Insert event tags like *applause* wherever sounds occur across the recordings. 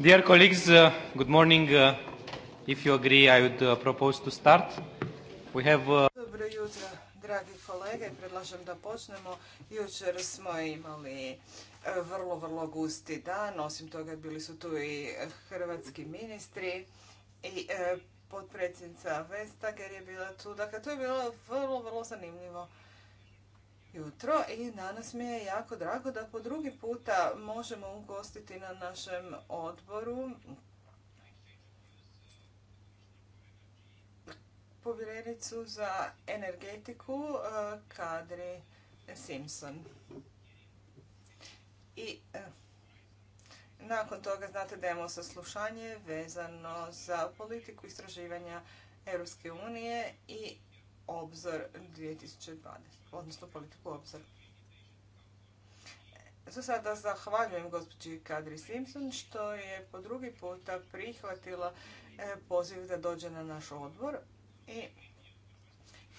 Dear colleagues, uh, good morning. Uh, if you agree, I would uh, propose to start. We have uh... Dobro jutro, dragi kolege, predlažem da počnemo. Jučer smo imali e, vrlo, vrlo gusti dan. Osim toga bili su tu i hrvatski ministri i e, potpredsjednica Vestager je bila tu. Dakle, to je bilo vrlo, vrlo zanimljivo jutro i danas mi je jako drago da po drugi puta možemo ugostiti na našem odboru povjerenicu za energetiku eh, Kadri Simpson. I eh, nakon toga znate da imamo saslušanje vezano za politiku istraživanja Europske unije i obzor 2020, odnosno politiku obzor. E, za sada zahvaljujem gospođi Kadri Simpson što je po drugi puta prihvatila e, poziv da dođe na naš odbor i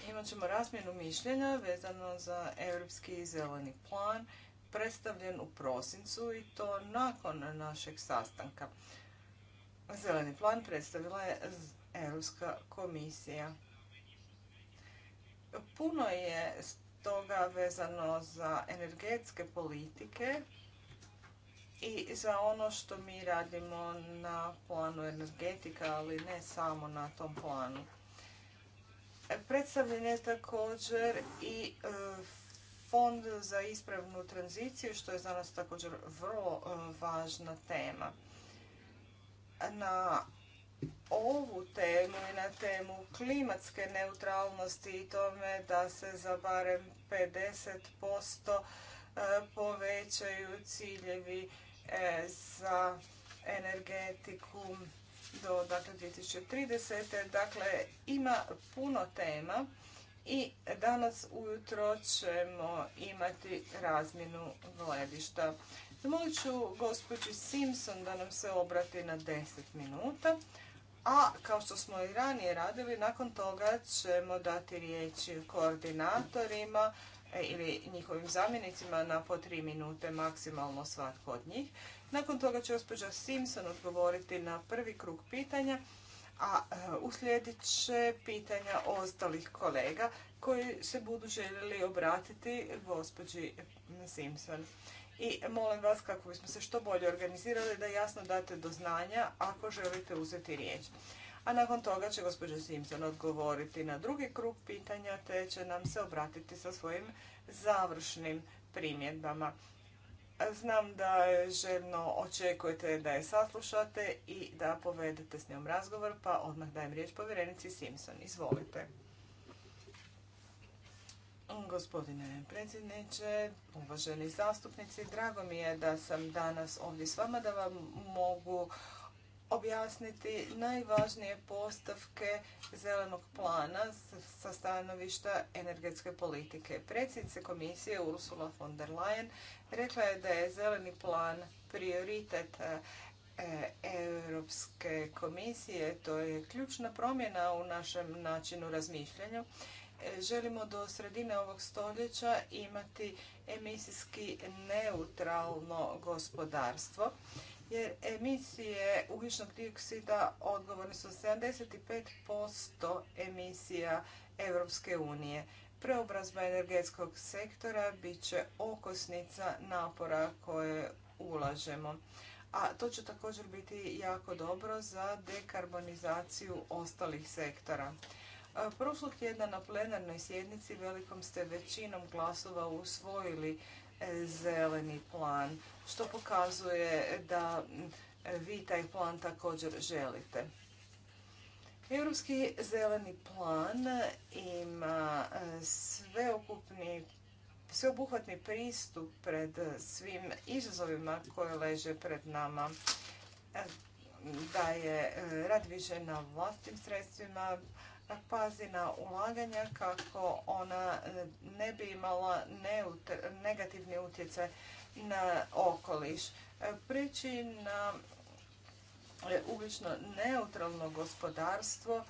imat ćemo razmjenu mišljenja vezano za Europski zeleni plan predstavljen u prosincu i to nakon našeg sastanka. Zeleni plan predstavila je Europska komisija. Puno je stoga vezano za energetske politike i za ono što mi radimo na planu energetika, ali ne samo na tom planu. Predstavljen je također i e, fond za ispravnu tranziciju, što je za nas također vrlo e, važna tema. Na ovu temu i na temu klimatske neutralnosti i tome da se za barem 50% e, povećaju ciljevi e, za energetiku do dakle, 2030. Dakle, ima puno tema i danas ujutro ćemo imati razmjenu gledišta. Zamolit ću gospođi Simpson da nam se obrati na 10 minuta. A kao što smo i ranije radili, nakon toga ćemo dati riječ koordinatorima e, ili njihovim zamjenicima na po tri minute maksimalno svatko od njih. Nakon toga će gospođa Simpson odgovoriti na prvi krug pitanja, a e, uslijedit će pitanja ostalih kolega koji se budu željeli obratiti gospođi Simpson i molim vas kako bismo se što bolje organizirali da jasno date do znanja ako želite uzeti riječ. A nakon toga će gospođa Simpson odgovoriti na drugi krug pitanja te će nam se obratiti sa svojim završnim primjedbama. Znam da željno očekujete da je saslušate i da povedete s njom razgovor, pa odmah dajem riječ povjerenici Simpson. Izvolite. Gospodine predsjedniče, uvaženi zastupnici, drago mi je da sam danas ovdje s vama da vam mogu objasniti najvažnije postavke zelenog plana sa stanovišta energetske politike. Predsjednica komisije Ursula von der Leyen rekla je da je zeleni plan prioritet e, Europske komisije. To je ključna promjena u našem načinu razmišljanja E, želimo do sredine ovog stoljeća imati emisijski neutralno gospodarstvo jer emisije ugljičnog dioksida odgovorne su 75% emisija Europske unije. Preobrazba energetskog sektora bit će okosnica napora koje ulažemo. A to će također biti jako dobro za dekarbonizaciju ostalih sektora. Prošlog tjedna na plenarnoj sjednici velikom ste većinom glasova usvojili e, zeleni plan, što pokazuje da vi taj plan također želite. Europski zeleni plan ima e, sveobuhvatni pristup pred svim izazovima koje leže pred nama e, da je rad više na vlastnim sredstvima, pazi na ulaganja kako ona e, ne bi imala negativni utjecaj na okoliš. E, priči na e, ugljično neutralno gospodarstvo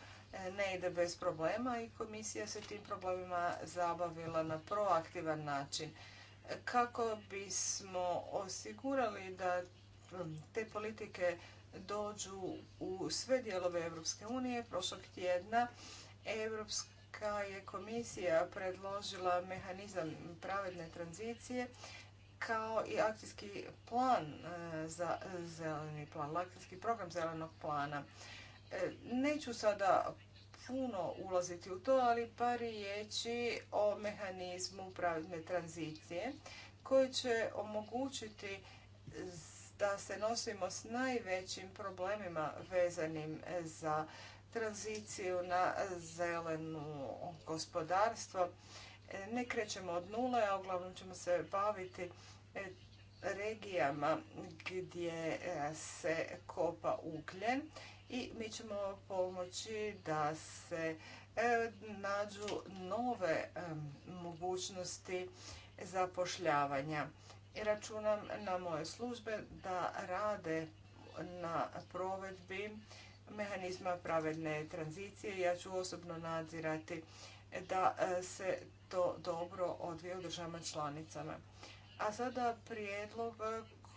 ne ide bez problema i komisija se tim problemima zabavila na proaktivan način. Kako bismo osigurali da te politike dođu u sve dijelove Europske unije. Prošlog tjedna Europska je komisija predložila mehanizam pravedne tranzicije kao i akcijski plan e, za zeleni plan, akcijski program zelenog plana. E, neću sada puno ulaziti u to, ali par riječi o mehanizmu pravedne tranzicije koji će omogućiti da se nosimo s najvećim problemima vezanim za tranziciju na zelenu gospodarstvo. Ne krećemo od nule, a uglavnom ćemo se baviti e, regijama gdje e, se kopa ugljen i mi ćemo pomoći da se e, nađu nove mogućnosti zapošljavanja. Računam na moje službe da rade na provedbi mehanizma pravedne tranzicije. Ja ću osobno nadzirati da e, se to dobro odvije u državama članicama. A sada prijedlog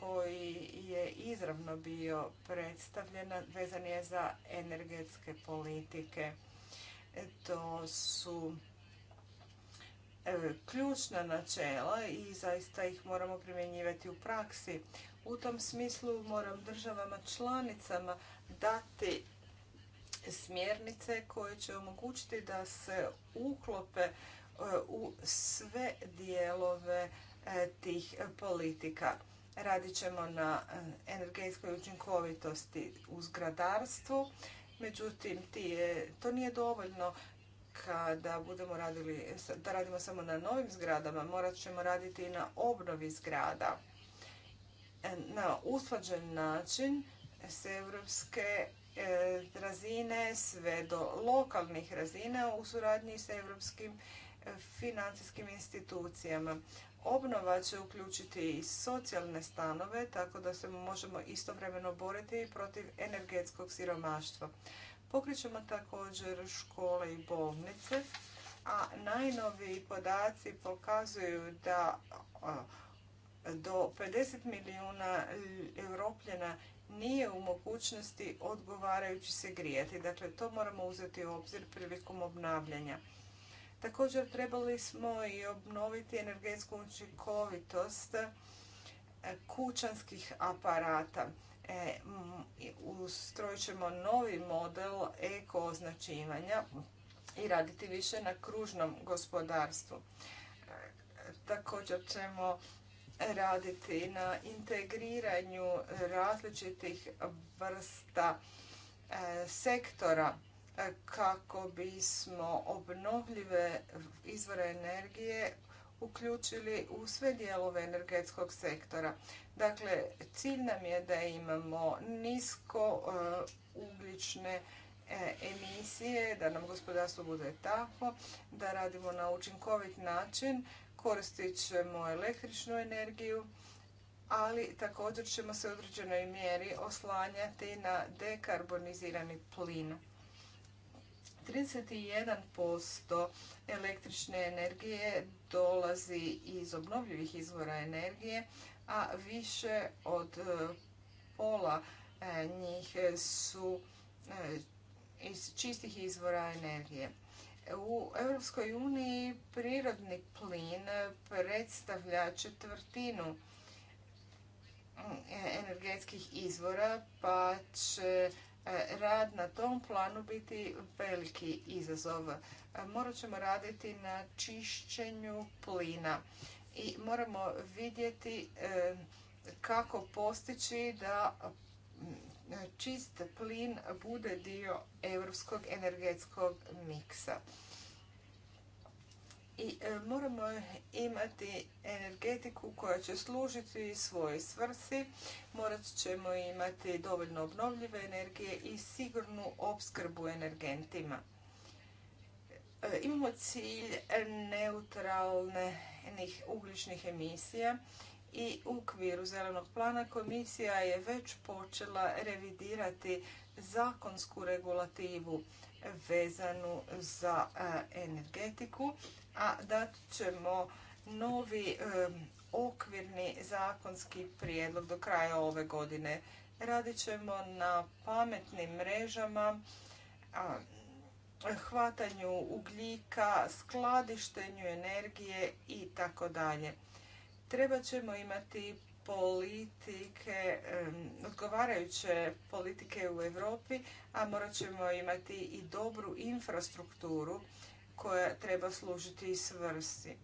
koji je izravno bio predstavljen vezan je za energetske politike. E, to su E, ključna načela i zaista ih moramo primjenjivati u praksi. U tom smislu moram državama članicama dati smjernice koje će omogućiti da se uklope e, u sve dijelove e, tih politika. Radit ćemo na energetskoj učinkovitosti u zgradarstvu, međutim to nije dovoljno kada budemo radili, da radimo samo na novim zgradama, morat ćemo raditi i na obnovi zgrada. E, na usklađen način s evropske e, razine sve do lokalnih razina u suradnji s evropskim e, financijskim institucijama. Obnova će uključiti i socijalne stanove, tako da se možemo istovremeno boriti protiv energetskog siromaštva. Pokrićemo također škole i bolnice, a najnoviji podaci pokazuju da do 50 milijuna evropljena nije u mogućnosti odgovarajući se grijati. Dakle, to moramo uzeti u obzir prilikom obnavljanja. Također trebali smo i obnoviti energetsku učinkovitost e, kućanskih aparata. E, mm, ustrojit ćemo novi model eko označivanja i raditi više na kružnom gospodarstvu. E, također ćemo raditi na integriranju različitih vrsta e, sektora kako bismo obnovljive izvore energije uključili u sve dijelove energetskog sektora. Dakle, cilj nam je da imamo nisko e, ugljične e, emisije, da nam gospodarstvo bude tako, da radimo na učinkovit način, koristit ćemo električnu energiju, ali također ćemo se u određenoj mjeri oslanjati na dekarbonizirani plin. 31% električne energije dolazi iz obnovljivih izvora energije, a više od e, pola e, njih su e, iz čistih izvora energije. U Europskoj uniji prirodni plin predstavlja četvrtinu energetskih izvora, pa će E, rad na tom planu biti veliki izazov. E, morat ćemo raditi na čišćenju plina i moramo vidjeti e, kako postići da čist plin bude dio europskog energetskog miksa i e, moramo imati energetiku koja će služiti svojoj svrsi. Morat ćemo imati dovoljno obnovljive energije i sigurnu opskrbu energentima. E, imamo cilj neutralnih ugljičnih emisija i u okviru zelenog plana komisija je već počela revidirati zakonsku regulativu vezanu za e, energetiku a dat ćemo novi okvirni zakonski prijedlog do kraja ove godine. Radit ćemo na pametnim mrežama, hvatanju ugljika, skladištenju energije i tako dalje. Treba ćemo imati politike, odgovarajuće politike u Europi, a morat ćemo imati i dobru infrastrukturu koja treba služiti i svrsi.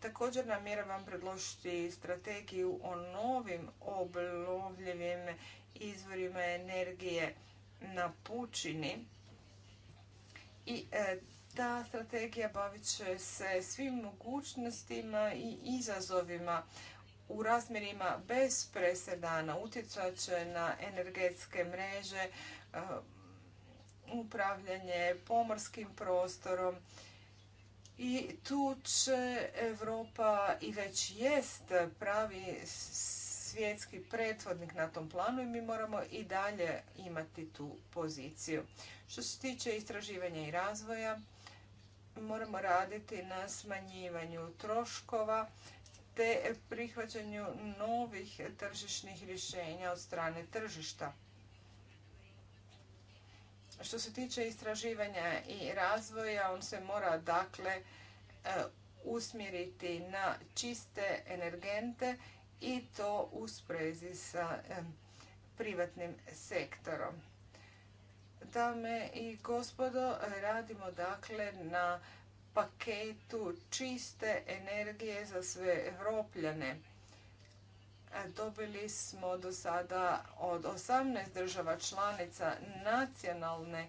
Također namjeravam predložiti strategiju o novim oblovljivim izvorima energije na pučini i e, ta strategija bavit će se svim mogućnostima i izazovima u razmjerima bez presedana utjecat će na energetske mreže, e, upravljanje pomorskim prostorom i tu će Europa i već jest pravi svjetski pretvodnik na tom planu i mi moramo i dalje imati tu poziciju. Što se tiče istraživanja i razvoja, moramo raditi na smanjivanju troškova te prihvaćanju novih tržišnih rješenja od strane tržišta. Što se tiče istraživanja i razvoja, on se mora dakle e, usmjeriti na čiste energente i to u sprezi sa e, privatnim sektorom. Dame i gospodo, radimo dakle na paketu čiste energije za sve evropljane. E, dobili smo do sada od 18 država članica nacionalne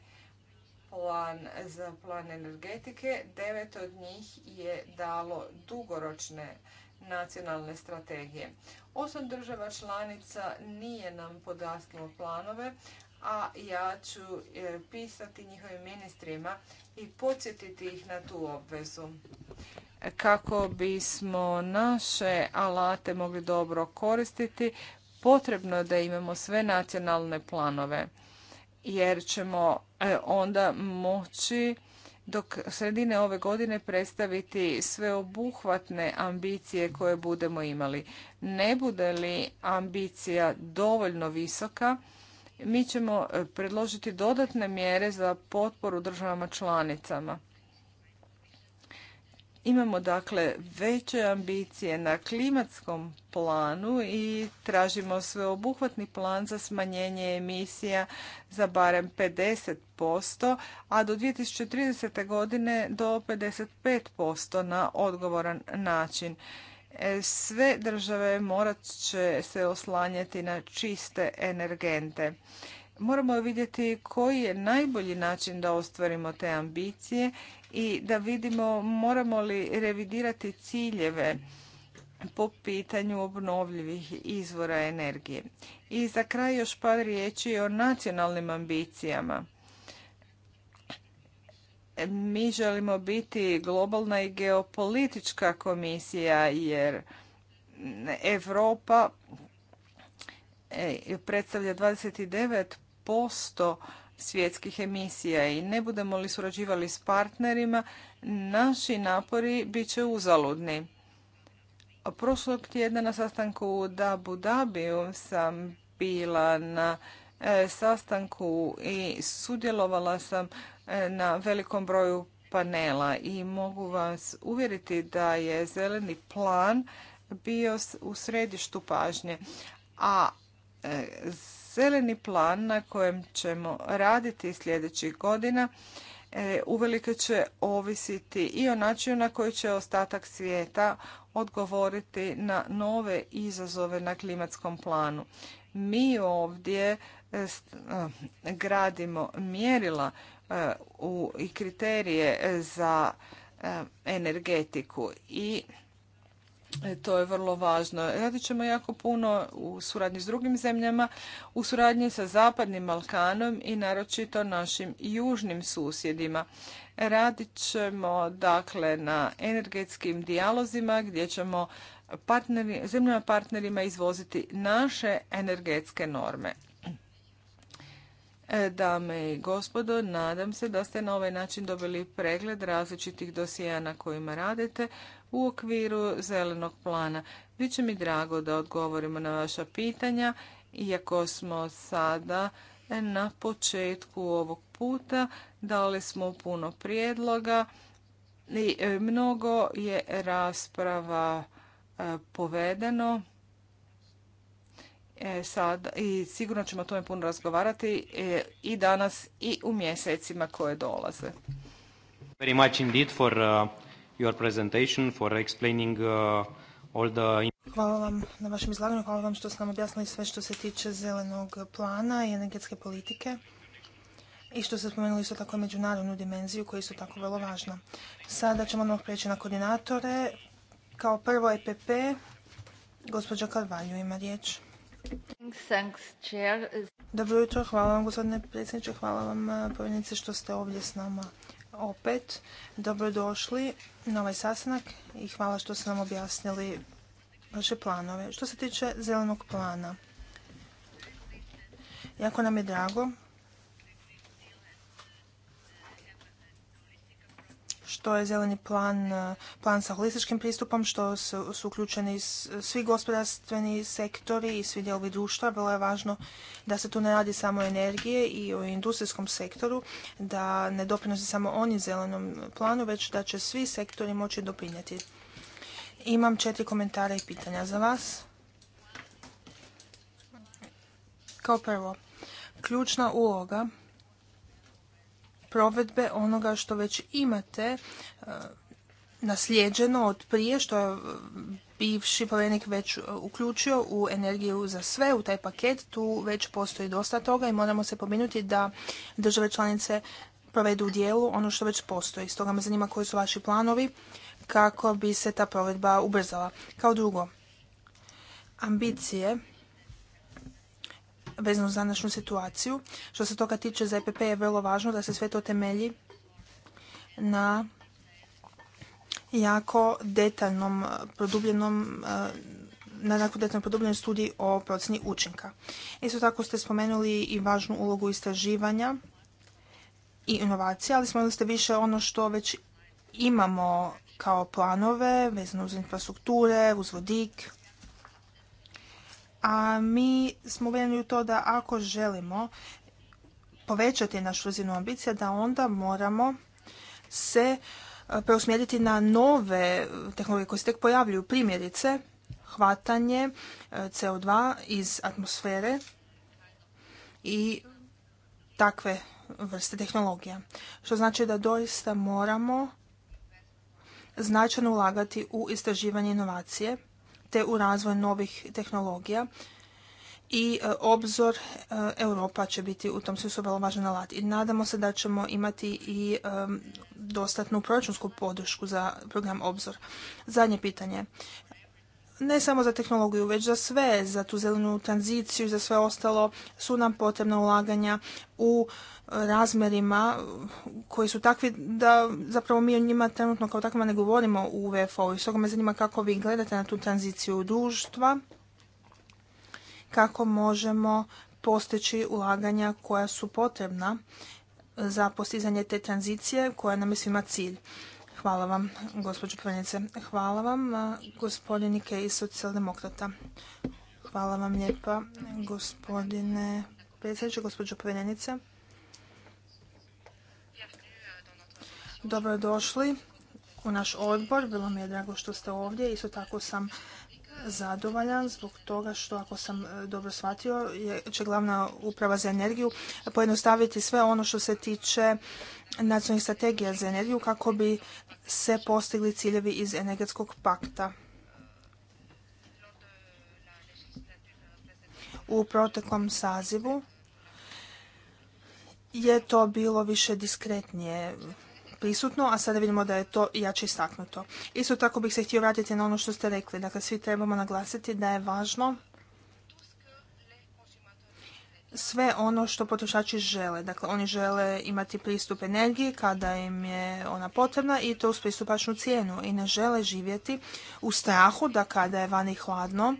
plan za plan energetike. Devet od njih je dalo dugoročne nacionalne strategije. Osam država članica nije nam podastilo planove, a ja ću e, pisati njihovim ministrima i podsjetiti ih na tu obvezu kako bismo naše alate mogli dobro koristiti, potrebno je da imamo sve nacionalne planove jer ćemo e, onda moći dok sredine ove godine predstaviti sveobuhvatne ambicije koje budemo imali. Ne bude li ambicija dovoljno visoka, mi ćemo e, predložiti dodatne mjere za potporu državama članicama. Imamo dakle veće ambicije na klimatskom planu i tražimo sveobuhvatni plan za smanjenje emisija za barem 50%, a do 2030. godine do 55% na odgovoran način. E, sve države morat će se oslanjati na čiste energente. Moramo vidjeti koji je najbolji način da ostvarimo te ambicije i da vidimo moramo li revidirati ciljeve po pitanju obnovljivih izvora energije. I za kraj još par riječi o nacionalnim ambicijama. Mi želimo biti globalna i geopolitička komisija jer Europa e, predstavlja 29% svjetskih emisija i ne budemo li surađivali s partnerima, naši napori bit će uzaludni. Prošlog tjedna na sastanku u Dabu Dabiju sam bila na e, sastanku i sudjelovala sam e, na velikom broju panela i mogu vas uvjeriti da je zeleni plan bio u središtu pažnje, a e, zeleni plan na kojem ćemo raditi sljedećih godina e, uvelike će ovisiti i o načinu na koji će ostatak svijeta odgovoriti na nove izazove na klimatskom planu. Mi ovdje e, gradimo mjerila e, i kriterije za energetiku i E, to je vrlo važno. Radit ćemo jako puno u suradnji s drugim zemljama, u suradnji sa Zapadnim Balkanom i naročito našim južnim susjedima. Radit ćemo dakle na energetskim dijalozima gdje ćemo partneri, zemljama partnerima izvoziti naše energetske norme. E, dame i gospodo, nadam se da ste na ovaj način dobili pregled različitih dosija na kojima radite u okviru zelenog plana. Biće mi drago da odgovorimo na vaša pitanja, iako smo sada na početku ovog puta, dali smo puno prijedloga i e, mnogo je rasprava e, povedeno E, sad i sigurno ćemo o tome puno razgovarati e, i danas i u mjesecima koje dolaze. Very much for uh, your presentation, for explaining uh, all the... Hvala vam na vašem izlaganju, hvala vam što ste nam objasnili sve što se tiče zelenog plana i energetske politike i što ste spomenuli isto tako međunarodnu dimenziju koja je isto tako vrlo važna. Sada ćemo odmah preći na koordinatore. Kao prvo EPP, gospođa Karvalju ima riječ. Dobro jutro, hvala vam gospodine predsjedniče, hvala vam eh, povjednice što ste ovdje s nama opet. Dobrodošli na ovaj sastanak i hvala što ste nam objasnili vaše planove. Što se tiče zelenog plana, jako nam je drago što je zeleni plan, e, plan sa holističkim pristupom, što su, uključeni svi gospodarstveni sektori i svi dijelovi društva. Vrlo je važno da se tu ne radi samo o energije i o industrijskom sektoru, da ne doprinose samo oni zelenom planu, već da će svi sektori moći doprinijeti. Imam četiri komentara i pitanja za vas. Kao prvo, ključna uloga provedbe onoga što već imate e, naslijeđeno od prije što je e, bivši povjerenik već e, uključio u energiju za sve, u taj paket. Tu već postoji dosta toga i moramo se pominuti da države članice provedu u dijelu ono što već postoji. Stoga me zanima koji su vaši planovi kako bi se ta provedba ubrzala. Kao drugo, ambicije vezano za današnju situaciju. Što se toga tiče, za EPP je vrlo važno da se sve to temelji na jako detaljnom, eh, produbljenom eh, na jako detaljnom produbljenom studiji o procjeni učinka. Isto tako ste spomenuli i važnu ulogu istraživanja i inovacija, ali spomenuli ste više ono što već imamo kao planove vezano uz infrastrukture, uz vodik, a mi smo uvjereni u to da ako želimo povećati našu razinu ambicija, da onda moramo se e, preusmjeriti na nove tehnologije koje se tek pojavljuju. Primjerice, hvatanje e, CO2 iz atmosfere i takve vrste tehnologija. Što znači da doista moramo značajno ulagati u istraživanje inovacije te u razvoj novih tehnologija i e, obzor e, Europa će biti u tom smislu vrlo važan alat. I nadamo se da ćemo imati i e, dostatnu proračunsku podršku za program obzor. Zadnje pitanje. Ne samo za tehnologiju, već za sve, za tu zelenu tranziciju i za sve ostalo su nam potrebna ulaganja u razmerima koji su takvi da zapravo mi o njima trenutno kao takvima ne govorimo u VFO-u. Stoga me zanima kako vi gledate na tu tranziciju društva, kako možemo postići ulaganja koja su potrebna za postizanje te tranzicije koja nam je svima cilj. Hvala vam, gospođo Prvenice. Hvala vam, gospodinike iz socijaldemokrata. Hvala vam lijepa, gospodine predsjedniče, gospođo Prvenice. Dobrodošli u naš odbor. Bilo mi je drago što ste ovdje. Isto tako sam zadovoljan zbog toga što ako sam e, dobro shvatio je, će glavna uprava za energiju pojednostaviti sve ono što se tiče nacionalnih strategija za energiju kako bi se postigli ciljevi iz energetskog pakta. U proteklom sazivu je to bilo više diskretnije prisutno, a sada vidimo da je to jače istaknuto. Isto tako bih se htio vratiti na ono što ste rekli. Dakle, svi trebamo naglasiti da je važno sve ono što potrošači žele. Dakle, oni žele imati pristup energiji kada im je ona potrebna i to uz pristupačnu cijenu. I ne žele živjeti u strahu da kada je vani hladno,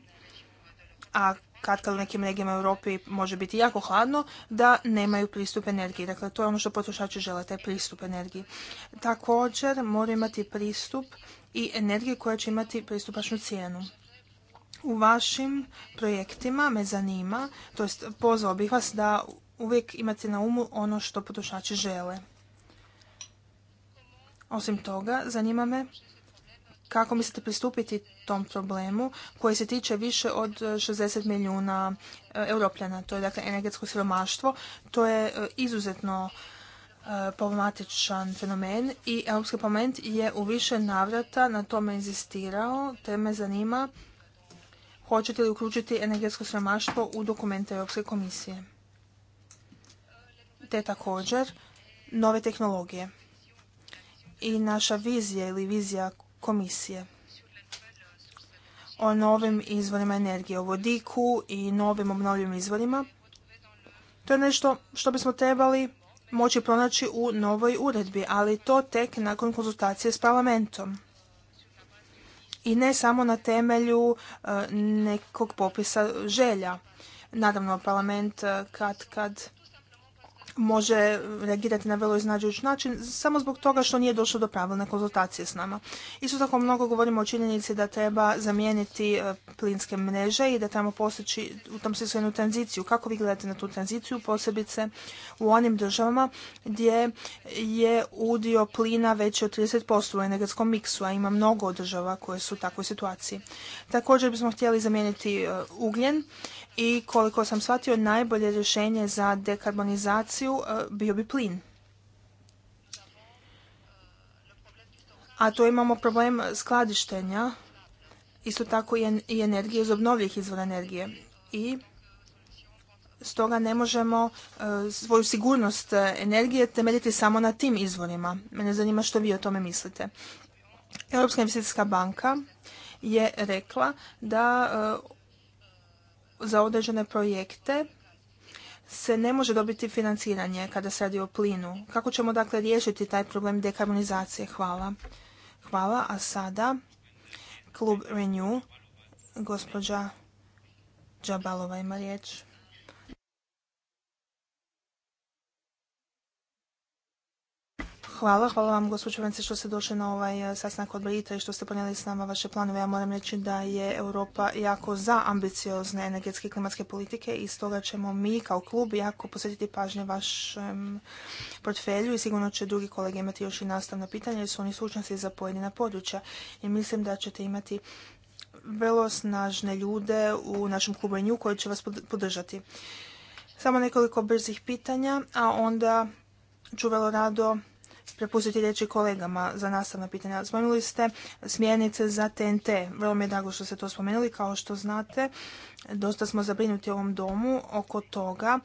a kad u nekim regijama u Europi može biti jako hladno, da nemaju pristup energiji. Dakle, to je ono što potrošači žele, taj pristup energiji. Također, moraju imati pristup i energiju koja će imati pristupačnu cijenu. U vašim projektima me zanima, to jest pozvao bih vas da uvijek imate na umu ono što potrošači žele. Osim toga, zanima me kako mislite pristupiti tom problemu koji se tiče više od 60 e, milijuna e, europljana. To je dakle energetsko siromaštvo. To je e, izuzetno problematičan fenomen i Europski parlament je u više navrata na tome inzistirao, te me zanima hoćete li uključiti energetsko siromaštvo u dokumente Europske komisije. Te također nove tehnologije i naša vizija ili vizija komisije o novim izvorima energije, o vodiku i novim obnovljivim izvorima. To je nešto što bismo trebali moći pronaći u novoj uredbi, ali to tek nakon konzultacije s parlamentom. I ne samo na temelju e, nekog popisa želja. Naravno, parlament e, kad kad može reagirati na vrlo iznađujući način samo zbog toga što nije došlo do pravilne konzultacije s nama. Isto tako mnogo govorimo o činjenici da treba zamijeniti e, plinske mreže i da trebamo postići u tom smislu jednu tranziciju. Kako vi gledate na tu tranziciju, posebice u onim državama gdje je udio plina veći od 30% u energetskom miksu, a ima mnogo država koje su u takvoj situaciji. Također bismo htjeli zamijeniti e, ugljen i koliko sam shvatio najbolje rješenje za dekarbonizaciju e, bio bi plin. A tu imamo problem skladištenja, isto tako i energije iz obnovljivih izvora energije. I stoga ne možemo e, svoju sigurnost e, energije temeljiti samo na tim izvorima. Mene zanima što vi o tome mislite. Europska investicijska banka je rekla da za određene projekte se ne može dobiti financiranje kada se radi o plinu. Kako ćemo dakle riješiti taj problem dekarbonizacije? Hvala. Hvala. A sada klub Renew, gospođa Džabalova ima riječ. Hvala, hvala vam gospođo Vence što ste došli na ovaj e, sastanak od Brita i što ste ponijeli s nama vaše planove. Ja moram reći da je Europa jako za ambiciozne energetske i klimatske politike i stoga ćemo mi kao klub jako posjetiti pažnje vašem portfelju i sigurno će drugi kolege imati još i nastavno pitanja jer su oni slučnosti za pojedina područja i mislim da ćete imati vrlo snažne ljude u našem klubu koji će vas podržati. Samo nekoliko brzih pitanja, a onda ću vrlo rado prepustiti riječi kolegama za nastavna pitanja. Spomenuli ste smjernice za TNT. Vrlo mi je drago što ste to spomenuli. Kao što znate, dosta smo zabrinuti u ovom domu oko toga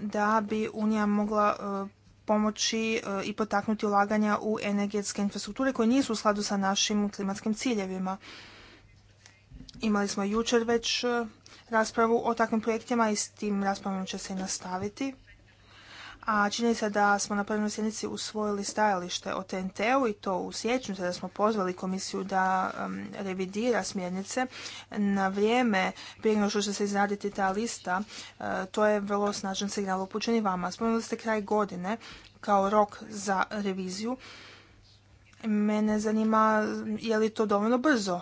da bi Unija mogla e, pomoći e, i potaknuti ulaganja u energetske infrastrukture koje nisu u skladu sa našim klimatskim ciljevima. Imali smo jučer već e, raspravu o takvim projektima i s tim raspravom će se i nastaviti a čini se da smo na plenarnoj sjednici usvojili stajalište o TNT-u i to u siječnju da smo pozvali komisiju da um, revidira smjernice na vrijeme prije nego što će se izraditi ta lista. E, to je vrlo snažan signal upućen vama. Spomenuli ste kraj godine kao rok za reviziju. Mene zanima je li to dovoljno brzo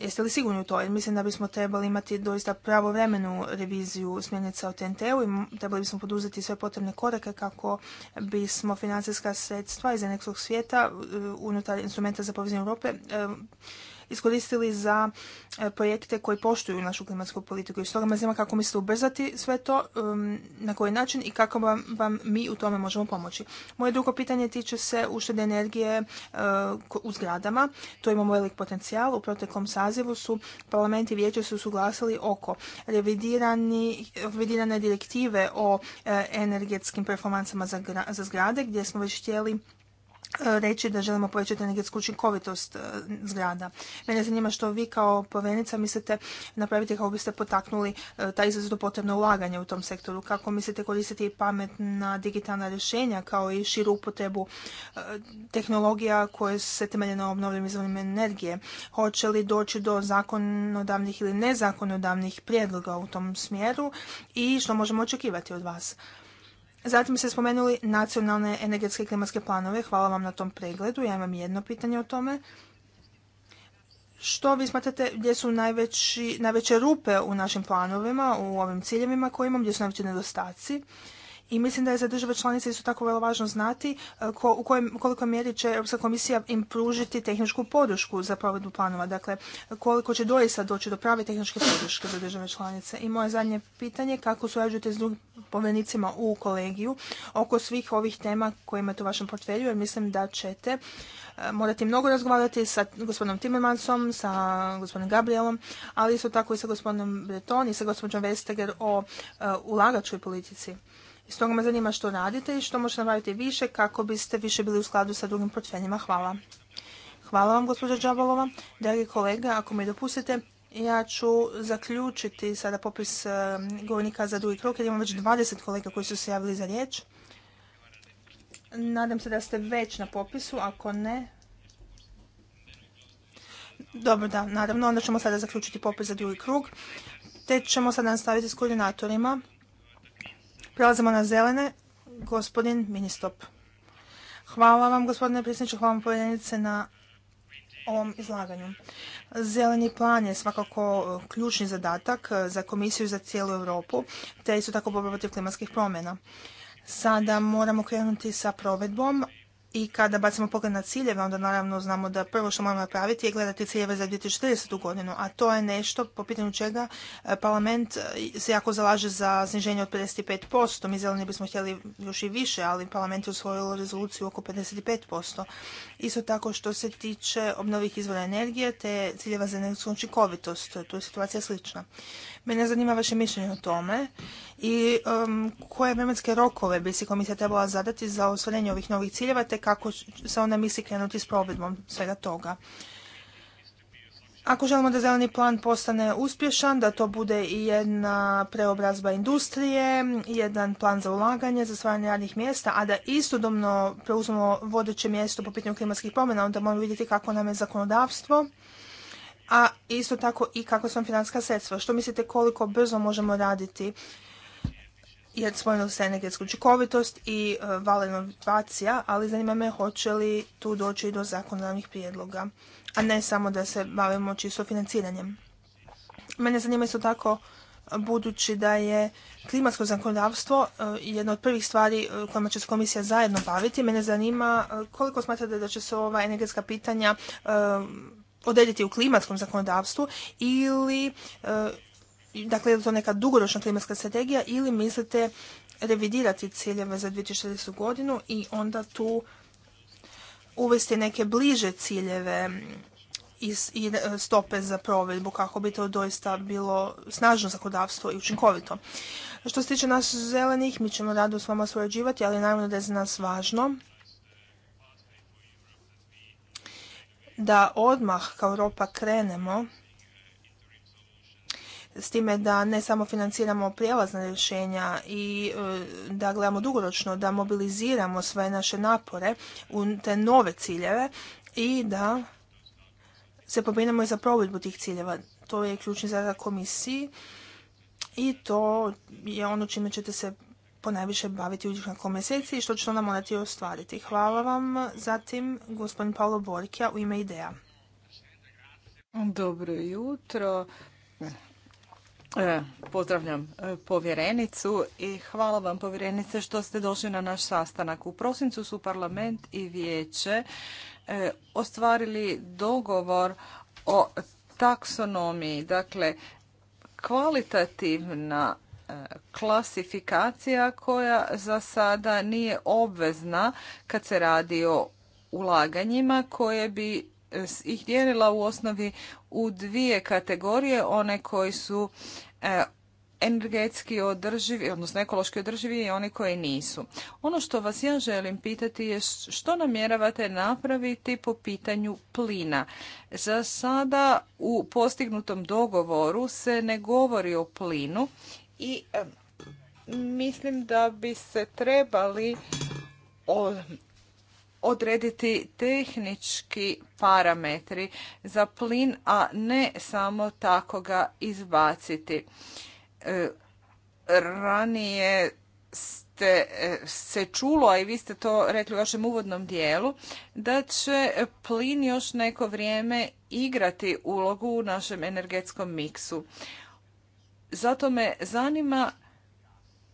Jeste li sigurni u to? Jer mislim da bismo trebali imati doista pravovremenu reviziju smjernica o TNT-u i trebali bismo poduzeti sve potrebne korake kako bismo financijska sredstva iz nekog svijeta e, unutar instrumenta za povezanje Europe e, iskoristili za e, projekte koji poštuju našu klimatsku politiku. I toga me zanima kako mislite ubrzati sve to, um, na koji način i kako vam, mi u tome možemo pomoći. Moje drugo pitanje tiče se uštede energije e, u zgradama. To imamo velik potencijal. U proteklom sazivu su parlamenti i vijeće su suglasili oko revidirane direktive o e, energetskim performansama za, za zgrade gdje smo već htjeli E, reći da želimo povećati energetsku učinkovitost e, zgrada. Mene zanima što vi kao povenica mislite napraviti kako biste potaknuli e, ta izrazito potrebno ulaganje u tom sektoru. Kako mislite koristiti pametna digitalna rješenja kao i širu upotrebu tehnologija koje se temelje na obnovljivim izvorima energije. Hoće li doći do zakonodavnih ili nezakonodavnih prijedloga u tom smjeru i što možemo očekivati od vas? Zatim ste spomenuli nacionalne energetske i klimatske planove. Hvala vam na tom pregledu. Ja imam jedno pitanje o tome. Što vi smatrate gdje su najveće rupe u našim planovima, u ovim ciljevima koje imam, gdje su najveći nedostaci? I mislim da je za države članice isto tako vrlo važno znati e, u kojem, koliko mjeri će Europska komisija im pružiti tehničku podršku za provedbu planova. Dakle, koliko će doista doći do prave tehničke podrške za države članice. I moje zadnje pitanje, kako surađujete s drugim povjerenicima u kolegiju oko svih ovih tema koje imate u vašem portfelju, jer mislim da ćete e, morati mnogo razgovarati sa gospodinom Timmermansom, sa gospodinom Gabrielom, ali isto tako i sa gospodinom Breton i sa gospođom Vestager o e, ulagačkoj politici. I stoga me zanima što radite i što možete napraviti više kako biste više bili u skladu sa drugim portfeljima. Hvala. Hvala vam, gospođa Džabalova. Dragi kolega, ako mi dopustite, ja ću zaključiti sada popis e, govornika za drugi krok, jer imam već 20 kolega koji su se javili za riječ. Nadam se da ste već na popisu, ako ne... Dobro, da, naravno, onda ćemo sada zaključiti popis za drugi krug, te ćemo sada nastaviti s koordinatorima. Prelazimo na zelene. Gospodin Ministop. Hvala vam, gospodine predsjedniče, hvala vam povjerenice na ovom izlaganju. Zeleni plan je svakako ključni zadatak za komisiju za cijelu Europu, te isto tako borba protiv klimatskih promjena. Sada moramo krenuti sa provedbom, i kada bacimo pogled na ciljeve, onda naravno znamo da prvo što moramo napraviti je gledati ciljeve za 2040. godinu, a to je nešto po pitanju čega e, parlament e, se jako zalaže za sniženje od 55%. Mi zeleni bismo htjeli još i više, ali parlament je usvojilo rezoluciju oko 55%. Isto tako što se tiče obnovih izvora energije te ciljeva za energetsku učinkovitost, tu je situacija slična. Mene zanima vaše mišljenje o tome i um, koje vremenske rokove bi si komisija trebala zadati za ostvarenje ovih novih ciljeva te kako se ona misli krenuti s provedbom svega toga. Ako želimo da zeleni plan postane uspješan, da to bude i jedna preobrazba industrije, jedan plan za ulaganje, za stvaranje radnih mjesta, a da istodobno preuzmemo vodeće mjesto po pitanju klimatskih promjena, onda moramo vidjeti kako nam je zakonodavstvo a isto tako i kako su financijska sredstva. Što mislite koliko brzo možemo raditi jer spomenuli se energetsku učinkovitost i e, valenovacija, ali zanima me hoće li tu doći do zakonodavnih prijedloga, a ne samo da se bavimo čisto financiranjem. Mene zanima isto tako e, budući da je klimatsko zakonodavstvo e, jedna od prvih stvari kojima će se komisija zajedno baviti. Mene zanima koliko smatrate da će se ova energetska pitanja odrediti u klimatskom zakonodavstvu ili e, dakle je to neka dugoročna klimatska strategija ili mislite revidirati ciljeve za 2040. godinu i onda tu uvesti neke bliže ciljeve i e, stope za provedbu kako bi to doista bilo snažno zakonodavstvo i učinkovito. Što se tiče nas zelenih, mi ćemo rado s vama surađivati, ali naravno da je za nas važno da odmah kao Europa krenemo s time da ne samo financiramo prijelazna rješenja i e, da gledamo dugoročno, da mobiliziramo sve naše napore u te nove ciljeve i da se pobrinemo i za provedbu tih ciljeva. To je ključni zadatak komisiji i to je ono čime ćete se najviše baviti u nekoliko mjeseci i što će ona morati ostvariti. Hvala vam. Zatim, gospodin Paolo Borkija u ime IDEA. Dobro jutro. E, pozdravljam e, povjerenicu i hvala vam povjerenice što ste došli na naš sastanak. U prosincu su parlament i vijeće e, ostvarili dogovor o taksonomiji, dakle kvalitativna klasifikacija koja za sada nije obvezna kad se radi o ulaganjima koje bi ih dijelila u osnovi u dvije kategorije, one koji su e, energetski održivi, odnosno ekološki održivi i oni koji nisu. Ono što vas ja želim pitati je što namjeravate napraviti po pitanju plina. Za sada u postignutom dogovoru se ne govori o plinu i mislim da bi se trebali odrediti tehnički parametri za plin, a ne samo tako ga izbaciti. E, ranije ste e, se čulo, a i vi ste to rekli u vašem uvodnom dijelu, da će plin još neko vrijeme igrati ulogu u našem energetskom miksu. Zato me zanima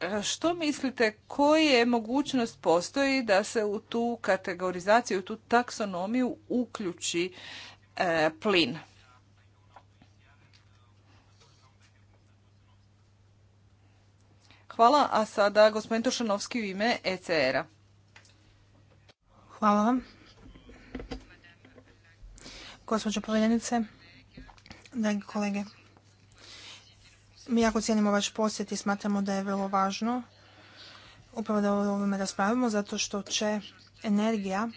e, što mislite, koje mogućnost postoji da se u tu kategorizaciju, u tu taksonomiju uključi e, plin? Hvala, a sada gospodin Tošanovski u ime ECR-a. Hvala vam. Gospođo povjerenice, dragi kolege. Mi jako cijenimo vaš posjet i smatramo da je vrlo važno upravo da o ovome raspravimo, zato što će energija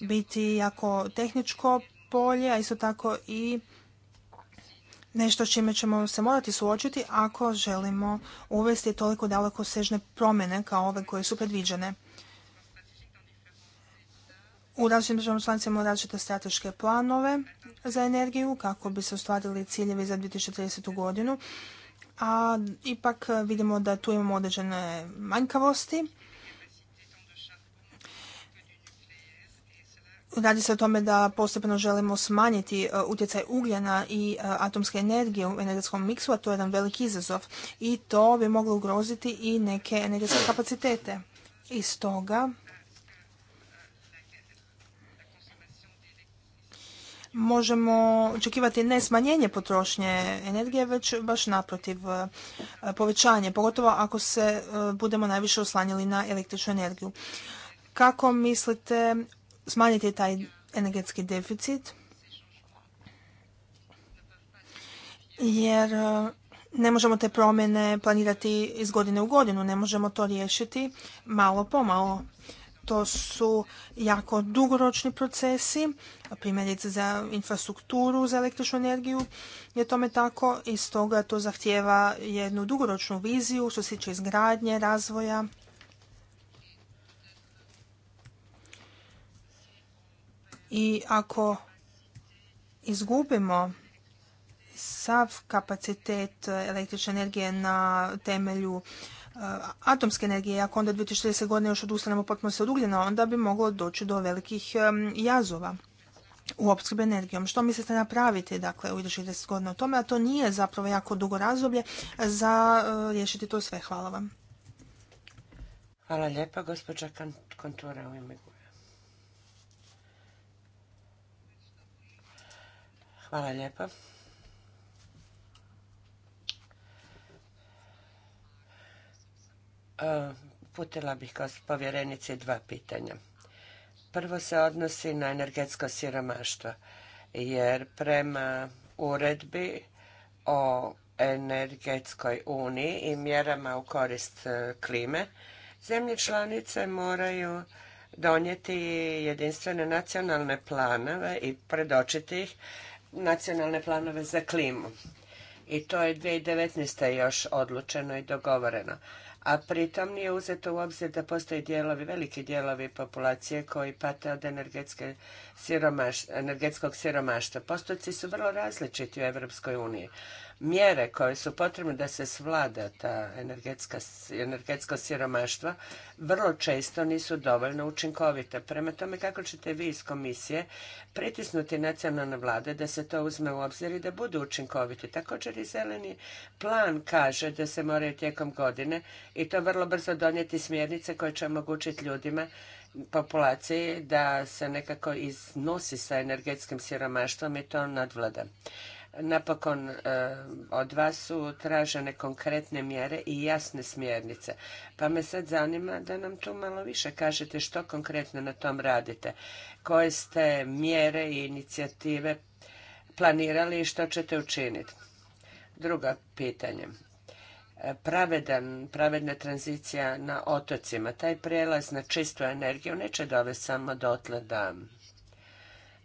biti jako tehničko polje, a isto tako i nešto s čime ćemo se morati suočiti ako želimo uvesti toliko daleko sežne promjene kao ove koje su predviđene u različitim državama članicama različite strateške planove za energiju kako bi se ostvarili ciljevi za 2030. godinu, a ipak vidimo da tu imamo određene manjkavosti. Radi se o tome da postepeno želimo smanjiti e, utjecaj ugljena i e, atomske energije u energetskom miksu, a to je jedan veliki izazov. I to bi moglo ugroziti i neke energetske kapacitete. I stoga možemo očekivati ne smanjenje potrošnje energije, već baš naprotiv e, povećanje, pogotovo ako se e, budemo najviše oslanjali na električnu energiju. Kako mislite smanjiti taj energetski deficit? Jer e, ne možemo te promjene planirati iz godine u godinu, ne možemo to riješiti malo po malo. To su jako dugoročni procesi, primjerice za infrastrukturu za električnu energiju je tome tako i stoga to zahtjeva jednu dugoročnu viziju što se tiče izgradnje, razvoja. I ako izgubimo sav kapacitet električne energije na temelju atomske energije, ako onda 2040. godine još odustanemo potpuno se od ugljena, onda bi moglo doći do velikih jazova u opskrbi energijom. Što mislite napraviti dakle, u idućih 10 godina o tome, a to nije zapravo jako dugo razdoblje za e, riješiti to sve. Hvala vam. Hvala lijepa, gospođa Kontura u ime e. Hvala lijepa. E, putila bih kao povjerenici dva pitanja. Prvo se odnosi na energetsko siromaštvo, jer prema uredbi o energetskoj uniji i mjerama u korist e, klime, zemlje članice moraju donijeti jedinstvene nacionalne planove i predočiti ih nacionalne planove za klimu. I to je 2019. još odlučeno i dogovoreno a pritom nije uzeto u obzir da postoje dijelovi, veliki dijelovi populacije koji pate od energetske energetskog siromaštva. Postoci su vrlo različiti u Europskoj uniji, mjere koje su potrebne da se svlada ta energetska, energetska siromaštva vrlo često nisu dovoljno učinkovite. Prema tome, kako ćete vi iz komisije pritisnuti nacionalne vlade da se to uzme u obzir i da budu učinkoviti? Također i zeleni plan kaže da se moraju tijekom godine i to vrlo brzo donijeti smjernice koje će omogućiti ljudima populaciji da se nekako iznosi sa energetskim siromaštvom i to nadvlada napokon e, od vas su tražene konkretne mjere i jasne smjernice. Pa me sad zanima da nam tu malo više kažete što konkretno na tom radite. Koje ste mjere i inicijative planirali i što ćete učiniti? Drugo pitanje. E, pravedan, pravedna tranzicija na otocima, taj prijelaz na čistu energiju neće dovesti samo dotle da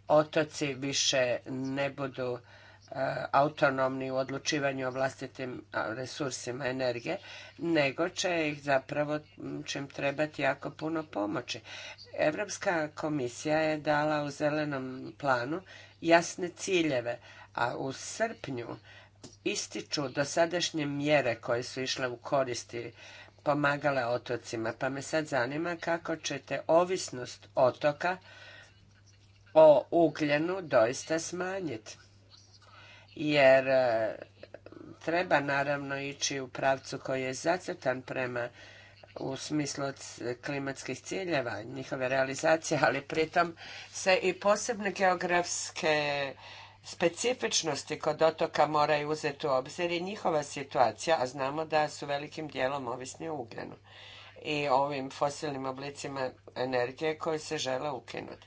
otoci više ne budu E, autonomni u odlučivanju o vlastitim resursima energije, nego će ih zapravo će im trebati jako puno pomoći. Europska komisija je dala u zelenom planu jasne ciljeve, a u srpnju ističu dosadašnje mjere koje su išle u koristi pomagale otocima. Pa me sad zanima kako ćete ovisnost otoka o ugljenu doista smanjiti jer e, treba naravno ići u pravcu koji je zacrtan prema u smislu klimatskih ciljeva, njihove realizacije, ali pritom se i posebne geografske specifičnosti kod otoka moraju uzeti u obzir i njihova situacija, a znamo da su velikim dijelom ovisni o ugljenu i ovim fosilnim oblicima energije koje se žele ukinuti.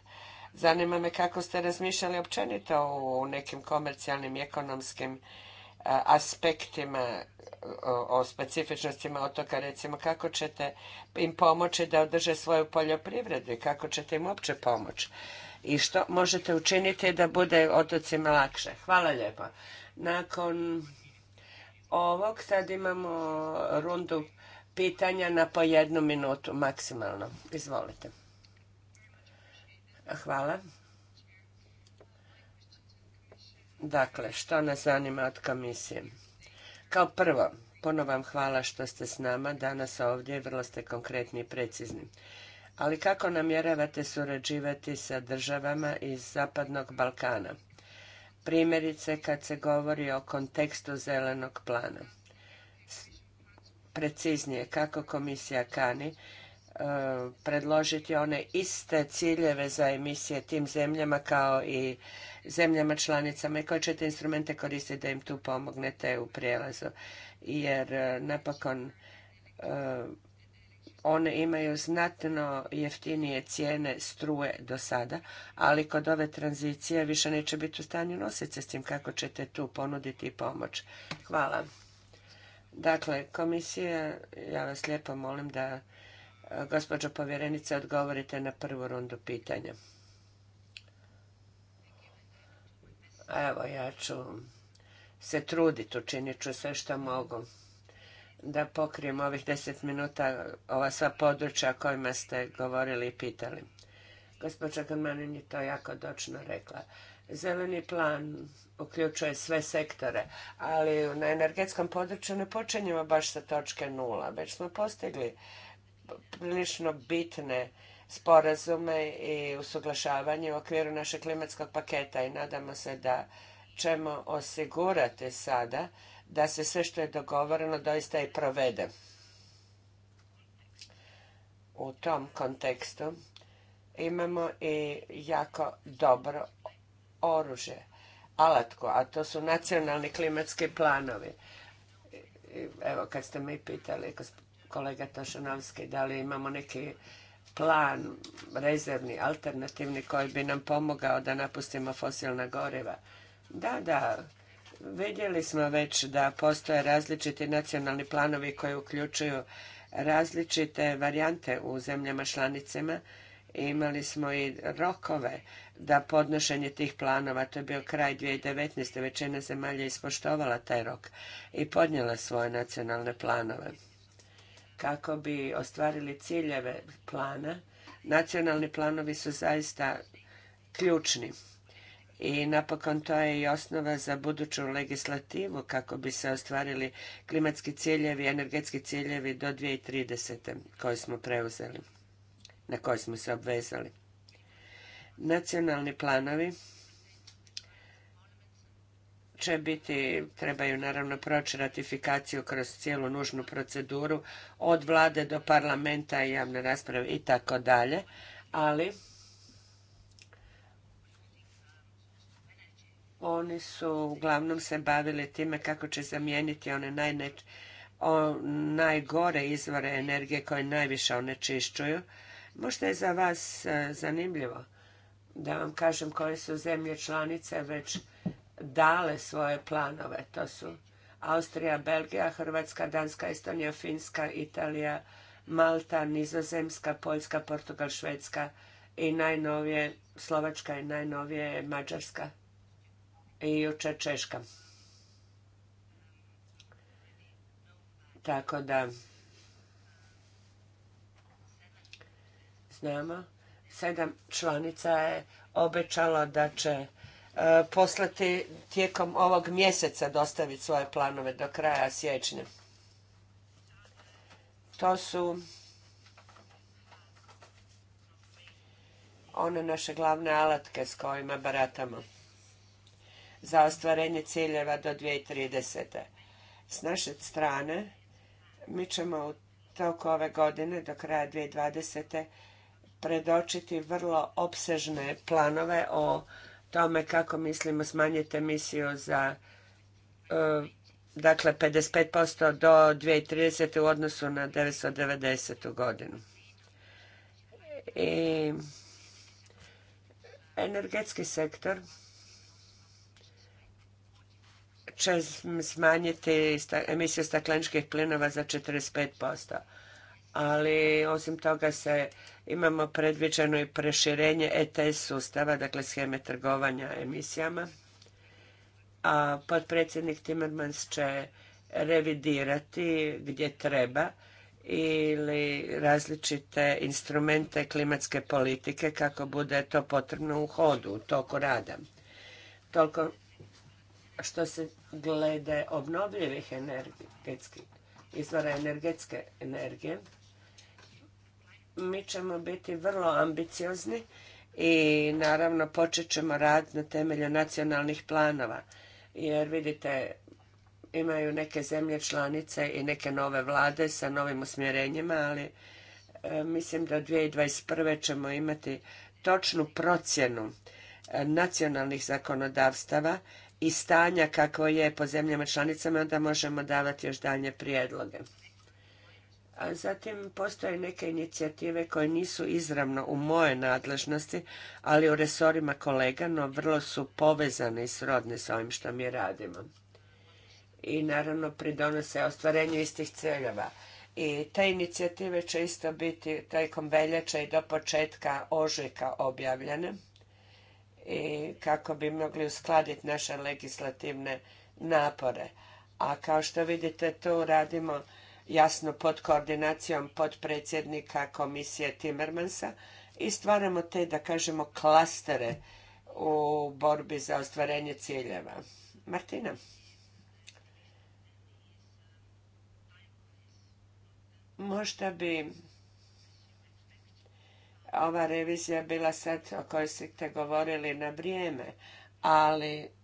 Zanima me kako ste razmišljali općenito u nekim komercijalnim i ekonomskim e, aspektima e, o specifičnostima otoka, recimo kako ćete im pomoći da održe svoju poljoprivredu i kako ćete im uopće pomoći i što možete učiniti da bude otocima lakše. Hvala lijepo. Nakon ovog sad imamo rundu pitanja na po jednu minutu maksimalno. Izvolite. Hvala. Dakle, što nas zanima od komisije? Kao prvo, puno vam hvala što ste s nama danas ovdje, vrlo ste konkretni i precizni. Ali kako namjeravate surađivati sa državama iz Zapadnog Balkana? Primjerice kad se govori o kontekstu zelenog plana. Preciznije kako komisija kani predložiti one iste ciljeve za emisije tim zemljama kao i zemljama članicama i koje ćete instrumente koristiti da im tu pomognete u prijelazu. Jer e, napokon e, one imaju znatno jeftinije cijene struje do sada, ali kod ove tranzicije više neće biti u stanju nositi se s tim kako ćete tu ponuditi i pomoć. Hvala. Dakle, komisija, ja vas lijepo molim da gospođo povjerenice, odgovorite na prvu rundu pitanja. Evo, ja ću se truditi, učinit ću sve što mogu da pokrijem ovih deset minuta ova sva područja o kojima ste govorili i pitali. Gospođa Gamanin je to jako dočno rekla. Zeleni plan uključuje sve sektore, ali na energetskom području ne počinjemo baš sa točke nula, već smo postigli prilično bitne sporazume i usuglašavanje u okviru našeg klimatskog paketa i nadamo se da ćemo osigurati sada da se sve što je dogovoreno doista i provede. U tom kontekstu imamo i jako dobro oružje, alatku, a to su nacionalni klimatski planovi. Evo, kad ste mi pitali, kolega Tošanovski, da li imamo neki plan rezervni, alternativni koji bi nam pomogao da napustimo fosilna goriva. Da, da, vidjeli smo već da postoje različiti nacionalni planovi koji uključuju različite varijante u zemljama članicama. Imali smo i rokove da podnošenje tih planova, to je bio kraj 2019. većina zemalja ispoštovala taj rok i podnijela svoje nacionalne planove kako bi ostvarili ciljeve plana. Nacionalni planovi su zaista ključni i napokon to je i osnova za buduću legislativu kako bi se ostvarili klimatski ciljevi, energetski ciljevi do 2030. koje smo preuzeli, na koje smo se obvezali. Nacionalni planovi će biti, trebaju naravno proći ratifikaciju kroz cijelu nužnu proceduru od vlade do parlamenta i javne rasprave i tako dalje, ali oni su uglavnom se bavili time kako će zamijeniti one najne, o, najgore izvore energije koje najviše onečišćuju. Možda je za vas e, zanimljivo da vam kažem koje su zemlje članice već dale svoje planove. To su Austrija, Belgija, Hrvatska, Danska, Estonija, Finska, Italija, Malta, Nizozemska, Poljska, Portugal, Švedska i najnovije Slovačka i najnovije Mađarska i jučer Češka. Tako da znamo, sedam članica je obećalo da će Eh, poslati tijekom ovog mjeseca dostaviti svoje planove do kraja siječnja. To su one naše glavne alatke s kojima baratamo za ostvarenje ciljeva do 2030. S naše strane mi ćemo u toku ove godine do kraja 2020. predočiti vrlo opsežne planove o tome kako mislimo smanjiti emisiju za e, dakle 55% do 2030. u odnosu na 1990. godinu. I energetski sektor će smanjiti emisiju stakleničkih plinova za 45% ali osim toga se imamo predviđeno i preširenje ETS sustava, dakle sheme trgovanja emisijama. A podpredsjednik Timmermans će revidirati gdje treba ili različite instrumente klimatske politike kako bude to potrebno u hodu, u toku rada. Toliko što se glede obnovljivih energetskih izvora energetske energije mi ćemo biti vrlo ambiciozni i naravno počet ćemo rad na temelju nacionalnih planova. Jer vidite, imaju neke zemlje članice i neke nove vlade sa novim usmjerenjima, ali e, mislim da od 2021. ćemo imati točnu procjenu e, nacionalnih zakonodavstava i stanja kako je po zemljama članicama, da možemo davati još dalje prijedloge. A zatim postoje neke inicijative koje nisu izravno u moje nadležnosti, ali u resorima kolega, no vrlo su povezane i srodne s ovim što mi radimo. I naravno pridonose ostvarenju istih ciljeva. I te inicijative će isto biti tijekom veljače i do početka ožujka objavljene i kako bi mogli uskladiti naše legislativne napore. A kao što vidite tu radimo jasno pod koordinacijom podpredsjednika komisije Timmermansa i stvaramo te, da kažemo, klastere u borbi za ostvarenje ciljeva. Martina. Možda bi ova revizija bila sad o kojoj ste govorili na vrijeme, ali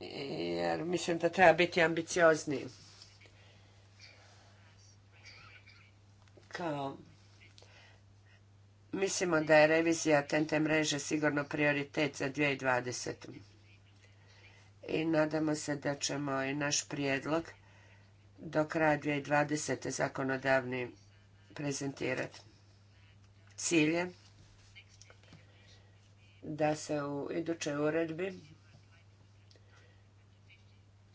jer mislim da treba biti ambiciozniji. Kao Mislimo da je revizija TNT mreže sigurno prioritet za 2020. I nadamo se da ćemo i naš prijedlog do kraja 2020. zakonodavni prezentirati. Cilje da se u idućoj uredbi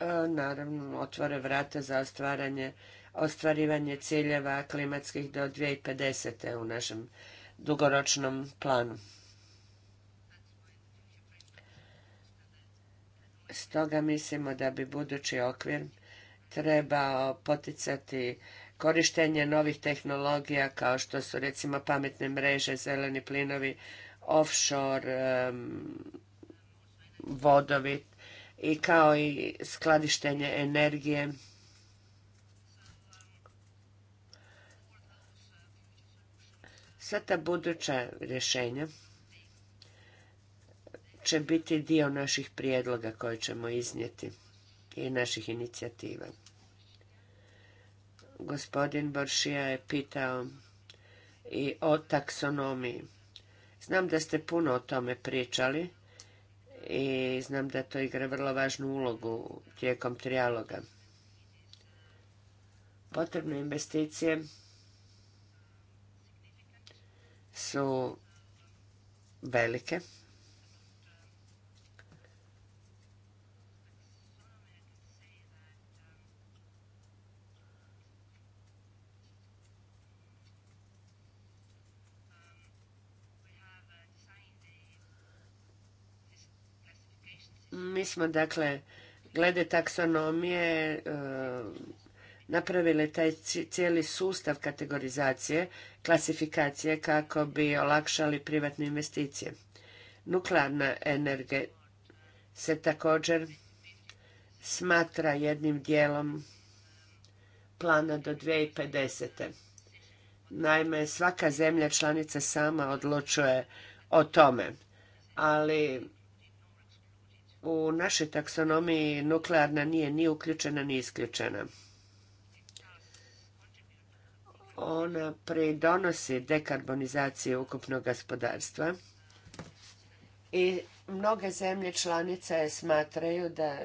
E, naravno otvore vrata za ostvarivanje ciljeva klimatskih do 2050. u našem dugoročnom planu. Stoga mislimo da bi budući okvir trebao poticati korištenje novih tehnologija kao što su recimo pametne mreže, zeleni plinovi, offshore, vodovi, i kao i skladištenje energije. Sve ta buduća rješenja će biti dio naših prijedloga koje ćemo iznijeti i naših inicijativa. Gospodin Boršija je pitao i o taksonomiji. Znam da ste puno o tome pričali i znam da to igra vrlo važnu ulogu tijekom trijaloga. Potrebne investicije su velike Mi smo dakle glede taksonomije e, napravili taj cijeli sustav kategorizacije, klasifikacije kako bi olakšali privatne investicije. Nuklearna energe se također smatra jednim dijelom plana do 2050. Naime, svaka zemlja članica sama odlučuje o tome, ali u našoj taksonomiji nuklearna nije ni uključena ni isključena. Ona pridonosi dekarbonizaciji ukupnog gospodarstva i mnoge zemlje članice smatraju da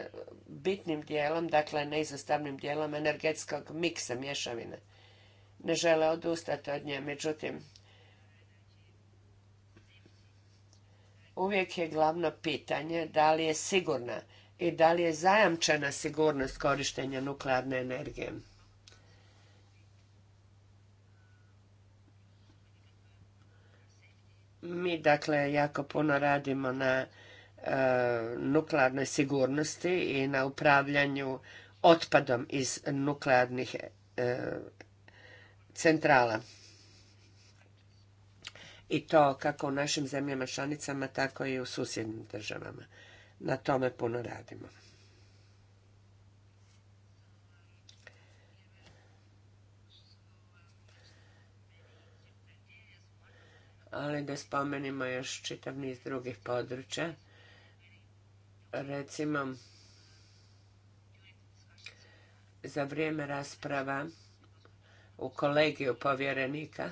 bitnim dijelom, dakle neizostavnim dijelom energetskog miksa mješavine ne žele odustati od nje. Međutim, uvijek je glavno pitanje da li je sigurna i da li je zajamčena sigurnost korištenja nuklearne energije. Mi dakle jako puno radimo na e, nuklearnoj sigurnosti i na upravljanju otpadom iz nuklearnih e, centrala i to kako u našim zemljama članicama, tako i u susjednim državama. Na tome puno radimo. ali da spomenimo još čitav niz drugih područja. Recimo, za vrijeme rasprava u kolegiju povjerenika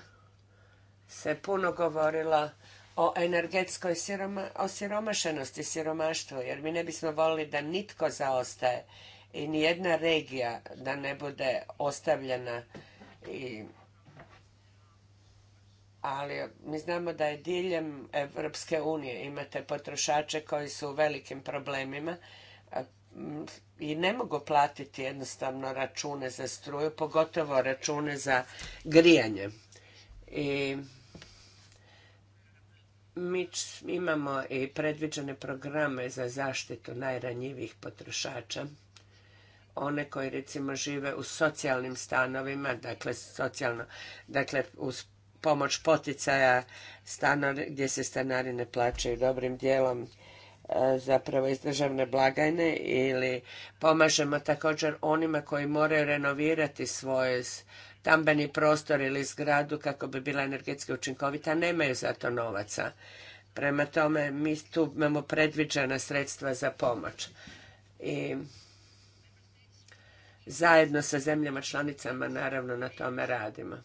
se puno govorilo o energetskoj siroma, osiromašenosti, siromaštvu, jer mi ne bismo volili da nitko zaostaje i ni jedna regija da ne bude ostavljena i ali mi znamo da je diljem Europske unije imate potrošače koji su u velikim problemima i ne mogu platiti jednostavno račune za struju, pogotovo račune za grijanje i mi imamo i predviđene programe za zaštitu najranjivijih potrošača one koji recimo žive u socijalnim stanovima, dakle socijalno, dakle uz pomoć poticaja gdje se stanari ne plaćaju dobrim dijelom e, zapravo iz državne blagajne ili pomažemo također onima koji moraju renovirati svoje tambeni prostor ili zgradu kako bi bila energetski učinkovita, nemaju za to novaca. Prema tome, mi tu imamo predviđena sredstva za pomoć. I zajedno sa zemljama članicama naravno na tome radimo.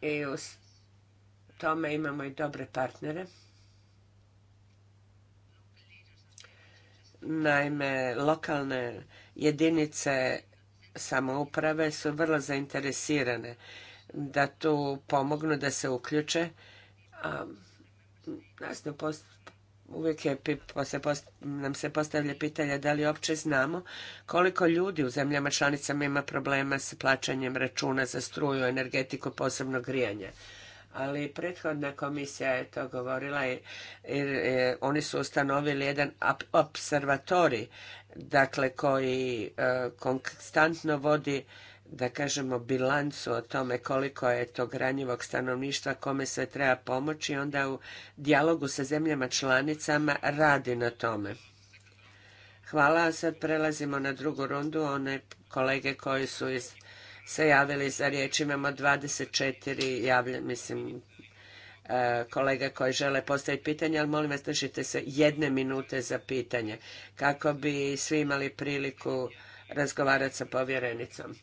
I u tome imamo i dobre partnere Naime, lokalne jedinice samouprave su vrlo zainteresirane da tu pomognu, da se uključe. uvijek nam se postavlja pitanje da li uopće znamo koliko ljudi u zemljama članicama ima problema s plaćanjem računa za struju, energetiku, posebno grijanje ali prethodna komisija je to govorila jer oni su ustanovili jedan observatori dakle koji e, konstantno vodi da kažemo bilancu o tome koliko je to granjivog stanovništva kome se treba pomoći onda u dijalogu sa zemljama članicama radi na tome. Hvala, a sad prelazimo na drugu rundu, one kolege koji su iz se javili za riječ. Imamo 24 javlja, mislim, e, kolega koji žele postaviti pitanje, ali molim vas držite se jedne minute za pitanje kako bi svi imali priliku razgovarati sa povjerenicom.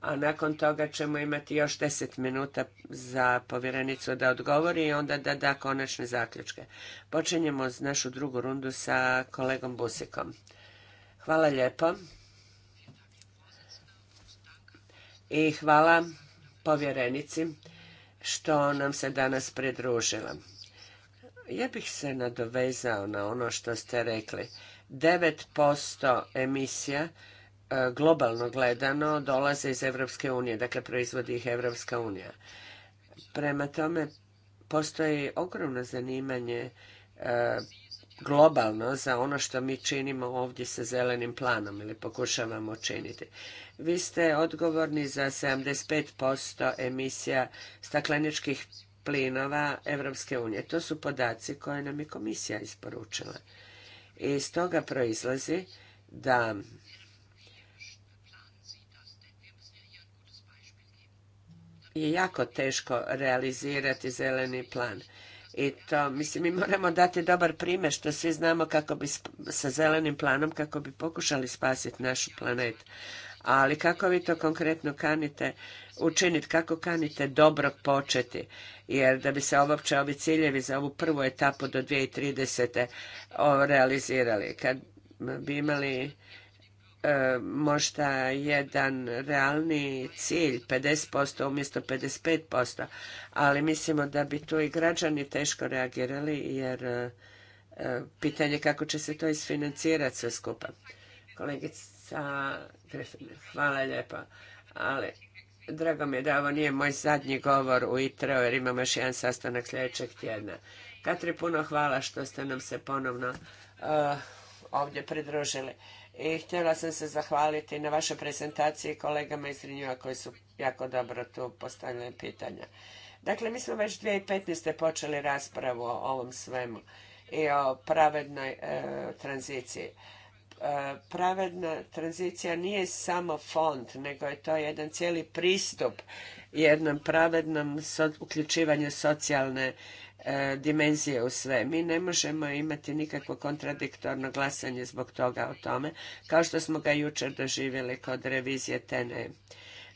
A nakon toga ćemo imati još 10 minuta za povjerenicu da odgovori i onda da da konačne zaključke. Počinjemo našu drugu rundu sa kolegom Busikom. Hvala lijepo. i hvala povjerenici što nam se danas pridružila. Ja bih se nadovezao na ono što ste rekli. 9% emisija e, globalno gledano dolaze iz Europske unije, dakle proizvodi ih Europska unija. Prema tome postoji ogromno zanimanje e, globalno za ono što mi činimo ovdje sa zelenim planom ili pokušavamo činiti. Vi ste odgovorni za 75% emisija stakleničkih plinova Evropske unije. To su podaci koje nam je komisija isporučila. I iz toga proizlazi da je jako teško realizirati zeleni plan. I to, mislim, mi moramo dati dobar primjer što svi znamo kako bi sa zelenim planom, kako bi pokušali spasiti našu planet. Ali kako vi to konkretno kanite učiniti, kako kanite dobro početi? Jer da bi se uopće ovi ciljevi za ovu prvu etapu do 2030. realizirali. Kad bi imali možda jedan realni cilj 50% umjesto 55%, ali mislimo da bi tu i građani teško reagirali jer e, pitanje kako će se to isfinancirati sve skupa. Kolegica hvala lijepo. Ali drago mi je da ovo nije moj zadnji govor u ITRE jer imamo još jedan sastanak sljedećeg tjedna. Katri, puno hvala što ste nam se ponovno e, ovdje pridružili i htjela sam se zahvaliti na vašoj prezentaciji kolegama iz rinjiva koji su jako dobro tu postavljali pitanja. Dakle, mi smo već 2015. počeli raspravu o ovom svemu i o pravednoj e, tranziciji. E, pravedna tranzicija nije samo fond, nego je to jedan cijeli pristup jednom pravednom uključivanju socijalne E, dimenzije u sve. Mi ne možemo imati nikakvo kontradiktorno glasanje zbog toga o tome, kao što smo ga jučer doživjeli kod revizije TNE.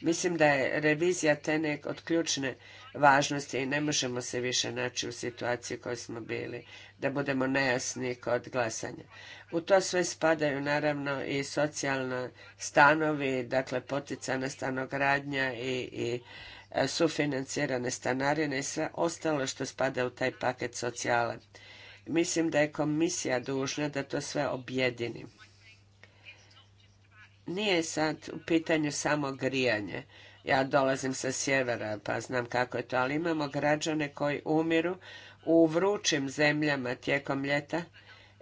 Mislim da je revizija TNE od ključne važnosti i ne možemo se više naći u situaciji u kojoj smo bili, da budemo nejasni kod glasanja. U to sve spadaju naravno i socijalni stanovi, dakle poticana stanogradnja i E, sufinancirane stanarine i sve ostalo što spada u taj paket socijale. Mislim da je komisija dužna da to sve objedini. Nije sad u pitanju samo grijanje. Ja dolazim sa sjevera pa znam kako je to, ali imamo građane koji umiru u vrućim zemljama tijekom ljeta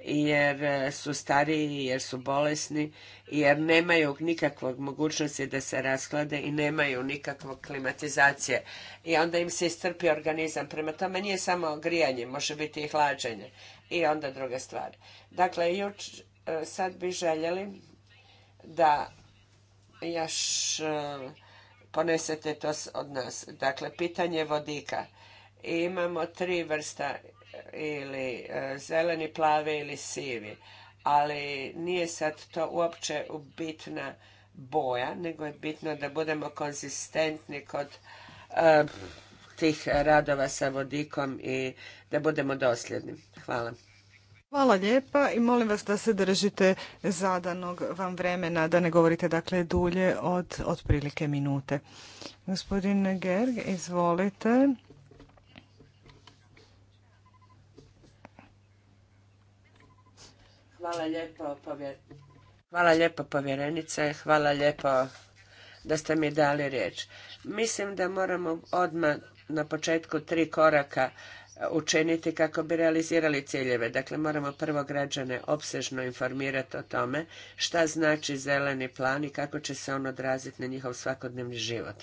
jer e, su stariji, jer su bolesni, jer nemaju nikakvog mogućnosti da se rasklade i nemaju nikakvog klimatizacije. I onda im se istrpi organizam. Prema tome nije samo grijanje, može biti i hlađenje. I onda druga stvar. Dakle, juč, e, sad bi željeli da još e, ponesete to od nas. Dakle, pitanje vodika. I imamo tri vrsta ili e, zeleni, plavi ili sivi. Ali nije sad to uopće bitna boja, nego je bitno da budemo konzistentni kod e, tih radova sa vodikom i da budemo dosljedni. Hvala. Hvala lijepa i molim vas da se držite zadanog vam vremena, da ne govorite dakle dulje od otprilike minute. Gospodin Gerg, izvolite. Hvala lijepo, povjer... hvala povjerenice, hvala lijepo da ste mi dali riječ. Mislim da moramo odmah na početku tri koraka e, učiniti kako bi realizirali ciljeve. Dakle, moramo prvo građane opsežno informirati o tome šta znači zeleni plan i kako će se on odraziti na njihov svakodnevni život.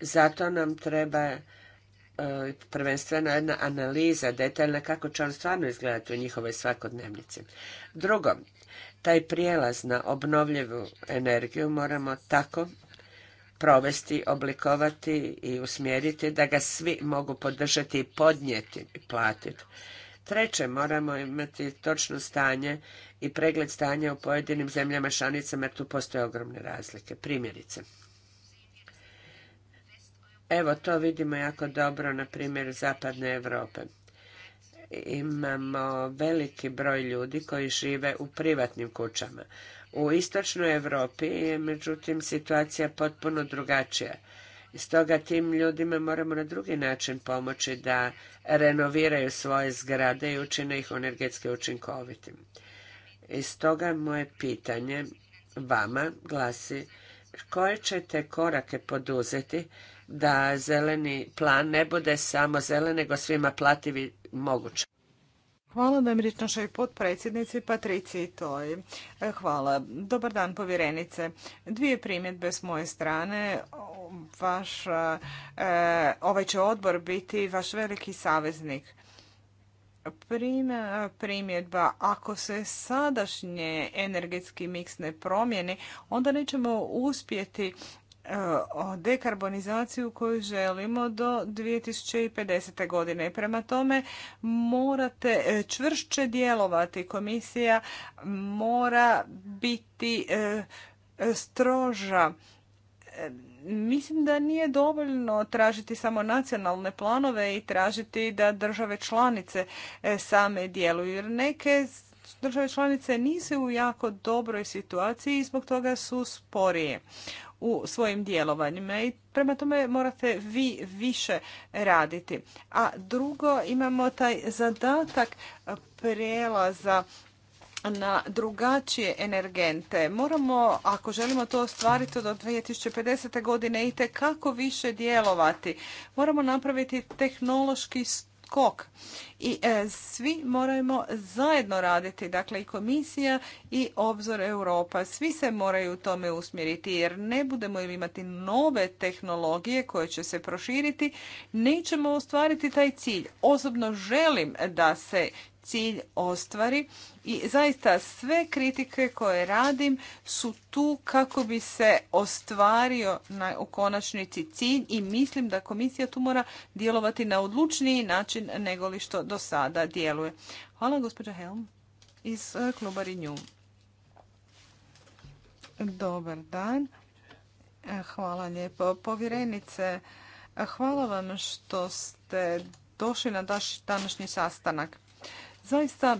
Zato nam treba prvenstveno jedna analiza detaljna kako će on stvarno izgledati u njihovoj svakodnevnici. Drugo, taj prijelaz na obnovljivu energiju moramo tako provesti, oblikovati i usmjeriti da ga svi mogu podržati i podnijeti i platiti. Treće, moramo imati točno stanje i pregled stanja u pojedinim zemljama članicama jer tu postoje ogromne razlike. Primjerice, Evo, to vidimo jako dobro na primjer Zapadne Europe. Imamo veliki broj ljudi koji žive u privatnim kućama. U istočnoj Europi je međutim situacija potpuno drugačija. Stoga tim ljudima moramo na drugi način pomoći da renoviraju svoje zgrade i učine ih energetski učinkovitim. I stoga moje pitanje vama glasi koje ćete korake poduzeti da zeleni plan ne bude samo zelen, nego svima plativi moguće. Hvala da mi našoj potpredsjednici Patrici Toj. E, hvala. Dobar dan, povjerenice. Dvije primjedbe s moje strane. Vaš, e, ovaj će odbor biti vaš veliki saveznik. Primjedba, ako se sadašnje energetski miks ne promijeni, onda nećemo uspjeti E, o dekarbonizaciju koju želimo do 2050. godine. Prema tome morate e, čvršće djelovati. Komisija mora biti e, stroža. Mislim da nije dovoljno tražiti samo nacionalne planove i tražiti da države članice same djeluju. Jer neke države članice nisu u jako dobroj situaciji i zbog toga su sporije u svojim djelovanjima i prema tome morate vi više raditi. A drugo, imamo taj zadatak prelaza na drugačije energente. Moramo, ako želimo to ostvariti do 2050. godine, i kako više djelovati. Moramo napraviti tehnološki skok. I e, svi moramo zajedno raditi, dakle i komisija i obzor Europa. Svi se moraju u tome usmjeriti jer ne budemo ili imati nove tehnologije koje će se proširiti, nećemo ostvariti taj cilj. Osobno želim da se cilj ostvari i zaista sve kritike koje radim su tu kako bi se ostvario na, u konačnici cilj i mislim da komisija tu mora djelovati na odlučniji način nego li što do sada djeluje. Hvala gospođa Helm iz e, kluba Renew. Dobar dan. E, hvala lijepo. Povjerenice, e, hvala vam što ste došli na današnji sastanak. Zaista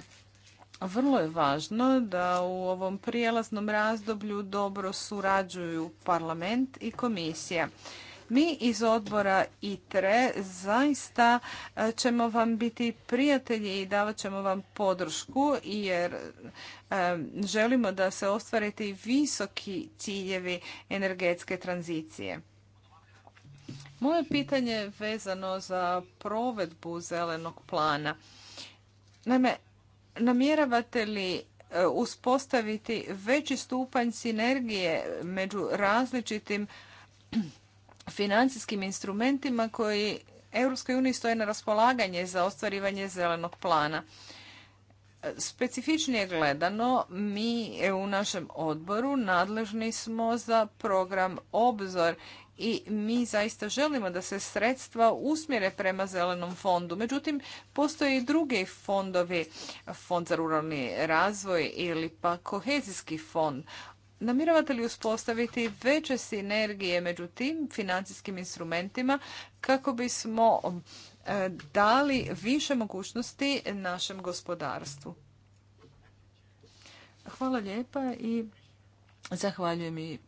vrlo je važno da u ovom prijelaznom razdoblju dobro surađuju parlament i komisija. Mi iz odbora ITRE zaista e, ćemo vam biti prijatelji i davat ćemo vam podršku jer e, želimo da se ostvarite visoki ciljevi energetske tranzicije. Moje pitanje je vezano za provedbu zelenog plana. Naime, namjeravate li e, uspostaviti veći stupanj sinergije među različitim *clears throat* financijskim instrumentima koji EU stoje na raspolaganje za ostvarivanje zelenog plana. E, specifičnije gledano, mi e, u našem odboru nadležni smo za program Obzor i mi zaista želimo da se sredstva usmjere prema zelenom fondu. Međutim, postoje i drugi fondovi, fond za ruralni razvoj ili pa kohezijski fond. Namiravate li uspostaviti veće sinergije među tim financijskim instrumentima kako bismo e, dali više mogućnosti našem gospodarstvu? Hvala lijepa i zahvaljujem i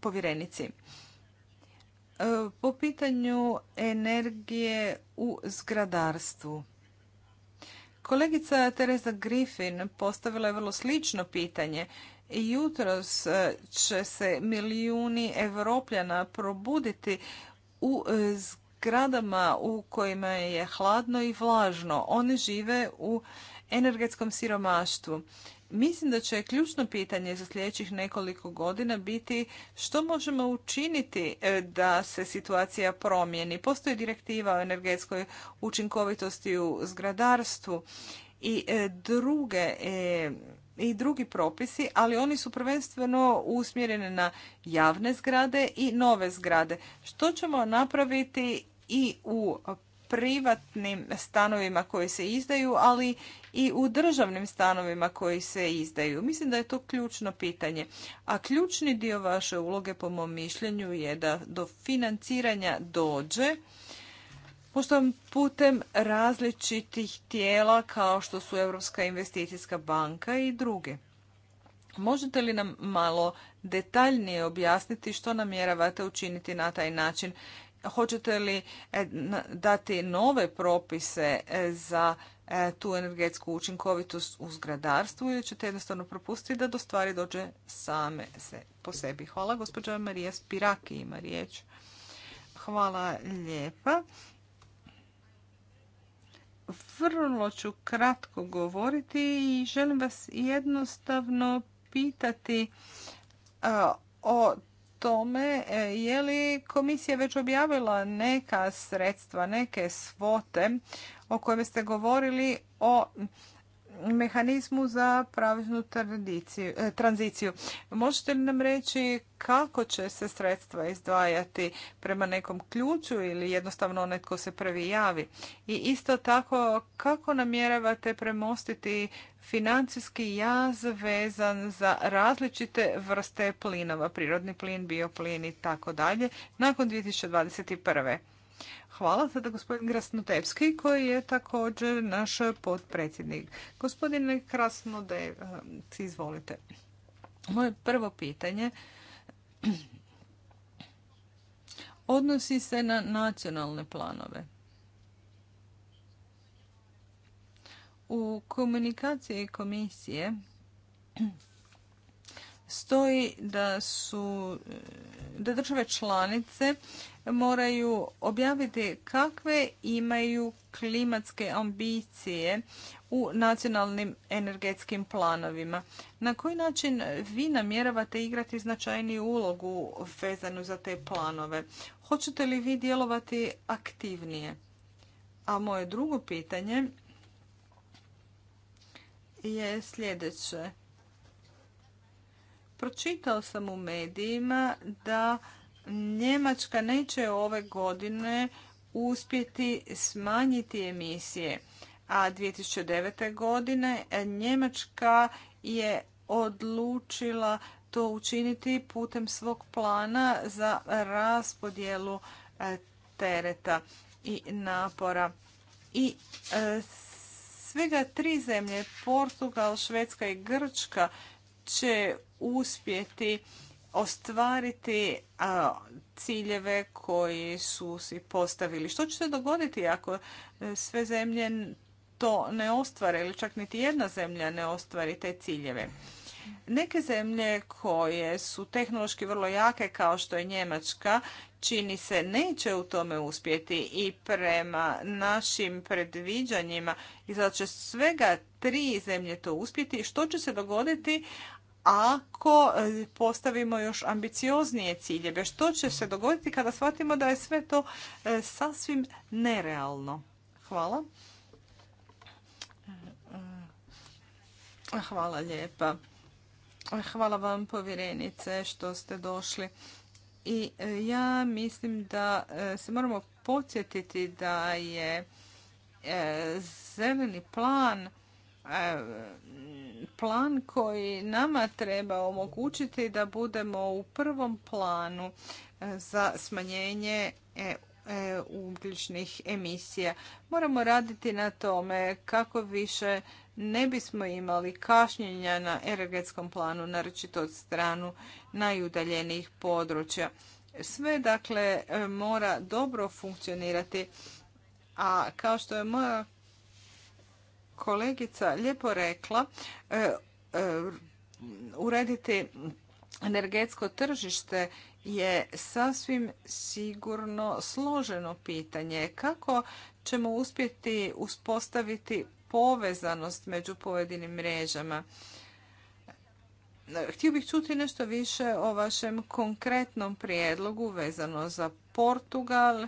povjerenici. E, po pitanju energije u zgradarstvu. Kolegica Teresa Griffin postavila je vrlo slično pitanje. Jutros e, će se milijuni evropljana probuditi u e, zgradama u kojima je hladno i vlažno. Oni žive u energetskom siromaštvu Mislim da će ključno pitanje za sljedećih nekoliko godina biti što možemo učiniti e, da se situacija promijeni. Postoji direktiva o energetskoj učinkovitosti u zgradarstvu i e, druge e, i drugi propisi, ali oni su prvenstveno usmjereni na javne zgrade i nove zgrade. Što ćemo napraviti i u privatnim stanovima koji se izdaju, ali i u državnim stanovima koji se izdaju. Mislim da je to ključno pitanje. A ključni dio vaše uloge, po mom mišljenju, je da do financiranja dođe pošto putem različitih tijela kao što su Europska investicijska banka i druge. Možete li nam malo detaljnije objasniti što namjeravate učiniti na taj način? Hoćete li e, dati nove propise e, za E, tu energetsku učinkovitost u zgradarstvu ili ćete jednostavno propustiti da do stvari dođe same se po sebi. Hvala gospođa Marija Spiraki ima riječ. Hvala lijepa. Vrlo ću kratko govoriti i želim vas jednostavno pitati e, o tome e, je li komisija već objavila neka sredstva, neke svote o kojem ste govorili o mehanizmu za pravilnu e, tranziciju. Možete li nam reći kako će se sredstva izdvajati prema nekom ključu ili jednostavno onaj tko se prvi javi? I isto tako kako namjeravate premostiti financijski jaz vezan za različite vrste plinova, prirodni plin, bioplin i tako dalje nakon 2021. Hvala sada gospodin Krasnodevski koji je također naš potpredsjednik. Gospodine Krasnodevski, izvolite. Moje prvo pitanje odnosi se na nacionalne planove. U komunikaciji komisije stoji da su da države članice moraju objaviti kakve imaju klimatske ambicije u nacionalnim energetskim planovima. Na koji način vi namjeravate igrati značajniju ulogu vezanu za te planove? Hoćete li vi djelovati aktivnije? A moje drugo pitanje je sljedeće Pročitao sam u medijima da Njemačka neće ove godine uspjeti smanjiti emisije, a 2009. godine Njemačka je odlučila to učiniti putem svog plana za raspodjelu e, tereta i napora. I e, svega tri zemlje, Portugal, Švedska i Grčka, će uspjeti ostvariti a, ciljeve koji su si postavili. Što će se dogoditi ako e, sve zemlje to ne ostvare ili čak niti jedna zemlja ne ostvari te ciljeve? Neke zemlje koje su tehnološki vrlo jake kao što je Njemačka čini se neće u tome uspjeti i prema našim predviđanjima i zato će svega tri zemlje to uspjeti. Što će se dogoditi ako e, postavimo još ambicioznije ciljeve. Što će se dogoditi kada shvatimo da je sve to e, sasvim nerealno? Hvala. Hvala lijepa. Hvala vam povjerenice što ste došli. I e, ja mislim da se moramo podsjetiti da je zeleni plan plan koji nama treba omogućiti da budemo u prvom planu e, za smanjenje e, e, ugljičnih emisija. Moramo raditi na tome kako više ne bismo imali kašnjenja na energetskom planu, naročito od stranu najudaljenijih područja. Sve dakle mora dobro funkcionirati, a kao što je moja kolegica lijepo rekla, e, e, urediti energetsko tržište je sasvim sigurno složeno pitanje kako ćemo uspjeti uspostaviti povezanost među pojedinim mrežama. Htio bih čuti nešto više o vašem konkretnom prijedlogu vezano za Portugal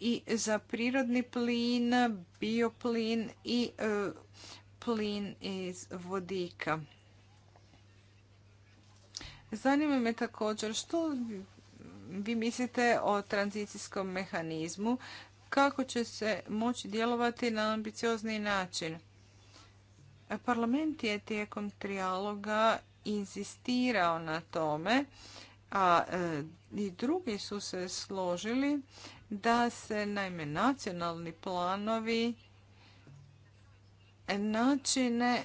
i za prirodni plin, bioplin i e, plin iz vodika. Zanima me također što vi mislite o tranzicijskom mehanizmu, kako će se moći djelovati na ambiciozni način. Parlament je tijekom trijaloga inzistirao na tome, a e, i drugi su se složili da se naime nacionalni planovi e, načine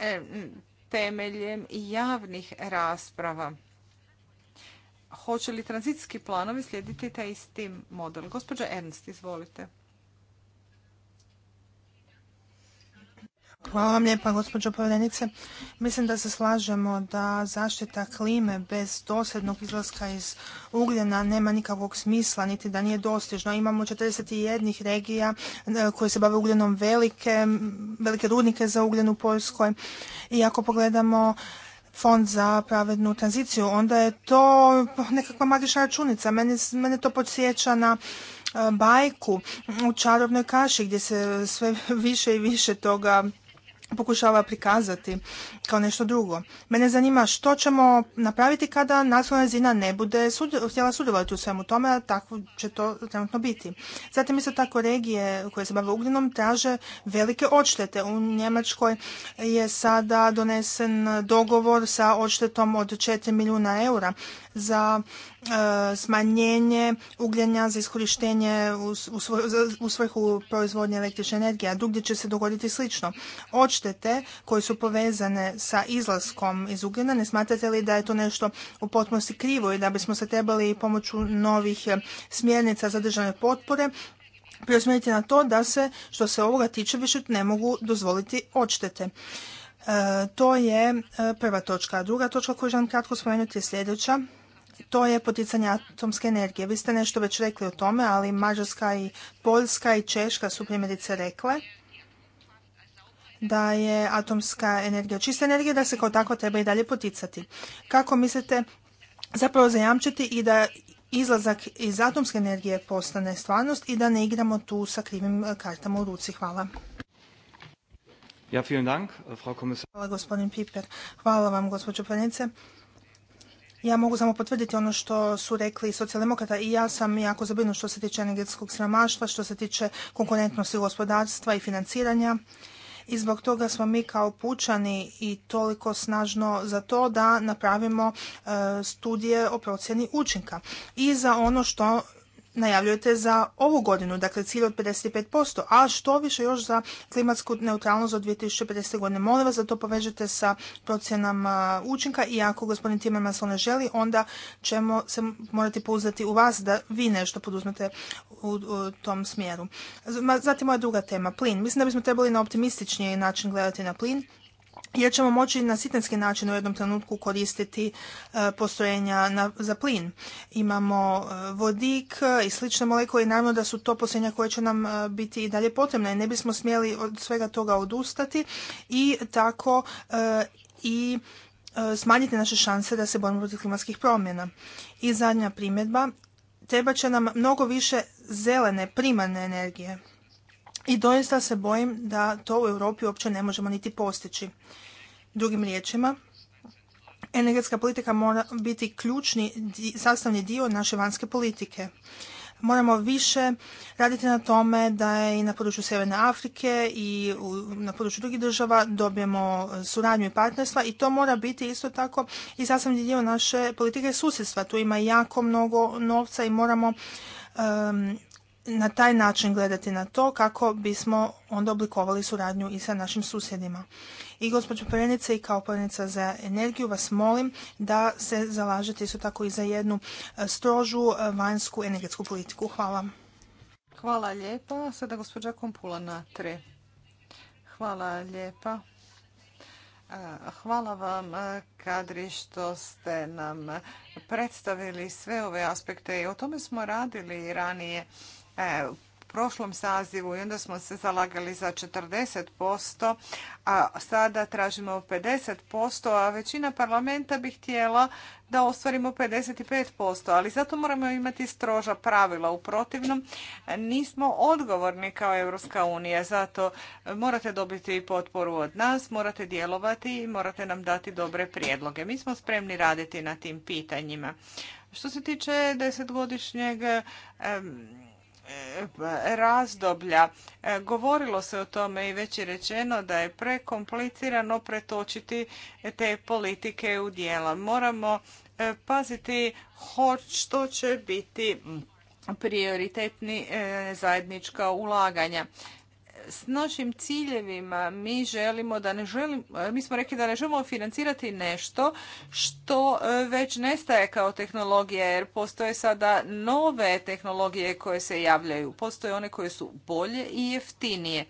e, temeljem javnih rasprava. Hoće li tranzicijski planovi slijediti taj isti model? Gospođa Ernst, izvolite. Hvala vam lijepa, gospođo povjerenice. Mislim da se slažemo da zaštita klime bez dosljednog izlaska iz ugljena nema nikakvog smisla, niti da nije dostižno. Imamo 41 regija e, koje se bave ugljenom velike, velike rudnike za ugljen u Poljskoj. I ako pogledamo fond za pravednu tranziciju, onda je to nekakva magična računica. mene to podsjeća na e, bajku u čarobnoj kaši gdje se sve *laughs* više i više toga pokušava prikazati kao nešto drugo. Mene zanima što ćemo napraviti kada nacionalna zina ne bude htjela sudjelovati u svemu tome, a tako će to trenutno biti. Zatim isto tako regije koje se bave ugljenom traže velike odštete. U Njemačkoj je sada donesen dogovor sa odštetom od 4 milijuna eura za e, smanjenje ugljenja za iskorištenje u svrhu proizvodnje električne energije, a drugdje će se dogoditi slično. Odštete koje su povezane sa izlaskom iz ugljena, ne smatrate li da je to nešto u potpunosti krivo i da bismo se trebali pomoću novih e, smjernica za državne potpore preusmjeriti na to da se, što se ovoga tiče, više ne mogu dozvoliti odštete. E, to je e, prva točka. Druga točka koju želim kratko spomenuti je sljedeća. To je poticanje atomske energije. Vi ste nešto već rekli o tome, ali Mađarska i Poljska i Češka su primjerice rekle da je atomska energija čista energija, da se kao takva treba i dalje poticati. Kako mislite zapravo zajamčiti i da izlazak iz atomske energije postane stvarnost i da ne igramo tu sa krivim kartama u ruci? Hvala. Ja, äh, Hvala vam gospođo Panjice. Ja mogu samo potvrditi ono što su rekli socijaldemokrata i ja sam jako zabrinut što se tiče energetskog siromaštva, što se tiče konkurentnosti gospodarstva i financiranja. I zbog toga smo mi kao pučani i toliko snažno za to da napravimo e, studije o procjeni učinka i za ono što najavljujete za ovu godinu, dakle cilj od 55%, a što više još za klimatsku neutralnost od 2050. godine. Molim vas da to povežete sa procjenama uh, učinka i ako gospodin Timmermans ne želi, onda ćemo se morati pouzdati u vas da vi nešto poduzmete u, u tom smjeru. Zatim moja druga tema, plin. Mislim da bismo trebali na optimističniji način gledati na plin jer ćemo moći na sitenski način u jednom trenutku koristiti e, postrojenja za plin. Imamo e, vodik e, i slične molekule i naravno da su to postrojenja koje će nam biti i dalje potrebne. Ne bismo smjeli od svega toga odustati i tako i smanjiti naše šanse da se borimo protiv klimatskih promjena. I zadnja primjedba, treba će nam mnogo više zelene primarne energije. I doista se bojim da to u Europi uopće ne možemo niti postići. Drugim riječima, energetska politika mora biti ključni sastavni dio naše vanjske politike. Moramo više raditi na tome da i na području Sjeverne Afrike i na području drugih država dobijemo suradnju i partnerstva i to mora biti isto tako i sastavni dio naše politike susjedstva. Tu ima jako mnogo novca i moramo na taj način gledati na to kako bismo onda oblikovali suradnju i sa našim susjedima. I gospođo povjerenice i kao povjerenica za energiju vas molim da se zalažete isto tako i za jednu e, strožu e, vanjsku energetsku politiku. Hvala. Hvala lijepa. Sada gospođa Kompula na tre. Hvala lijepa. E, hvala vam, Kadri, što ste nam predstavili sve ove aspekte. i O tome smo radili ranije. E, u prošlom sazivu i onda smo se zalagali za 40%, a sada tražimo 50%, a većina parlamenta bi htjela da ostvarimo 55%, ali zato moramo imati stroža pravila. U protivnom, nismo odgovorni kao Europska unija, zato morate dobiti potporu od nas, morate djelovati i morate nam dati dobre prijedloge. Mi smo spremni raditi na tim pitanjima. Što se tiče desetgodišnjeg E, razdoblja. E, govorilo se o tome i već je rečeno da je prekomplicirano pretočiti te politike u dijela. Moramo e, paziti što će biti prioritetni zajednička ulaganja s našim ciljevima mi želimo da ne želimo, mi smo rekli da ne želimo financirati nešto što e, već nestaje kao tehnologija jer postoje sada nove tehnologije koje se javljaju. Postoje one koje su bolje i jeftinije.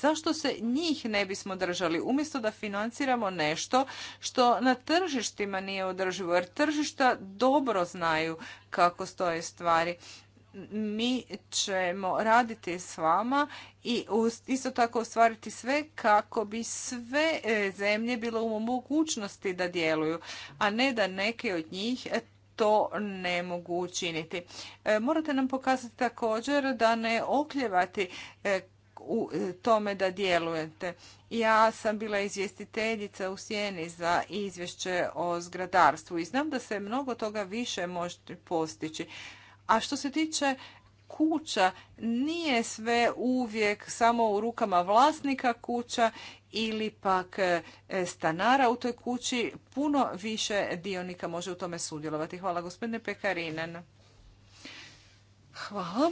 Zašto se njih ne bismo držali umjesto da financiramo nešto što na tržištima nije održivo jer tržišta dobro znaju kako stoje stvari mi ćemo raditi s vama i isto tako ostvariti sve kako bi sve e, zemlje bilo u mogućnosti da djeluju, a ne da neke od njih to ne mogu učiniti. E, morate nam pokazati također da ne okljevati e, u tome da djelujete. Ja sam bila izvjestiteljica u Sjeni za izvješće o zgradarstvu i znam da se mnogo toga više može postići. A što se tiče kuća, nije sve uvijek samo u rukama vlasnika kuća ili pak e, stanara u toj kući. Puno više dionika može u tome sudjelovati. Hvala gospodine Pekarinen. Hvala.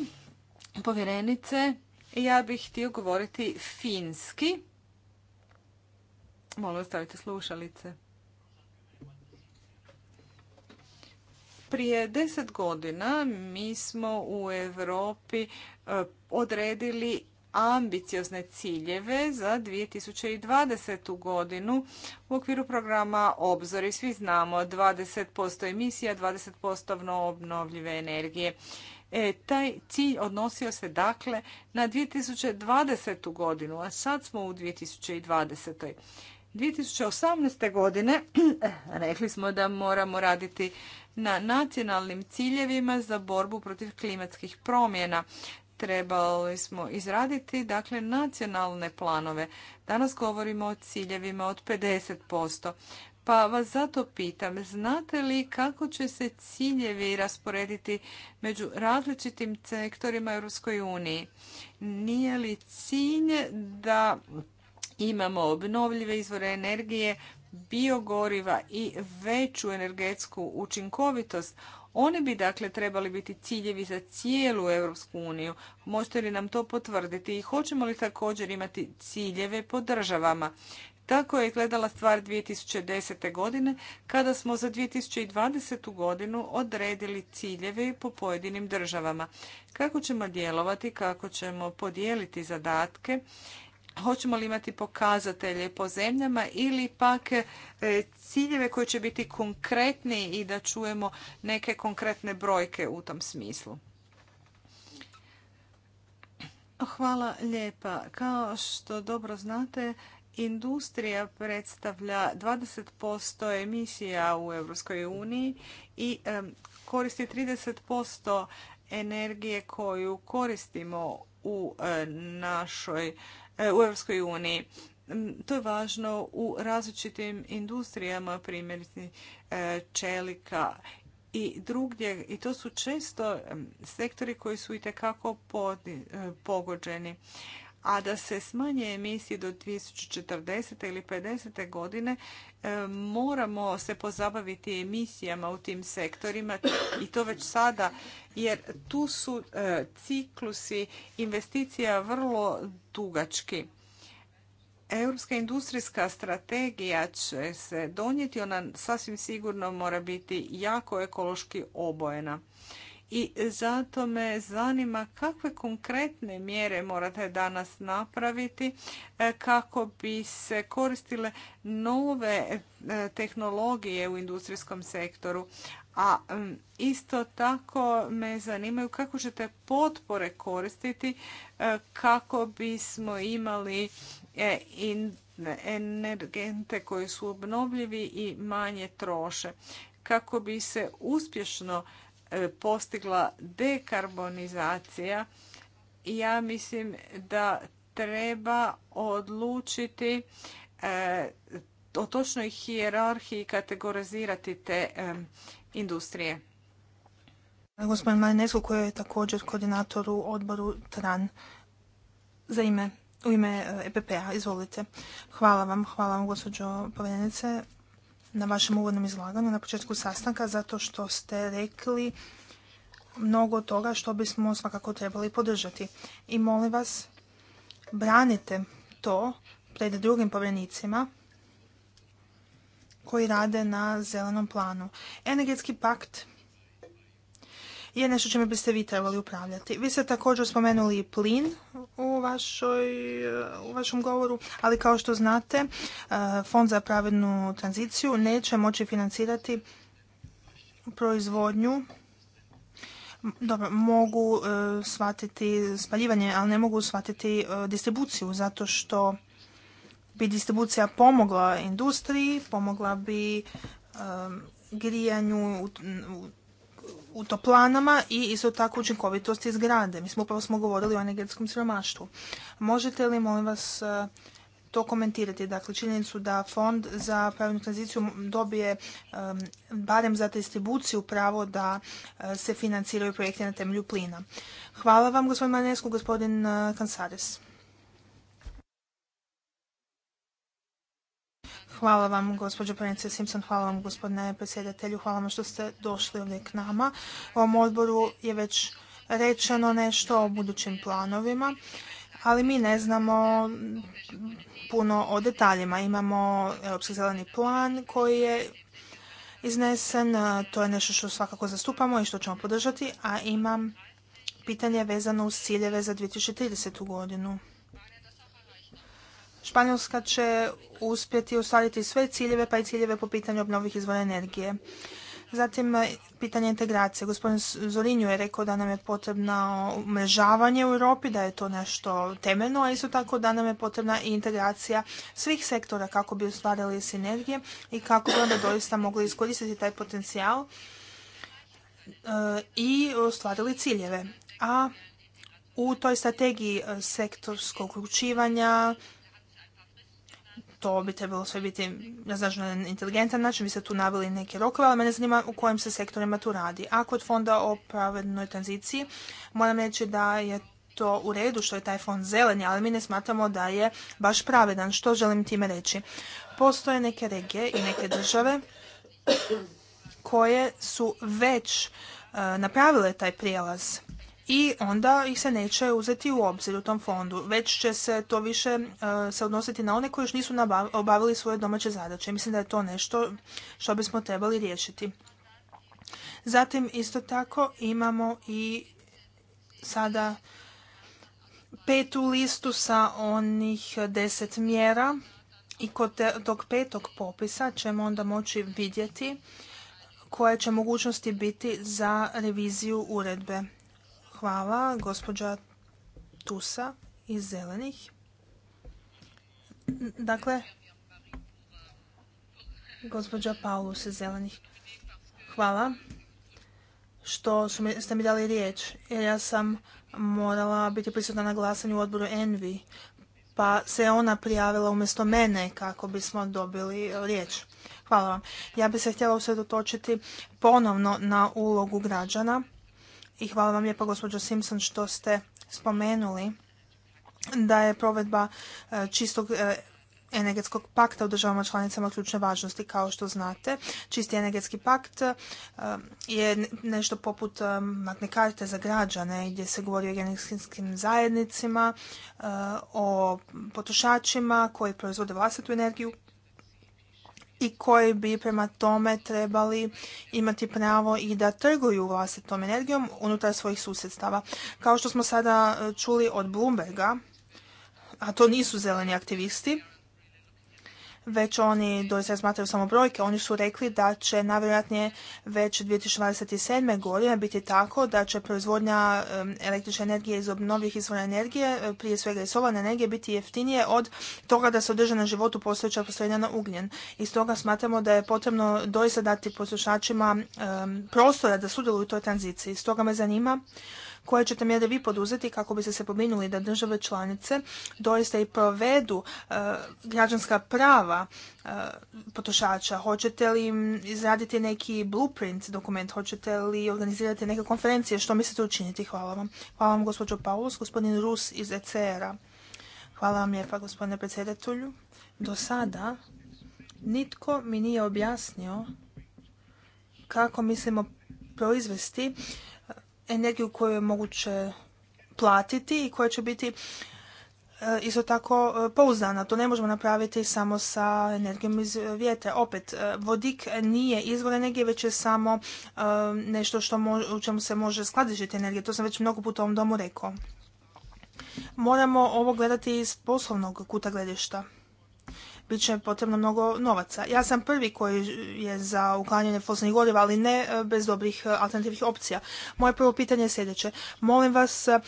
Povjerenice, ja bih htio govoriti finski. Molim, ostavite slušalice. Prije deset godina mi smo u Europi e, odredili ambiciozne ciljeve za 2020. godinu u okviru programa Obzor i svi znamo 20% emisija, 20% obnovljive energije. E, taj cilj odnosio se dakle na 2020. godinu, a sad smo u 2020. 2018. godine *clears throat* rekli smo da moramo raditi na nacionalnim ciljevima za borbu protiv klimatskih promjena. Trebali smo izraditi dakle nacionalne planove. Danas govorimo o ciljevima od 50%. Pa vas zato pitam, znate li kako će se ciljevi rasporediti među različitim sektorima EU? uniji? Nije li cilj da imamo obnovljive izvore energije, biogoriva i veću energetsku učinkovitost. Oni bi dakle trebali biti ciljevi za cijelu Europsku uniju. Možete li nam to potvrditi i hoćemo li također imati ciljeve po državama? Tako je gledala stvar 2010. godine kada smo za 2020. godinu odredili ciljeve po pojedinim državama. Kako ćemo djelovati, kako ćemo podijeliti zadatke hoćemo li imati pokazatelje po zemljama ili pak e, ciljeve koji će biti konkretni i da čujemo neke konkretne brojke u tom smislu. Hvala lijepa. Kao što dobro znate, industrija predstavlja 20% emisija u Europskoj uniji i koristi 30% energije koju koristimo u e, našoj E, u Europskoj uniji. Mm, to je važno u različitim industrijama, primjerice e, čelika i drugdje. I to su često mm, sektori koji su i e, pogođeni a da se smanje emisije do 2040. ili 50. godine, e, moramo se pozabaviti emisijama u tim sektorima i to već sada, jer tu su e, ciklusi investicija vrlo dugački. Europska industrijska strategija će se donijeti, ona sasvim sigurno mora biti jako ekološki obojena i zato me zanima kakve konkretne mjere morate danas napraviti e, kako bi se koristile nove e, tehnologije u industrijskom sektoru. A isto tako me zanimaju kako ćete potpore koristiti e, kako bismo imali energente koji su obnovljivi i manje troše kako bi se uspješno E, postigla dekarbonizacija, ja mislim da treba odlučiti e, o točnoj hijerarhiji kategorizirati te e, industrije. Gospodin Marinescu koji je također koordinator u odboru TRAN za ime u ime EPP-a. Izvolite. Hvala vam, hvala vam gospođo povjerenice na vašem uvodnom izlaganju na početku sastanka zato što ste rekli mnogo toga što bismo svakako trebali podržati. I molim vas, branite to pred drugim povjerenicima koji rade na zelenom planu. Energetski pakt je nešto čime biste vi trebali upravljati. Vi ste također spomenuli plin u, vašoj, u vašem govoru, ali kao što znate, e, Fond za pravednu tranziciju neće moći financirati proizvodnju dobro, mogu e, shvatiti spaljivanje, ali ne mogu shvatiti e, distribuciju, zato što bi distribucija pomogla industriji, pomogla bi e, grijanju u u toplanama i isto tako učinkovitosti zgrade. Mi smo upravo smo govorili o energetskom siromaštvu. Možete li, molim vas, e, to komentirati. Dakle, činjenicu da fond za pravilnu tranziciju dobije barem za distribuciju pravo da e, se financiraju projekte na temelju plina. Hvala vam, gospodin Manesku, gospodin e, Kansares. Hvala vam, gospođo Prenice Simpson, hvala vam, gospodine predsjedatelju, hvala vam što ste došli ovdje k nama. U ovom odboru je već rečeno nešto o budućim planovima, ali mi ne znamo puno o detaljima. Imamo Europski zeleni plan koji je iznesen, to je nešto što svakako zastupamo i što ćemo podržati, a imam pitanje vezano uz ciljeve za 2030. godinu. Španjolska će uspjeti ostvariti sve ciljeve, pa i ciljeve po pitanju obnovih izvora energije. Zatim, e, pitanje integracije. Gospodin Zorinju je rekao da nam je potrebno umrežavanje u Europi, da je to nešto temeljno, a isto tako da nam je potrebna i integracija svih sektora kako bi ostvarili sinergije i kako bi onda doista mogli iskoristiti taj potencijal e, i ostvarili ciljeve. A u toj strategiji e, sektorskog uključivanja, to bi trebalo sve biti na na inteligentan način. Vi ste tu naveli neke rokove, ali mene zanima u kojim se sektorima tu radi. A kod fonda o pravednoj tranziciji moram reći da je to u redu što je taj fond zeleni, ali mi ne smatramo da je baš pravedan. Što želim time reći? Postoje neke regije i neke države koje su već eh, napravile taj prijelaz i onda ih se neće uzeti u obzir u tom fondu, već će se to više e, se odnositi na one koji još nisu obavili svoje domaće zadaće. Mislim da je to nešto što bismo trebali riješiti. Zatim isto tako imamo i sada petu listu sa onih deset mjera i kod tog petog popisa ćemo onda moći vidjeti koje će mogućnosti biti za reviziju uredbe Hvala, gospođa Tusa iz Zelenih. Dakle, gospođa Paulus iz Zelenih. Hvala što ste mi dali riječ, jer ja sam morala biti prisutna na glasanju u odboru Envi, pa se ona prijavila umjesto mene kako bismo dobili riječ. Hvala vam. Ja bih se htjela usredotočiti ponovno na ulogu građana i hvala vam lijepo gospođo Simpson što ste spomenuli da je provedba e, čistog e, energetskog pakta u državama članicama ključne važnosti. Kao što znate, čisti energetski pakt e, je nešto poput matne karte za građane gdje se govori o energetskim zajednicima, o potrošačima koji proizvode vlastitu energiju i koji bi prema tome trebali imati pravo i da trguju vlastitom energijom unutar svojih susjedstava. Kao što smo sada e, čuli od Bloomberga, a to nisu zeleni aktivisti, već oni doista smatraju samo brojke. Oni su rekli da će najvjerojatnije već 2027. godine biti tako da će proizvodnja električne energije iz obnovljivih izvora energije, e, prije svega i solarne energije, biti jeftinije od toga da se održe na životu postojeća postojenja na ugljen. I stoga smatramo da je potrebno doista dati potrošačima prostora da sudjeluju u toj tranziciji. Stoga me zanima koje ćete mjere vi poduzeti kako biste se pominuli da države članice doista i provedu e, građanska prava e, potrošača? Hoćete li izraditi neki blueprint dokument? Hoćete li organizirati neke konferencije? Što mislite učiniti? Hvala vam. Hvala vam gospođo Paulus, gospodin Rus iz ECR-a. Hvala vam lijepa gospodine predsjedatelju. Do sada nitko mi nije objasnio kako mislimo proizvesti energiju koju je moguće platiti i koja će biti e, isto tako e, pouzdana. To ne možemo napraviti samo sa energijom iz e, vjetra. Opet, vodik nije izvor energije, već je samo nešto što u čemu se može skladištiti energije. To sam već mnogo puta u ovom domu rekao. Moramo ovo gledati iz poslovnog kuta gledišta bit će potrebno mnogo novaca. Ja sam prvi koji je za uklanjanje fosilnih goriva, ali ne e, bez dobrih e, alternativnih opcija. Moje prvo pitanje je sljedeće. Molim vas, e,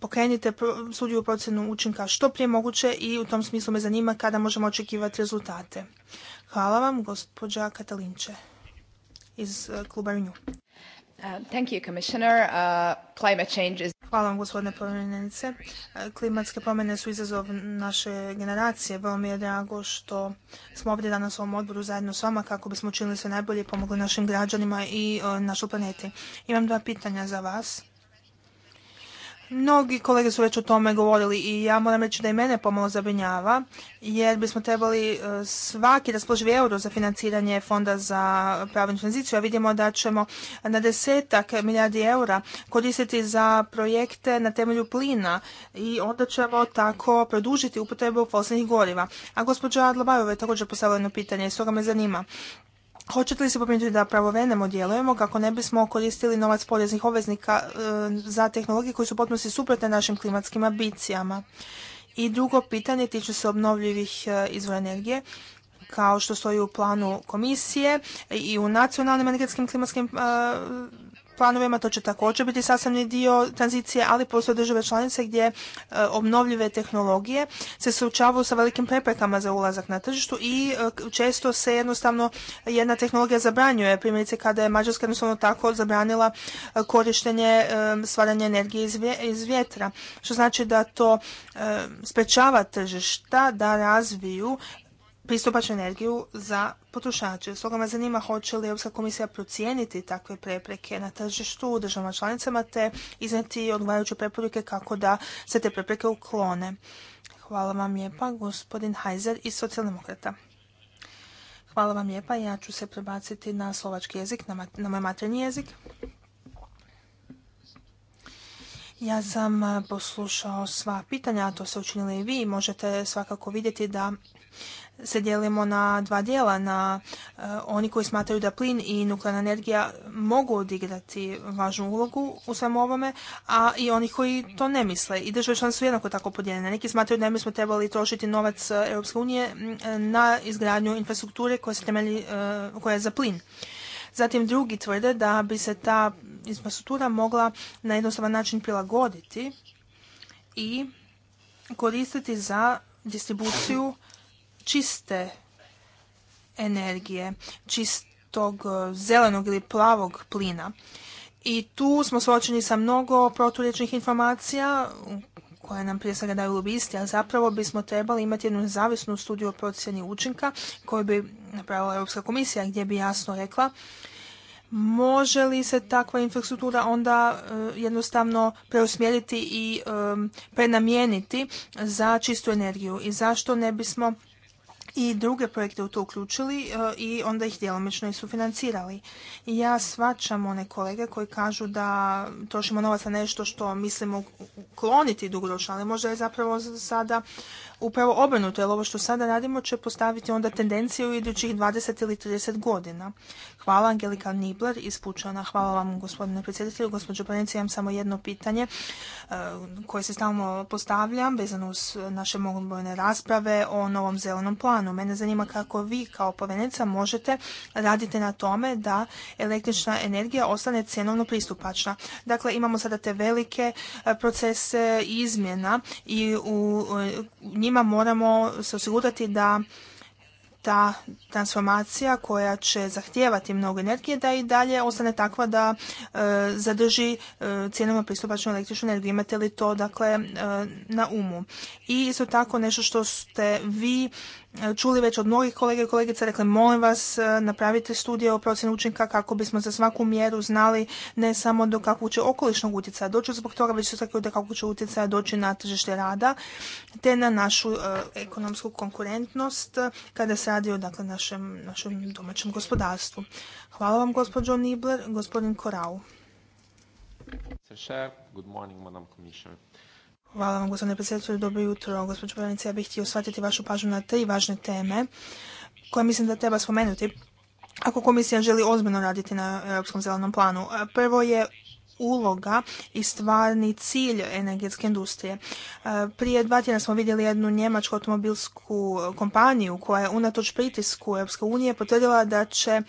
pokrenite studiju procjenu učinka što prije moguće i u tom smislu me zanima kada možemo očekivati rezultate. Hvala vam, gospođa Katalinče iz kluba Hvala vam gospodine povjerenice. E, klimatske promjene su izazov naše generacije. Vrlo mi je drago što smo ovdje danas u ovom odboru zajedno s vama kako bismo učinili sve najbolje i pomogli našim građanima i e, našoj planeti. Imam dva pitanja za vas. Mnogi kolege su već o tome govorili i ja moram reći da i mene pomalo zabrinjava, jer bismo trebali e, svaki raspoloživi euro za financiranje fonda za pravnu tranziciju, a vidimo da ćemo na desetak milijardi eura koristiti za projekte na temelju plina i onda ćemo tako produžiti upotrebu fosilnih goriva. A gospođa Adlobajova je također postavila jedno pitanje i stoga me zanima Hoćete li se pobrinuti da pravovremeno djelujemo kako ne bismo koristili novac poreznih obveznika e, za tehnologije koje su potpuno suprotne našim klimatskim ambicijama? I drugo pitanje tiče se obnovljivih e, izvora energije kao što stoji u planu komisije i u nacionalnim energetskim klimatskim e, planovima, to će također biti sastavni dio tranzicije, ali postoje države članice gdje e, obnovljive tehnologije se suočavaju sa velikim preprekama za ulazak na tržištu i e, često se jednostavno jedna tehnologija zabranjuje. Primjerice kada je Mađarska jednostavno tako zabranila e, korištenje stvaranja energije iz vjetra. Što znači da to sprečava tržišta da razviju pristupačnu energiju za potrošače. Stoga me zanima hoće li Europska komisija procijeniti takve prepreke na tržištu u državama članicama te izneti odgovarajuće preporuke kako da se te prepreke uklone. Hvala vam lijepa, gospodin Hajzer iz socijaldemokrata. Hvala vam lijepa, ja ću se prebaciti na slovački jezik, na, moj materni jezik. Ja sam poslušao sva pitanja, a to ste učinili i vi. Možete svakako vidjeti da se dijelimo na dva dijela, na e, oni koji smatraju da plin i nuklearna energija mogu odigrati važnu ulogu u svemu ovome, a i oni koji to ne misle. I države članice su jednako tako podijeljene. Neki smatraju da ne bismo trebali trošiti novac e, Europske unije e, na izgradnju infrastrukture koja, se temelji, koja je za plin. Zatim drugi tvrde da bi se ta infrastruktura mogla na jednostavan način prilagoditi i koristiti za distribuciju čiste energije, čistog e, zelenog ili plavog plina. I tu smo suočeni sa mnogo proturječnih informacija koje nam prije svega daju lobisti, a zapravo bismo trebali imati jednu zavisnu studiju o procjeni učinka koju bi napravila Europska komisija gdje bi jasno rekla može li se takva infrastruktura onda e, jednostavno preusmjeriti i e, prenamijeniti za čistu energiju i zašto ne bismo i druge projekte u to uključili e, i onda ih djelomično i sufinancirali. Ja svačam one kolege koji kažu da trošimo novac na nešto što mislimo kloniti dugoročno, ali možda je zapravo sada upravo obrnuto, jer ovo što sada radimo će postaviti onda tendenciju u idućih 20 ili 30 godina. Hvala, Angelika Nibler iz Hvala vam, gospodine predsjedatelju. Gospođo ja imam samo jedno pitanje e, koje se stalno postavljam vezano uz naše mogobojne rasprave o novom zelenom planu. Mene zanima kako vi kao povenica možete raditi na tome da električna energija ostane cjenovno pristupačna. Dakle, imamo sada te velike e, procese izmjena i u njima moramo se osigurati da ta transformacija koja će zahtijevati mnogo energije da i dalje ostane takva da e, zadrži e, cijenama pristupačnu električnu energiju. Imate li to dakle e, na umu? I isto tako nešto što ste vi E, čuli već od mnogih kolega i kolegica, rekle molim vas e, napravite studije o procjenu učinka kako bismo za svaku mjeru znali ne samo do kakvog će okolišnog utjecaja doći zbog toga, već tako do kako će utjecaja doći na tržište rada te na našu e, ekonomsku konkurentnost kada se radi o dakle, našem, domaćem gospodarstvu. Hvala vam gospođo Nibler, gospodin Korau. Good morning, Madam Commissioner. Hvala vam, gospodine predsjedatelju. Dobro jutro, gospođo Pravnice. Ja bih htio shvatiti vašu pažnju na tri važne teme koje mislim da treba spomenuti ako komisija želi ozbiljno raditi na Europskom zelenom planu. E, prvo je uloga i stvarni cilj energetske industrije. E, prije dva tjedna smo vidjeli jednu njemačku automobilsku kompaniju koja je unatoč pritisku Europske unije potvrdila da će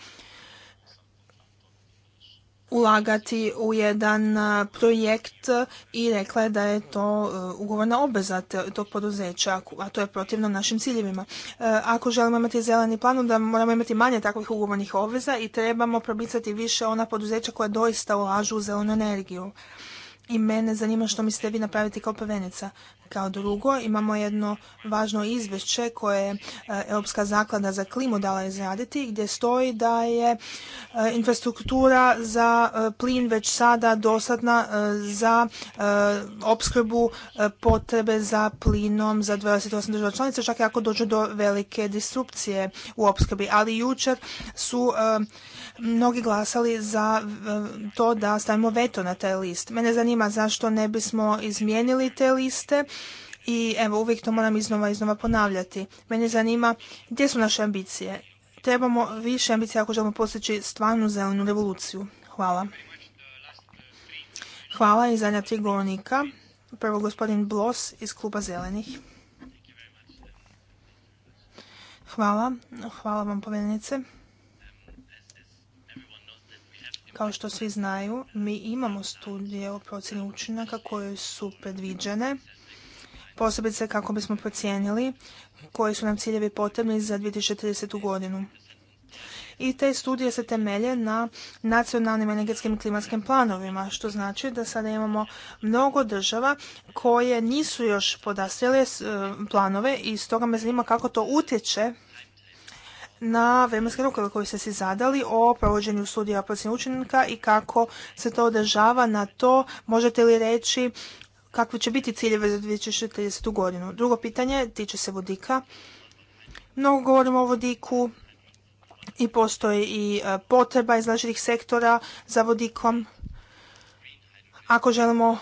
ulagati u jedan e, projekt i rekla je da je to e, ugovorna obveza tog poduzeća, a to je protivno našim ciljevima. E, ako želimo imati zeleni plan, onda moramo imati manje takvih ugovornih obveza i trebamo probicati više ona poduzeća koja doista ulažu u zelenu energiju i mene zanima što mislite vi napraviti kao prvenica. Kao drugo, imamo jedno važno izvješće koje je Europska zaklada za klimu dala izraditi gdje stoji da je e, infrastruktura za e, plin već sada dosadna e, za opskrbu potrebe za plinom za 28 država članica, čak i ako dođe do velike disrupcije u opskrbi. Ali jučer su mnogi glasali za e, to da stavimo veto na taj list. Mene zanima zašto ne bismo izmijenili te liste i evo uvijek to moram iznova iznova ponavljati. Mene zanima gdje su naše ambicije. Trebamo više ambicija ako želimo postići stvarnu zelenu revoluciju. Hvala. Hvala i zadnja tri govornika. Prvo gospodin Blos iz kluba Zelenih. Hvala. Hvala vam povjerenice. Kao što svi znaju, mi imamo studije o procjeni učinaka koje su predviđene, posebice kako bismo procijenili koji su nam ciljevi potrebni za 2030. godinu. I te studije se temelje na nacionalnim energetskim i klimatskim planovima, što znači da sada imamo mnogo država koje nisu još podastrijele e, planove i stoga me zanima kako to utječe na vremenske rokove koje ste si zadali o provođenju studija procjene učenika i kako se to održava na to. Možete li reći kakvi će biti ciljeve za 2030. godinu? Drugo pitanje tiče se vodika. Mnogo govorimo o vodiku i postoji i e, potreba iz različitih sektora za vodikom. Ako želimo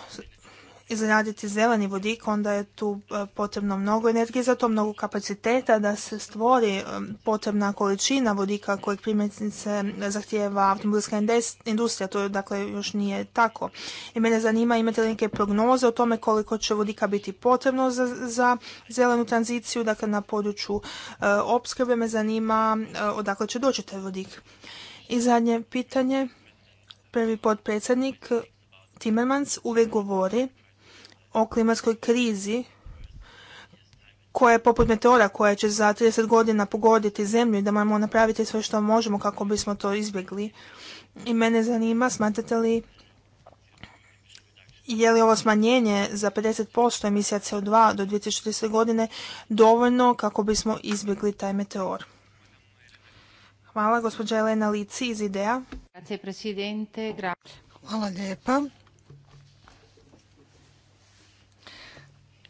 izraditi zeleni vodik, onda je tu e, potrebno mnogo energije, za to mnogo kapaciteta da se stvori e, potrebna količina vodika kojeg primjerice zahtijeva automobilska industrija, to dakle još nije tako. I mene zanima imate li neke prognoze o tome koliko će vodika biti potrebno za, za zelenu tranziciju, dakle na području e, opskrbe me zanima odakle će doći taj vodik. I zadnje pitanje, prvi potpredsjednik Timmermans uvijek govori o klimatskoj krizi koja je poput meteora koja će za 30 godina pogoditi zemlju i da moramo napraviti sve što možemo kako bismo to izbjegli. I mene zanima, smatrate li je li ovo smanjenje za 50% emisija CO2 do 2040. godine dovoljno kako bismo izbjegli taj meteor? Hvala, gospođa Elena Lici iz IDEA. Hvala lijepa.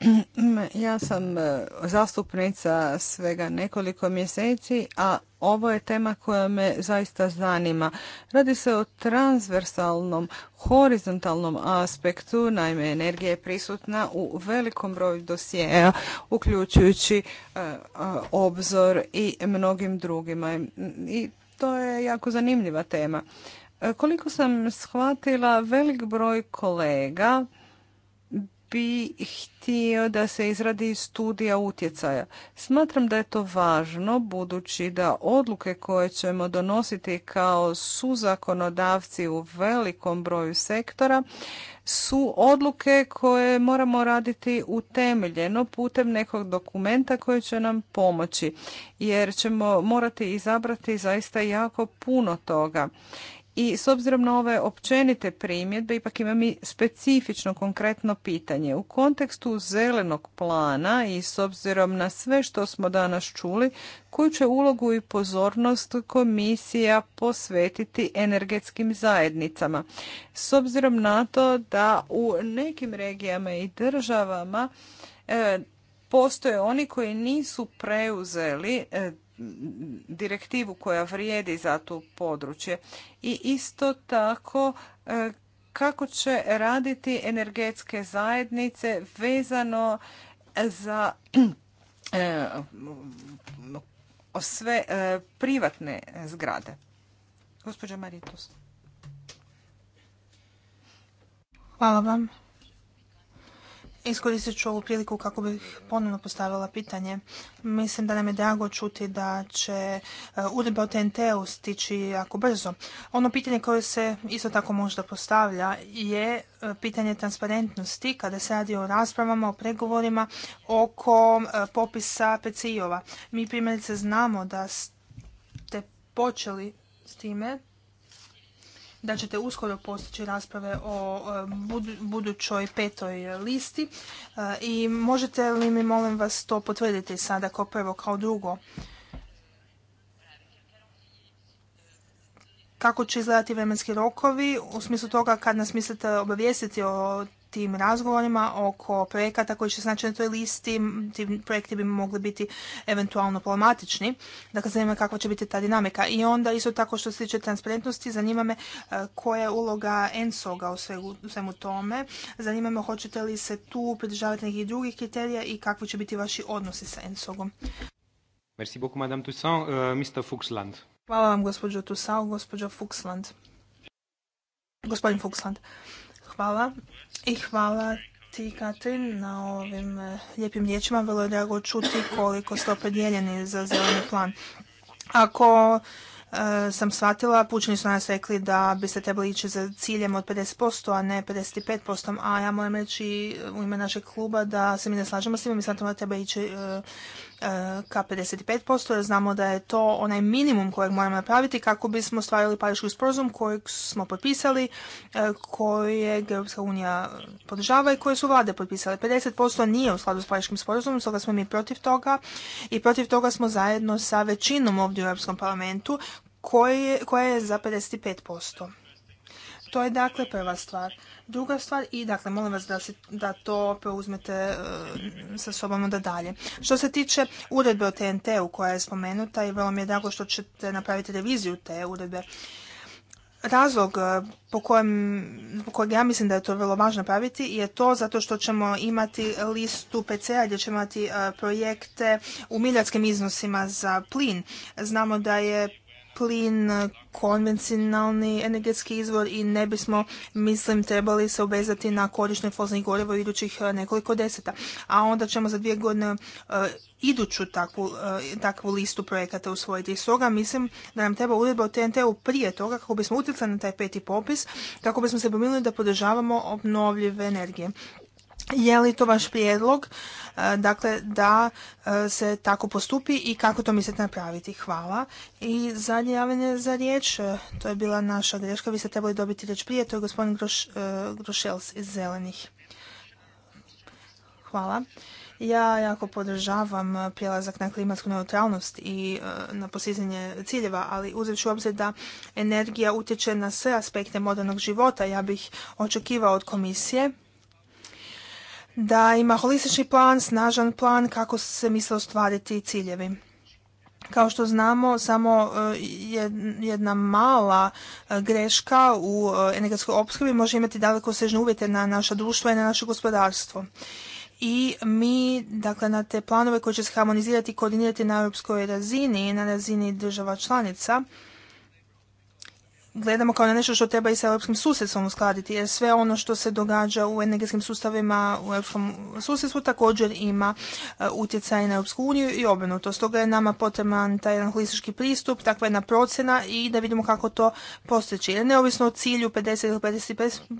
*clears throat* Ja sam e, zastupnica svega nekoliko mjeseci, a ovo je tema koja me zaista zanima. Radi se o transversalnom, horizontalnom aspektu, naime energija je prisutna u velikom broju dosjeja, uključujući e, e, obzor i mnogim drugima. I to je jako zanimljiva tema. Koliko sam shvatila, velik broj kolega bi htio da se izradi studija utjecaja. Smatram da je to važno budući da odluke koje ćemo donositi kao suzakonodavci u velikom broju sektora su odluke koje moramo raditi utemeljeno putem nekog dokumenta koji će nam pomoći jer ćemo morati izabrati zaista jako puno toga. I s obzirom na ove općenite primjedbe, ipak imam i specifično konkretno pitanje. U kontekstu zelenog plana i s obzirom na sve što smo danas čuli, koju će ulogu i pozornost komisija posvetiti energetskim zajednicama? S obzirom na to da u nekim regijama i državama e, postoje oni koji nisu preuzeli e, direktivu koja vrijedi za to područje i isto tako e, kako će raditi energetske zajednice vezano za e, sve e, privatne zgrade. Gospođa Maritus. Hvala vam. Iskoristit ću ovu priliku kako bih ponovno postavila pitanje. Mislim da nam je drago čuti da će uh, uredba o TNT-u stići jako brzo. Ono pitanje koje se isto tako možda postavlja je uh, pitanje transparentnosti kada se radi o raspravama, o pregovorima oko uh, popisa PCI-ova. Mi primjerice znamo da ste počeli s time da ćete uskoro postići rasprave o budućoj petoj listi e, i možete li mi molim vas to potvrditi sada kao prvo, kao drugo? Kako će izgledati vremenski rokovi u smislu toga kad nas mislite obavijestiti o tim razgovorima oko projekata koji će se naći na toj listi, ti projekti bi mogli biti eventualno problematični. Dakle, zanima kakva će biti ta dinamika. I onda isto tako što se tiče transparentnosti, zanima me e, koja je uloga ENSOG-a u svemu, tome. Zanima me hoćete li se tu pridržavati nekih drugih kriterija i kakvi će biti vaši odnosi sa ENSOG-om. Merci beaucoup, Madame Toussaint. Euh, Mr. Fuchsland. Hvala vam, gospođo Toussaint, gospođo Fuchsland. Gospodin Fuchsland. Hvala. I hvala ti, Katrin, na ovim eh, lijepim riječima. Vrlo je drago čuti koliko ste opredjeljeni za zeleni plan. Ako eh, sam shvatila, pučni su nas rekli da biste trebali ići za ciljem od 50%, a ne 55%, a ja moram reći u ime našeg kluba da se mi ne slažemo s tim mi smatramo da treba ići eh, E, ka 55%, jer znamo da je to onaj minimum kojeg moramo napraviti kako bismo stvarili pariški sporazum kojeg smo potpisali, e, kojeg Europska unija podržava i koje su vlade potpisale. 50% nije u skladu s pariškim sporazumom, stoga smo mi protiv toga i protiv toga smo zajedno sa većinom ovdje u Europskom parlamentu koja je za 55%. To je dakle prva stvar druga stvar i dakle molim vas da, da to preuzmete e, sa sobom onda dalje. Što se tiče uredbe o TNT-u koja je spomenuta i vrlo mi je drago što ćete napraviti reviziju te uredbe. Razlog e, po kojem, po kojem ja mislim da je to vrlo važno napraviti je to zato što ćemo imati listu PCA gdje ćemo imati e, projekte u milijardskim iznosima za plin. Znamo da je plin konvencionalni energetski izvor i ne bismo, mislim, trebali se obezati na korištenje foznih goriva u idućih e, nekoliko deseta. A onda ćemo za dvije godine e, iduću e, takvu, listu projekata usvojiti. S stoga mislim da nam treba uredba o TNT-u prije toga kako bismo utjecali na taj peti popis, kako bismo se pomilili da podržavamo obnovljive energije. Je li to vaš prijedlog, e, dakle, da e, se tako postupi i kako to mislite napraviti? Hvala. I zadnje javljanje za riječ, e, to je bila naša greška, vi ste trebali dobiti riječ prije, to je gospodin Groš, Grošels iz Zelenih. Hvala. Ja jako podržavam prijelazak na klimatsku neutralnost i na postizanje ciljeva, ali uzet ću obzir da energija utječe na sve aspekte modernog života. Ja bih očekivao od komisije da ima holistični plan, snažan plan kako se misle ostvariti ciljevi. Kao što znamo, samo eh, jedna mala eh, greška u eh, energetskoj opskrbi može imati daleko sežne uvjete na naša društva i na naše gospodarstvo. I mi, dakle, na te planove koje će se harmonizirati i koordinirati na europskoj razini i na razini država članica, gledamo kao na nešto što treba i sa europskim susjedstvom uskladiti, jer sve ono što se događa u energetskim sustavima u europskom susjedstvu također ima e, utjecaj na Europsku uniju i obrnuto. Stoga je nama potreban taj jedan holistički pristup, takva jedna procjena i da vidimo kako to postići. Jer neovisno o cilju 50 ili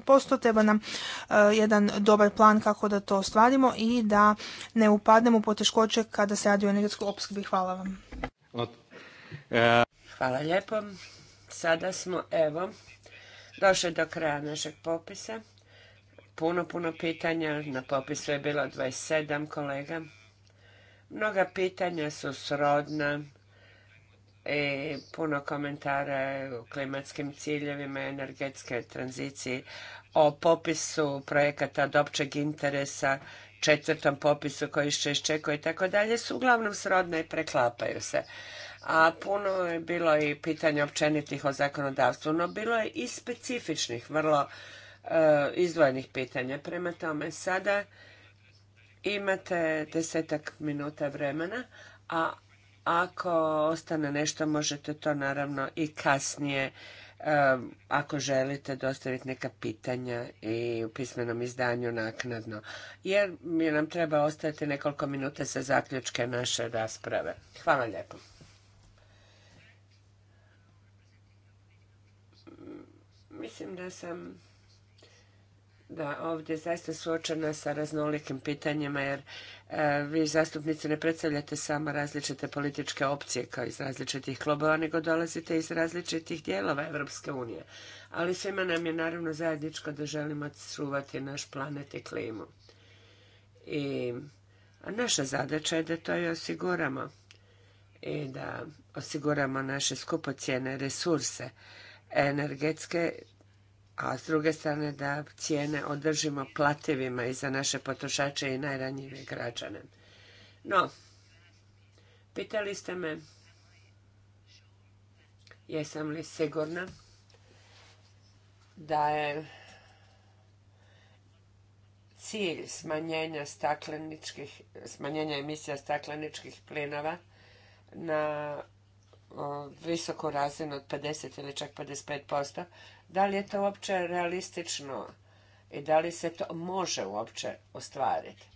55% treba nam e, jedan dobar plan kako da to ostvarimo i da ne upadnemo u poteškoće kada se radi o energetskoj opskrbi. Hvala vam. Hvala lijepo. Sada smo, evo, došli do kraja našeg popisa. Puno, puno pitanja. Na popisu je bilo 27 kolega. Mnoga pitanja su srodna. I puno komentara o klimatskim ciljevima, energetske tranziciji, o popisu projekata od općeg interesa, četvrtom popisu koji se iščekuje i tako dalje, su uglavnom srodne i preklapaju se a puno je bilo i pitanja općenitih o zakonodavstvu, no bilo je i specifičnih, vrlo e, izdvojenih pitanja. Prema tome, sada imate desetak minuta vremena, a ako ostane nešto možete to naravno i kasnije e, ako želite dostaviti neka pitanja i u pismenom izdanju naknadno. Jer mi nam treba ostaviti nekoliko minuta za zaključke naše rasprave. Hvala lijepo. Mislim da sam da ovdje zaista suočena sa raznolikim pitanjima jer e, vi zastupnici ne predstavljate samo različite političke opcije kao iz različitih klubova, nego dolazite iz različitih dijelova Europske unije. Ali svima nam je naravno zajedničko da želimo čuvati naš planet i klimu. I, a naša zadaća je da to i osiguramo i da osiguramo naše skupocjene resurse energetske a s druge strane da cijene održimo plativima i za naše potrošače i najranjivije građane. No, pitali ste me jesam li sigurna da je cilj smanjenja stakleničkih, smanjenja emisija stakleničkih plinova na visoku razinu od 50 ili čak 55%, da li je to uopće realistično i da li se to može uopće ostvariti.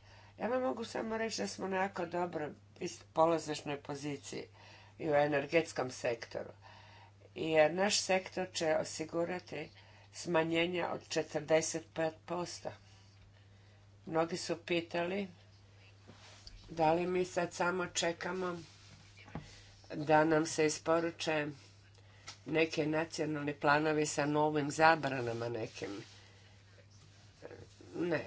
Ja vam mogu samo reći da smo na jako dobro polozečnoj poziciji i u energetskom sektoru. Jer naš sektor će osigurati smanjenja od 45%. Mnogi su pitali da li mi sad samo čekamo da nam se isporuče neke nacionalni planovi sa novim zabranama nekim. Ne.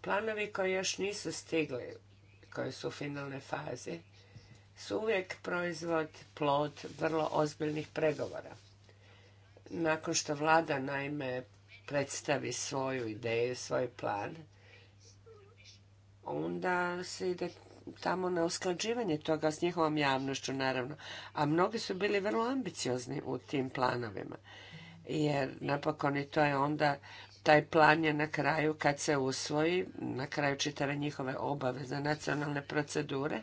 Planovi koji još nisu stigli, koji su u finalnoj fazi, su uvijek proizvod, plod vrlo ozbiljnih pregovora. Nakon što vlada naime predstavi svoju ideju, svoj plan, onda se ide tamo na usklađivanje toga s njihovom javnošću, naravno. A mnogi su bili vrlo ambiciozni u tim planovima. Jer napokon i to je onda, taj plan je na kraju kad se usvoji, na kraju čitave njihove obaveze, nacionalne procedure,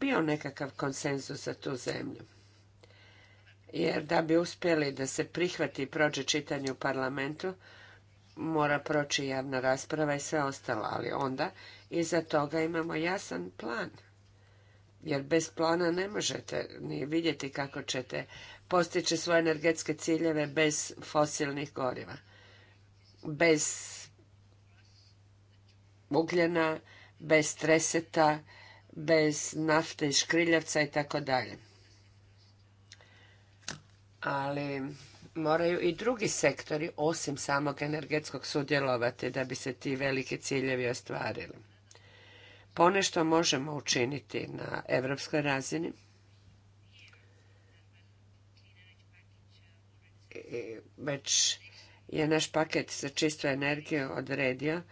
bio nekakav konsenzus za tu zemlju. Jer da bi uspjeli da se prihvati i prođe čitanje u parlamentu, mora proći javna rasprava i sve ostalo, ali onda za toga imamo jasan plan, jer bez plana ne možete ni vidjeti kako ćete postići svoje energetske ciljeve bez fosilnih goriva, bez ugljena, bez treseta, bez nafte i škriljevca i tako dalje. Ali moraju i drugi sektori osim samog energetskog sudjelovati da bi se ti veliki ciljevi ostvarili ponešto možemo učiniti na evropskoj razini. već je naš paket za čistu energiju odredio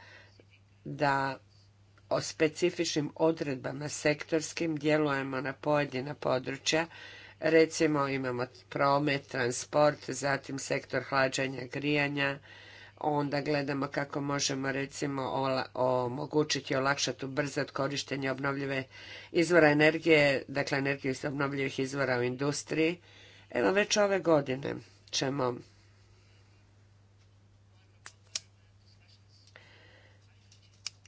da o specifičnim odredbama sektorskim djelujemo na pojedina područja. Recimo imamo promet, transport, zatim sektor hlađanja, grijanja, onda gledamo kako možemo recimo omogućiti olakšati, ubrzati korištenje obnovljive izvora energije, dakle energije iz obnovljivih izvora u industriji. Evo već ove godine ćemo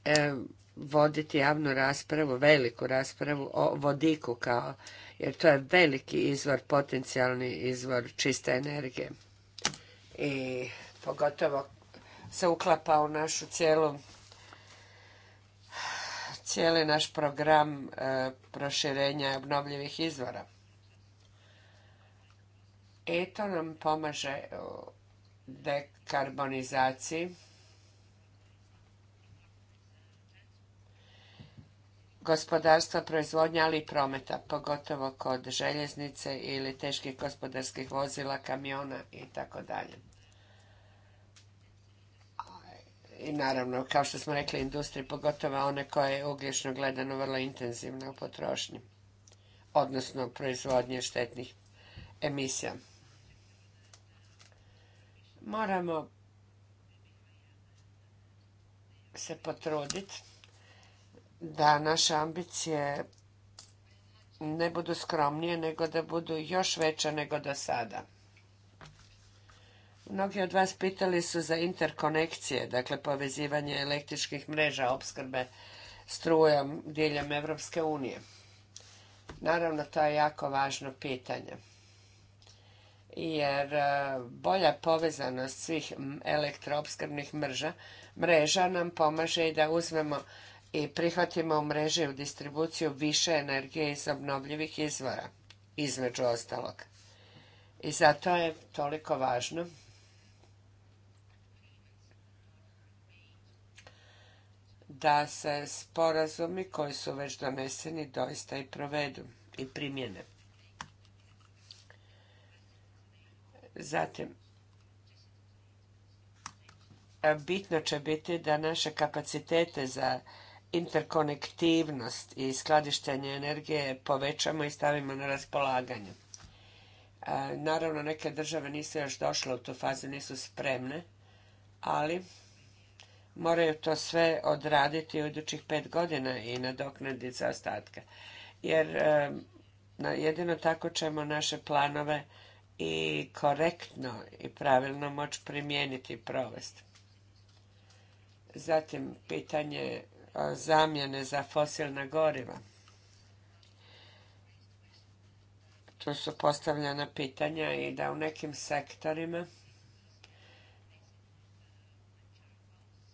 e, voditi javnu raspravu, veliku raspravu o vodiku kao, jer to je veliki izvor, potencijalni izvor čiste energije. I pogotovo se uklapa u našu cijelu cijeli naš program e, proširenja obnovljivih izvora. I e, to nam pomaže u dekarbonizaciji gospodarstva, proizvodnja, ali i prometa, pogotovo kod željeznice ili teških gospodarskih vozila, kamiona i tako dalje i naravno, kao što smo rekli, industrije, pogotovo one koje je ugljično gledano vrlo intenzivna u potrošnji, odnosno proizvodnje štetnih emisija. Moramo se potruditi da naše ambicije ne budu skromnije, nego da budu još veće nego do sada. Mnogi od vas pitali su za interkonekcije, dakle povezivanje električkih mreža opskrbe strujom diljem Evropske unije. Naravno, to je jako važno pitanje. Jer e, bolja povezanost svih elektroopskrbnih mreža, mreža nam pomaže i da uzmemo i prihvatimo u mreže u distribuciju više energije iz obnovljivih izvora, između ostalog. I zato je toliko važno da se sporazumi koji su već doneseni doista i provedu i primjene. Zatim, bitno će biti da naše kapacitete za interkonektivnost i skladištenje energije povećamo i stavimo na raspolaganje. E, naravno, neke države nisu još došle u tu fazu, nisu spremne, ali moraju to sve odraditi u idućih pet godina i nadoknaditi za ostatke. Jer e, jedino tako ćemo naše planove i korektno i pravilno moći primijeniti i provesti. Zatim pitanje e, zamjene za fosilna goriva. Tu su postavljena pitanja i da u nekim sektorima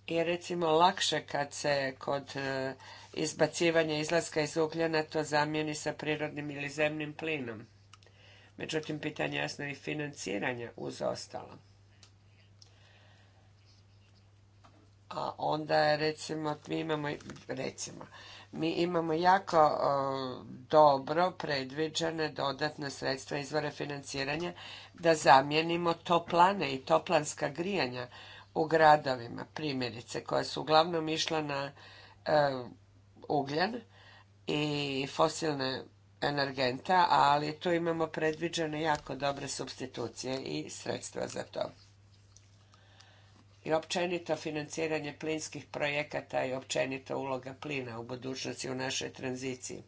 je recimo lakše kad se kod e, izbacivanja izlaska iz ugljena to zamijeni sa prirodnim ili zemnim plinom. Međutim, pitanje jasno i financiranja uz ostalo. A onda je recimo, mi imamo, recimo, mi imamo jako dobro predviđene dodatne sredstva izvore financiranja da zamijenimo toplane i toplanska grijanja u gradovima, primjerice, koja su uglavnom išla na e, ugljen i fosilne energenta, ali tu imamo predviđene jako dobre substitucije i sredstva za to. I općenito financiranje plinskih projekata i općenito uloga plina u budućnosti u našoj tranziciji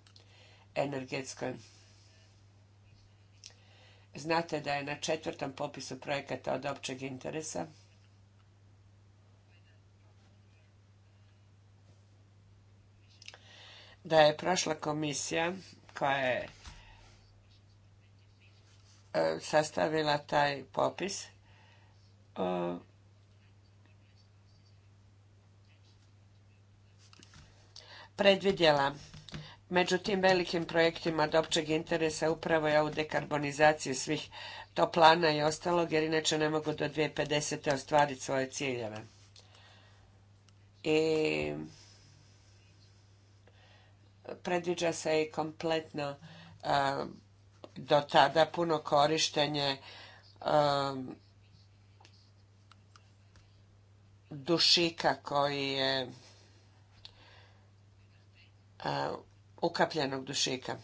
energetskoj. Znate da je na četvrtom popisu projekata od općeg interesa da je prošla komisija koja je e, sastavila taj popis e, predvidjela među tim velikim projektima od općeg interesa upravo je ovu dekarbonizaciju svih toplana i ostalog, jer inače ne mogu do 2050. ostvariti svoje ciljeve. I predviđa se i kompletno e, do tada puno korištenje e, dušika koji je e, ukapljenog dušika.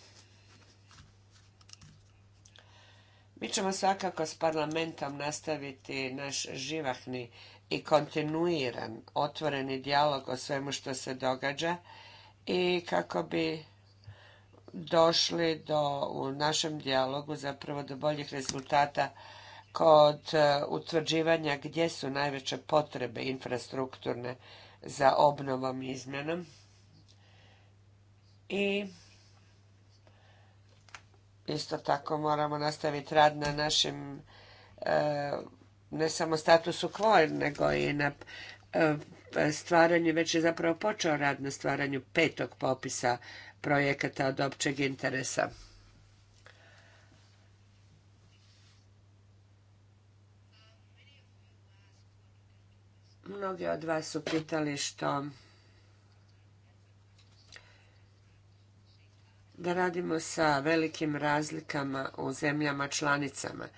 Mi ćemo svakako s parlamentom nastaviti naš živahni i kontinuiran otvoreni dijalog o svemu što se događa i kako bi došli do, u našem dijalogu zapravo do boljih rezultata kod e, utvrđivanja gdje su najveće potrebe infrastrukturne za obnovom i izmjenom. I isto tako moramo nastaviti rad na našem e, ne samo statusu quo, nego i na e, stvaranju, već je zapravo počeo rad na stvaranju petog popisa projekata od općeg interesa. Mnogi od vas su pitali što da radimo sa velikim razlikama u zemljama članicama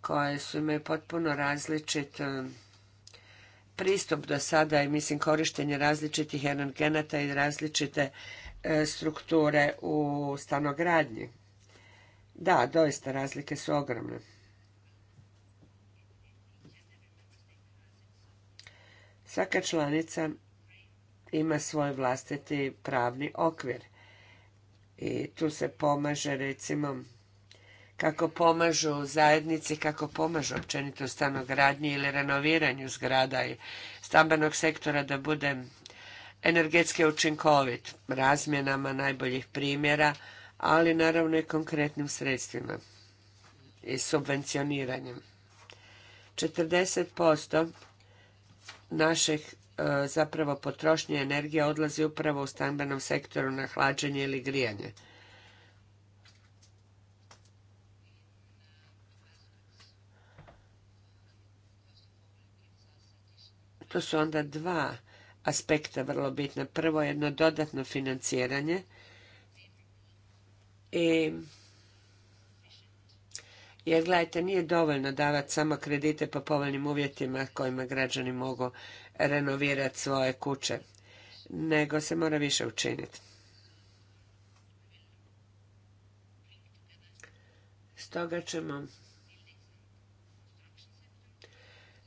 koje su imaju potpuno različit pristup do sada i mislim korištenje različitih energenata i različite e, strukture u stanogradnji. Da, doista razlike su ogromne. Svaka članica ima svoj vlastiti pravni okvir i tu se pomaže recimo kako pomažu zajednici, kako pomažu općenito stanogradnji ili renoviranju zgrada i stambenog sektora da bude energetski učinkovit razmjenama najboljih primjera, ali naravno i konkretnim sredstvima i subvencioniranjem. 40% naših e, zapravo potrošnje energije odlazi upravo u stambenom sektoru na hlađenje ili grijanje. To su onda dva aspekta vrlo bitna. Prvo jedno dodatno financiranje i jer gledajte, nije dovoljno davati samo kredite po povoljnim uvjetima kojima građani mogu renovirati svoje kuće, nego se mora više učiniti. Stoga ćemo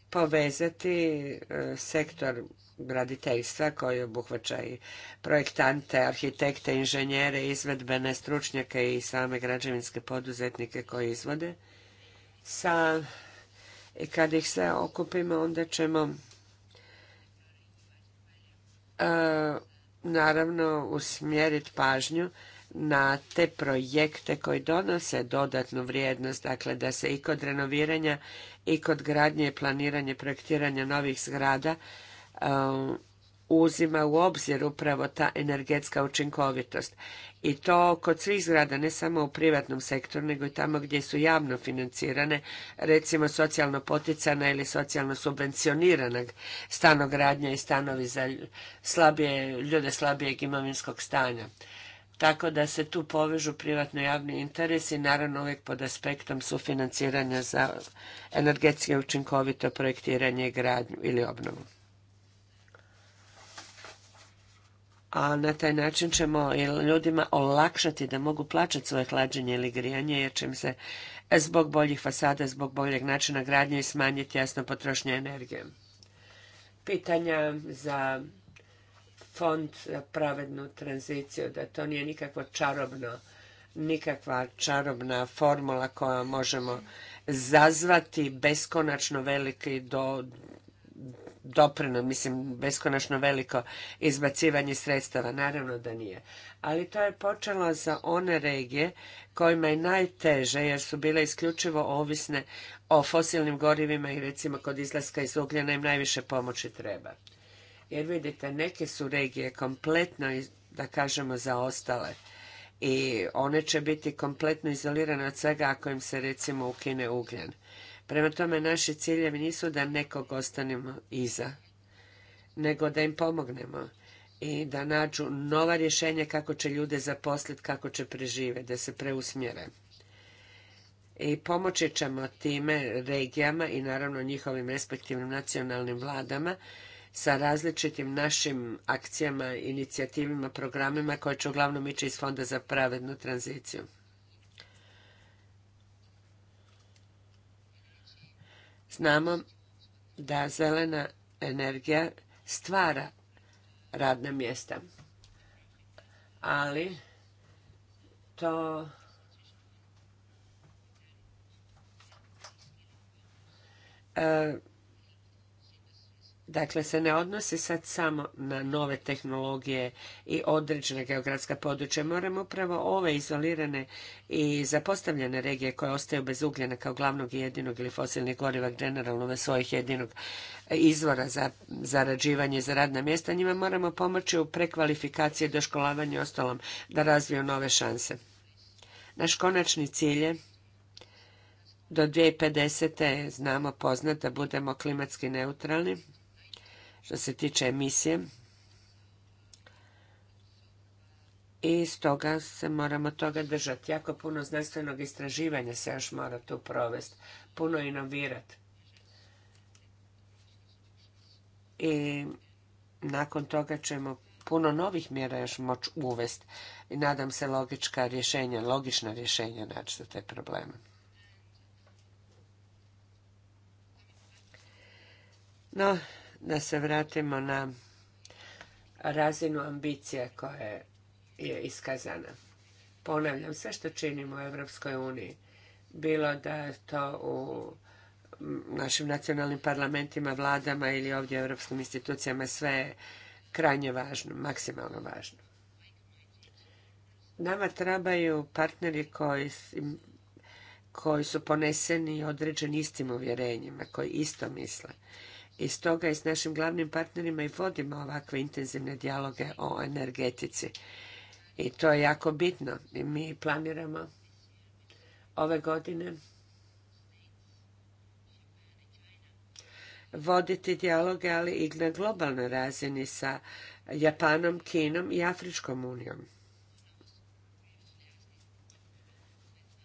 povezati e, sektor graditeljstva koji obuhvaća i projektante, arhitekte, inženjere, izvedbene stručnjake i same građevinske poduzetnike koji izvode. Sa, I e, kad ih sve okupimo, onda ćemo e, naravno usmjeriti pažnju na te projekte koji donose dodatnu vrijednost, dakle da se i kod renoviranja i kod gradnje i planiranje projektiranja novih zgrada um, uzima u obzir upravo ta energetska učinkovitost. I to kod svih zgrada, ne samo u privatnom sektoru, nego i tamo gdje su javno financirane, recimo socijalno poticana ili socijalno subvencionirana stanogradnja i stanovi za slabije, ljude slabijeg imovinskog stanja tako da se tu povežu privatno javni interesi, naravno uvijek pod aspektom sufinanciranja za energetske učinkovito projektiranje, gradnju ili obnovu. A na taj način ćemo ljudima olakšati da mogu plaćati svoje hlađenje ili grijanje, jer će im se zbog boljih fasada, zbog boljeg načina gradnje i smanjiti jasno potrošnje energije. Pitanja za fond za pravednu tranziciju, da to nije nikakvo čarobno, nikakva čarobna formula koja možemo zazvati beskonačno veliki do doprinos, mislim, beskonačno veliko izbacivanje sredstava. Naravno da nije. Ali to je počelo za one regije kojima je najteže, jer su bile isključivo ovisne o fosilnim gorivima i recimo kod izlaska iz ugljena im najviše pomoći treba. Jer vidite, neke su regije kompletno, da kažemo, zaostale i one će biti kompletno izolirane od svega ako im se recimo ukine ugljen. Prema tome, naši ciljevi nisu da nekog ostanemo iza, nego da im pomognemo i da nađu nova rješenja kako će ljude zaposliti, kako će preživjeti, da se preusmjere. I pomoći ćemo time regijama i naravno njihovim respektivnim nacionalnim vladama sa različitim našim akcijama, inicijativima, programima koje će uglavnom ići iz Fonda za pravednu tranziciju. Znamo da zelena energija stvara radna mjesta, ali to Dakle, se ne odnosi sad samo na nove tehnologije i određena geografska područja. Moramo upravo ove izolirane i zapostavljene regije koje ostaju bez ugljena kao glavnog i jedinog ili fosilnih goriva generalno na svojih jedinog izvora za zarađivanje za radna mjesta, njima moramo pomoći u prekvalifikaciji, doškolavanju i ostalom da razviju nove šanse. Naš konačni cilj je do 2050. znamo poznat da budemo klimatski neutralni što se tiče emisije. I toga se moramo toga držati. Jako puno znanstvenog istraživanja se još mora tu provesti. Puno inovirati. I nakon toga ćemo puno novih mjera još moći uvesti. I nadam se logička rješenja, logična rješenja naći za te probleme. No, da se vratimo na razinu ambicija koja je iskazana. Ponavljam, sve što činimo u Europskoj uniji, bilo da je to u našim nacionalnim parlamentima, vladama ili ovdje u europskim institucijama, sve je krajnje važno, maksimalno važno. Nama trebaju partneri koji, koji su poneseni određen istim uvjerenjima, koji isto misle i stoga i s našim glavnim partnerima i vodimo ovakve intenzivne dijaloge o energetici. I to je jako bitno. I mi planiramo ove godine voditi dijaloge, ali i na globalnoj razini sa Japanom, Kinom i Afričkom unijom.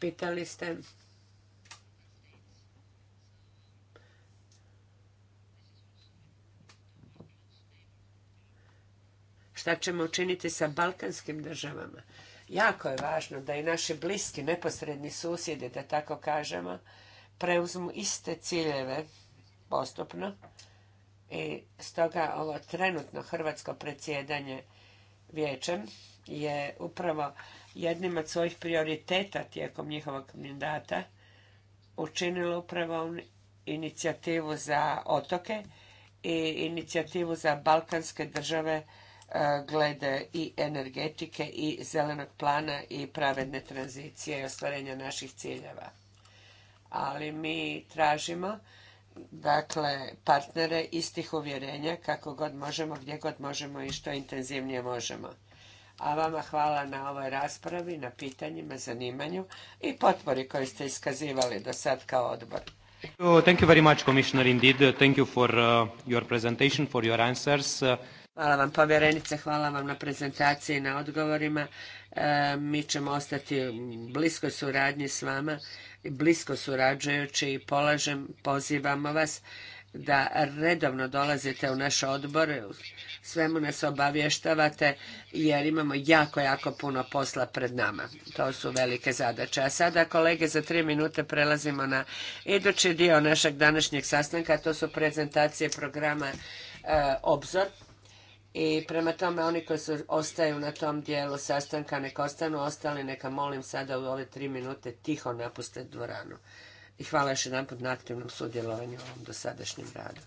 Pitali ste šta ćemo učiniti sa balkanskim državama. Jako je važno da i naši bliski, neposredni susjedi, da tako kažemo, preuzmu iste ciljeve postupno i stoga ovo trenutno hrvatsko predsjedanje vijećem je upravo jednim od svojih prioriteta tijekom njihovog mandata učinilo upravo inicijativu za otoke i inicijativu za balkanske države glede i energetike i zelenog plana i pravedne tranzicije i ostvarenja naših ciljeva. Ali mi tražimo dakle partnere istih uvjerenja kako god možemo, gdje god možemo i što intenzivnije možemo. A vama hvala na ovoj raspravi, na pitanjima, zanimanju i potpori koju ste iskazivali do sad kao odbor. Thank you very much, Commissioner, indeed. Thank you for uh, your presentation, for your answers. Uh, Hvala vam povjerenice, hvala vam na prezentaciji i na odgovorima. E, mi ćemo ostati blisko suradnji s vama, blisko surađujući i polažem, pozivamo vas da redovno dolazite u naš odbor, svemu nas obavještavate jer imamo jako, jako puno posla pred nama. To su velike zadaće. A sada, kolege, za tri minute prelazimo na idući dio našeg današnjeg sastanka, to su prezentacije programa e, Obzor i prema tome, oni koji su, ostaju na tom dijelu sastanka, neka ostanu, ostali neka molim sada u ove tri minute tiho napuste dvoranu. I hvala još jedan put na aktivnom sudjelovanju u ovom dosadašnjem radu.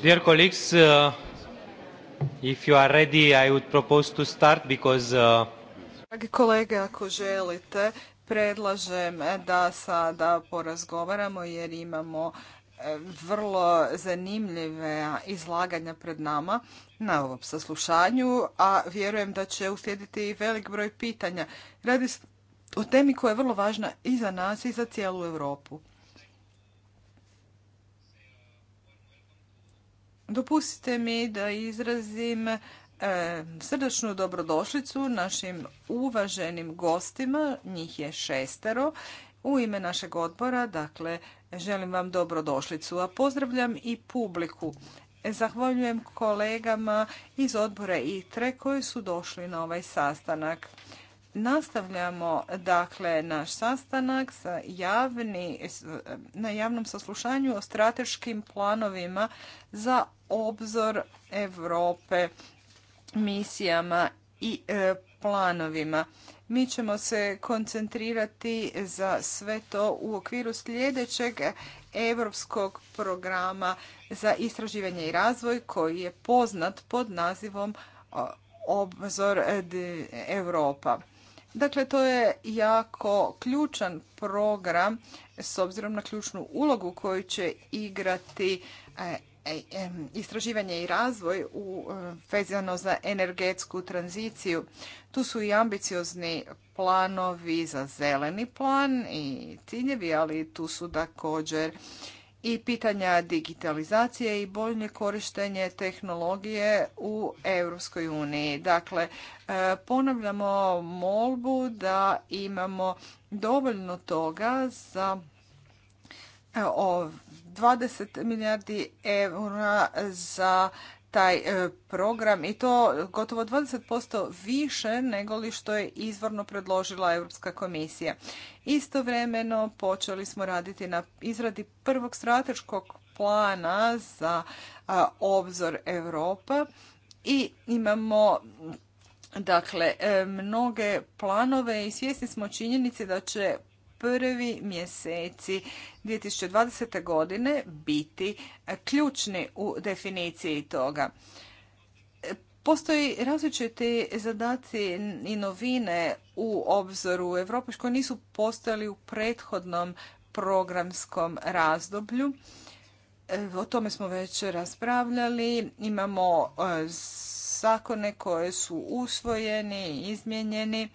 Dear colleagues, uh, if you are ready, I would propose to start because... Uh, Dragi kolege, ako želite, predlažem da sada porazgovaramo jer imamo e, vrlo zanimljive izlaganja pred nama na ovom saslušanju, a vjerujem da će uslijediti i velik broj pitanja. Radi o temi koja je vrlo važna i za nas i za cijelu Europu. Dopustite mi da izrazim e, srdačnu dobrodošlicu našim uvaženim gostima, njih je šestero, u ime našeg odbora, dakle, želim vam dobrodošlicu, a pozdravljam i publiku. E, zahvaljujem kolegama iz odbora ITRE koji su došli na ovaj sastanak. Nastavljamo dakle naš sastanak sa javni, na javnom saslušanju o strateškim planovima za obzor Europe misijama i e, planovima. Mi ćemo se koncentrirati za sve to u okviru sljedećeg europskog programa za istraživanje i razvoj koji je poznat pod nazivom e, Obzor Europa. Dakle, to je jako ključan program s obzirom na ključnu ulogu koju će igrati e, istraživanje i razvoj u, e, vezano za energetsku tranziciju. Tu su i ambiciozni planovi za zeleni plan i ciljevi, ali tu su također i pitanja digitalizacije i bolje korištenje tehnologije u Europskoj uniji. Dakle, e, ponavljamo molbu da imamo dovoljno toga za e, 20 milijardi eura za taj e, program i to gotovo 20% više nego li što je izvorno predložila Europska komisija. Istovremeno počeli smo raditi na izradi prvog strateškog plana za obzor Europa i imamo dakle e, mnoge planove i svjesni smo činjenici da će prvi mjeseci 2020. godine biti ključni u definiciji toga. Postoji različiti zadaci i novine u obzoru Evropi, koji nisu postojali u prethodnom programskom razdoblju. O tome smo već raspravljali. Imamo e, zakone koje su usvojeni, izmijenjeni.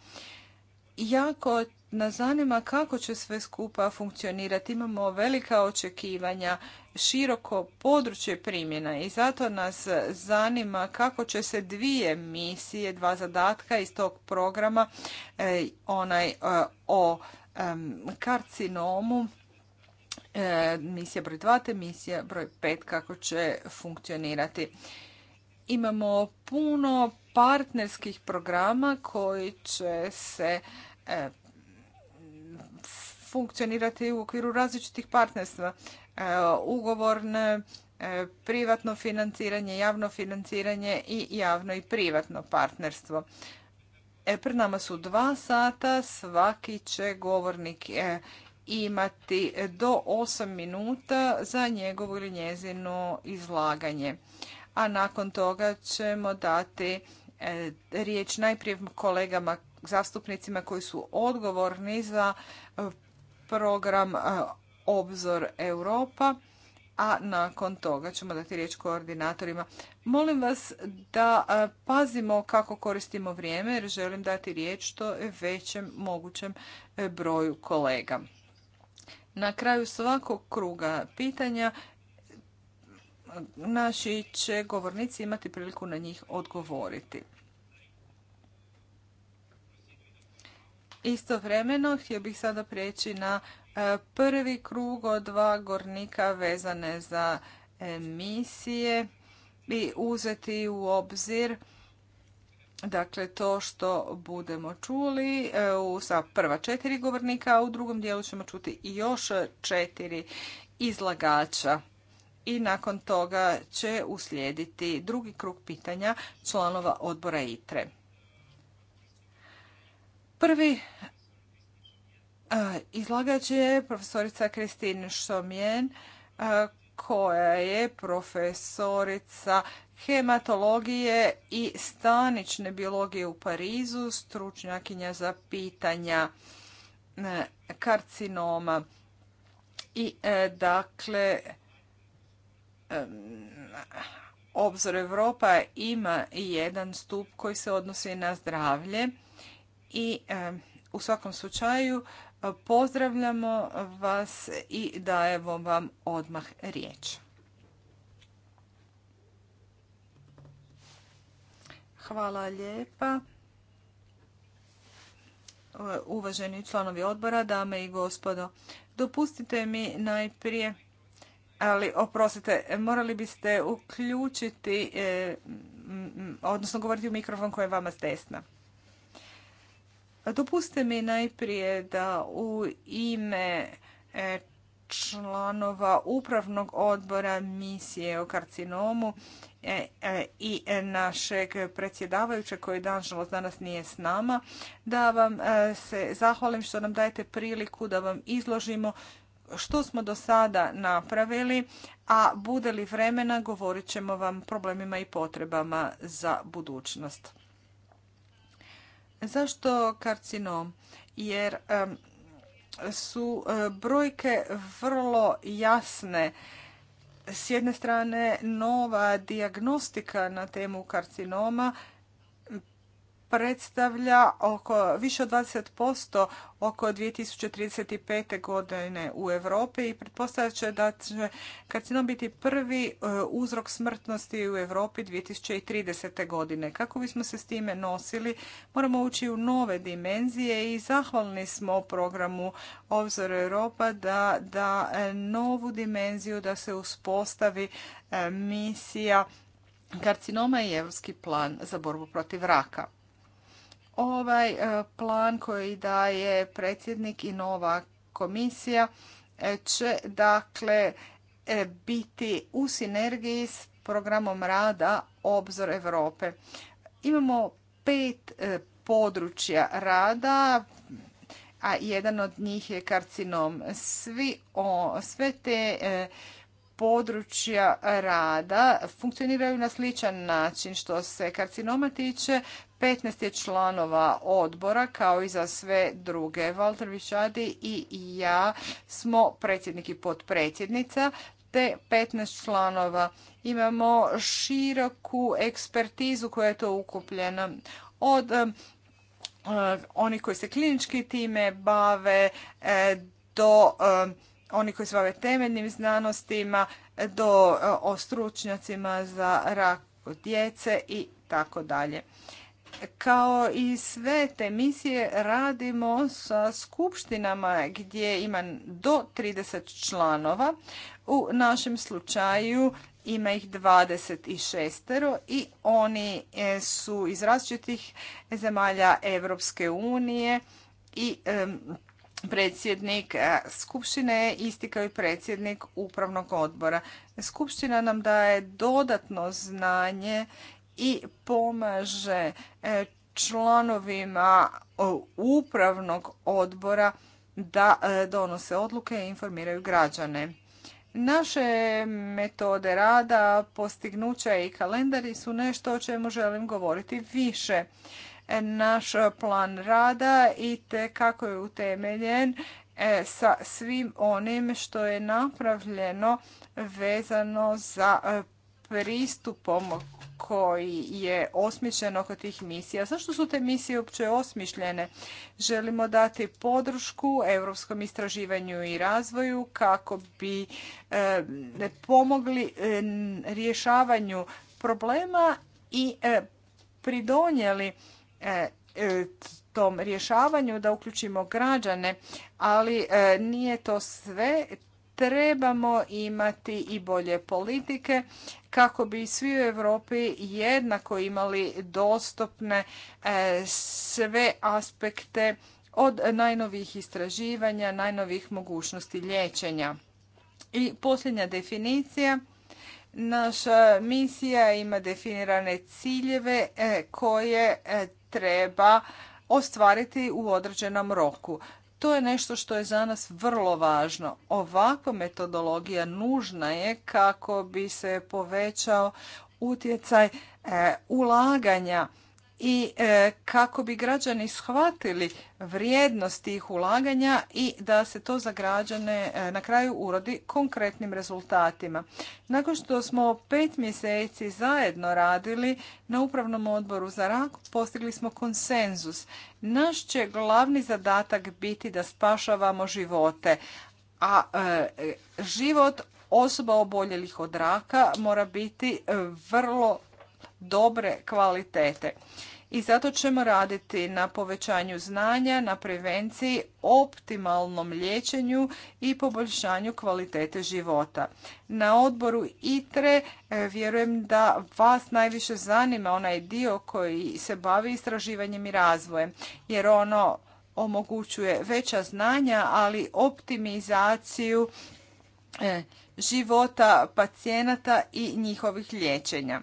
Jako nas zanima kako će sve skupa funkcionirati. Imamo velika očekivanja, široko područje primjena i zato nas zanima kako će se dvije misije, dva zadatka iz tog programa, eh, onaj eh, o karcinomu, eh, misija broj 2 te misija broj 5 kako će funkcionirati. Imamo puno partnerskih programa koji će se funkcionirati u okviru različitih partnerstva. E, Ugovorne, privatno financiranje, javno financiranje i javno i privatno partnerstvo. E, pred nama su dva sata, svaki će govornik e, imati do 8 minuta za njegovo ili njezino izlaganje. A nakon toga ćemo dati e, riječ najprije kolegama zastupnicima koji su odgovorni za program Obzor Europa, a nakon toga ćemo dati riječ koordinatorima. Molim vas da pazimo kako koristimo vrijeme jer želim dati riječ što većem mogućem e, broju kolega. Na kraju svakog kruga pitanja naši će govornici imati priliku na njih odgovoriti. Istovremeno htio bih sada prijeći na e, prvi krug od dva gornika vezane za emisije i uzeti u obzir dakle to što budemo čuli e, sa prva četiri govornika, a u drugom dijelu ćemo čuti još četiri izlagača. I nakon toga će uslijediti drugi krug pitanja članova odbora ITRE. Prvi izlagač je profesorica Kristin Šomjen, koja je profesorica hematologije i stanične biologije u Parizu, stručnjakinja za pitanja e, karcinoma. I e, dakle, e, Obzor Europa ima jedan stup koji se odnosi na zdravlje i e, u svakom slučaju e, pozdravljamo vas i dajemo vam odmah riječ. Hvala lijepa. E, uvaženi članovi odbora, dame i gospodo, dopustite mi najprije, ali oprostite, morali biste uključiti, odnosno govoriti u mikrofon koji je vama s desna. Dopuste mi najprije da u ime e, članova upravnog odbora misije o karcinomu e, e, i našeg predsjedavajućeg koji nažalost danas nije s nama, da vam se zahvalim što nam dajete priliku da vam izložimo što smo do sada napravili, a bude li vremena govorit ćemo vam problemima i potrebama za budućnost. Zašto karcinom? Jer su e, brojke vrlo jasne. S jedne strane nova dijagnostika na temu karcinoma predstavlja oko više od 20% oko 2035. godine u Europi i pretpostavlja će da će karcinom biti prvi e, uzrok smrtnosti u Europi 2030. godine. Kako bismo se s time nosili, moramo ući u nove dimenzije i zahvalni smo programu Obzor Europa da, da e, novu dimenziju da se uspostavi e, misija karcinoma i Europski plan za borbu protiv raka. Ovaj e, plan koji daje predsjednik i nova komisija e, će dakle e, biti u sinergiji s programom rada Obzor Europe. Imamo pet područja rada, a jedan od njih je karcinom. Svi o, sve te područja rada funkcioniraju na sličan način što se karcinoma tiče. 15 je članova odbora kao i za sve druge. Walter Višadi i ja smo predsjednik i potpredsjednica te 15 članova. Imamo široku ekspertizu koja je to ukupljena od eh, oni koji se klinički time bave eh, do eh, oni koji se bave temeljnim znanostima do o stručnjacima za rak djece i tako dalje kao i sve te misije radimo sa skupštinama gdje ima do 30 članova. U našem slučaju ima ih 26 i oni e, su iz različitih zemalja Europske unije i predsjednik e, skupštine je isti kao i predsjednik upravnog odbora. Skupština nam daje dodatno znanje i pomaže e, članovima e, upravnog odbora da e, donose odluke i informiraju građane. Naše metode rada, postignuća i kalendari su nešto o čemu želim govoriti više. Naš plan rada i te kako je utemeljen sa svim onim što je napravljeno vezano za pristupom koji je osmišljen oko tih misija. Zašto su te misije uopće osmišljene? Želimo dati podršku europskom istraživanju i razvoju kako bi eh, pomogli eh, rješavanju problema i eh, pridonijeli tom rješavanju da uključimo građane, ali nije to sve trebamo imati i bolje politike kako bi svi u Europi jednako imali dostupne e, sve aspekte od najnovijih istraživanja, najnovih mogućnosti liječenja. I posljednja definicija. Naša misija ima definirane ciljeve e, koje e, treba ostvariti u određenom roku. To je nešto što je za nas vrlo važno. Ovakva metodologija nužna je kako bi se povećao utjecaj e, ulaganja i e, kako bi građani shvatili vrijednost tih ulaganja i da se to za građane e, na kraju urodi konkretnim rezultatima. Nakon što smo pet mjeseci zajedno radili na Upravnom odboru za rak, postigli smo konsenzus. Naš će glavni zadatak biti da spašavamo živote, a e, život osoba oboljelih od raka mora biti vrlo dobre kvalitete. I zato ćemo raditi na povećanju znanja, na prevenciji, optimalnom liječenju i poboljšanju kvalitete života. Na odboru ITRE e, vjerujem da vas najviše zanima onaj dio koji se bavi istraživanjem i razvojem, jer ono omogućuje veća znanja, ali optimizaciju e, života pacijenata i njihovih liječenja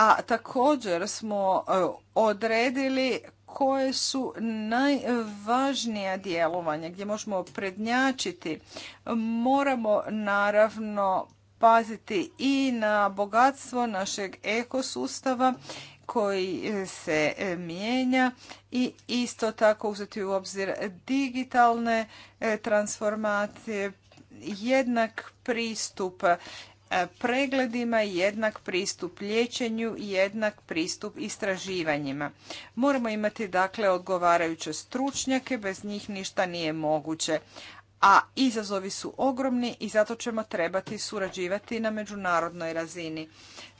a također smo e, odredili koje su najvažnija djelovanja gdje možemo prednjačiti. Moramo naravno paziti i na bogatstvo našeg ekosustava koji se e, mijenja i isto tako uzeti u obzir digitalne e, transformacije, jednak pristup E, pregledima, jednak pristup liječenju i jednak pristup istraživanjima. Moramo imati dakle odgovarajuće stručnjake, bez njih ništa nije moguće a izazovi su ogromni i zato ćemo trebati surađivati na međunarodnoj razini.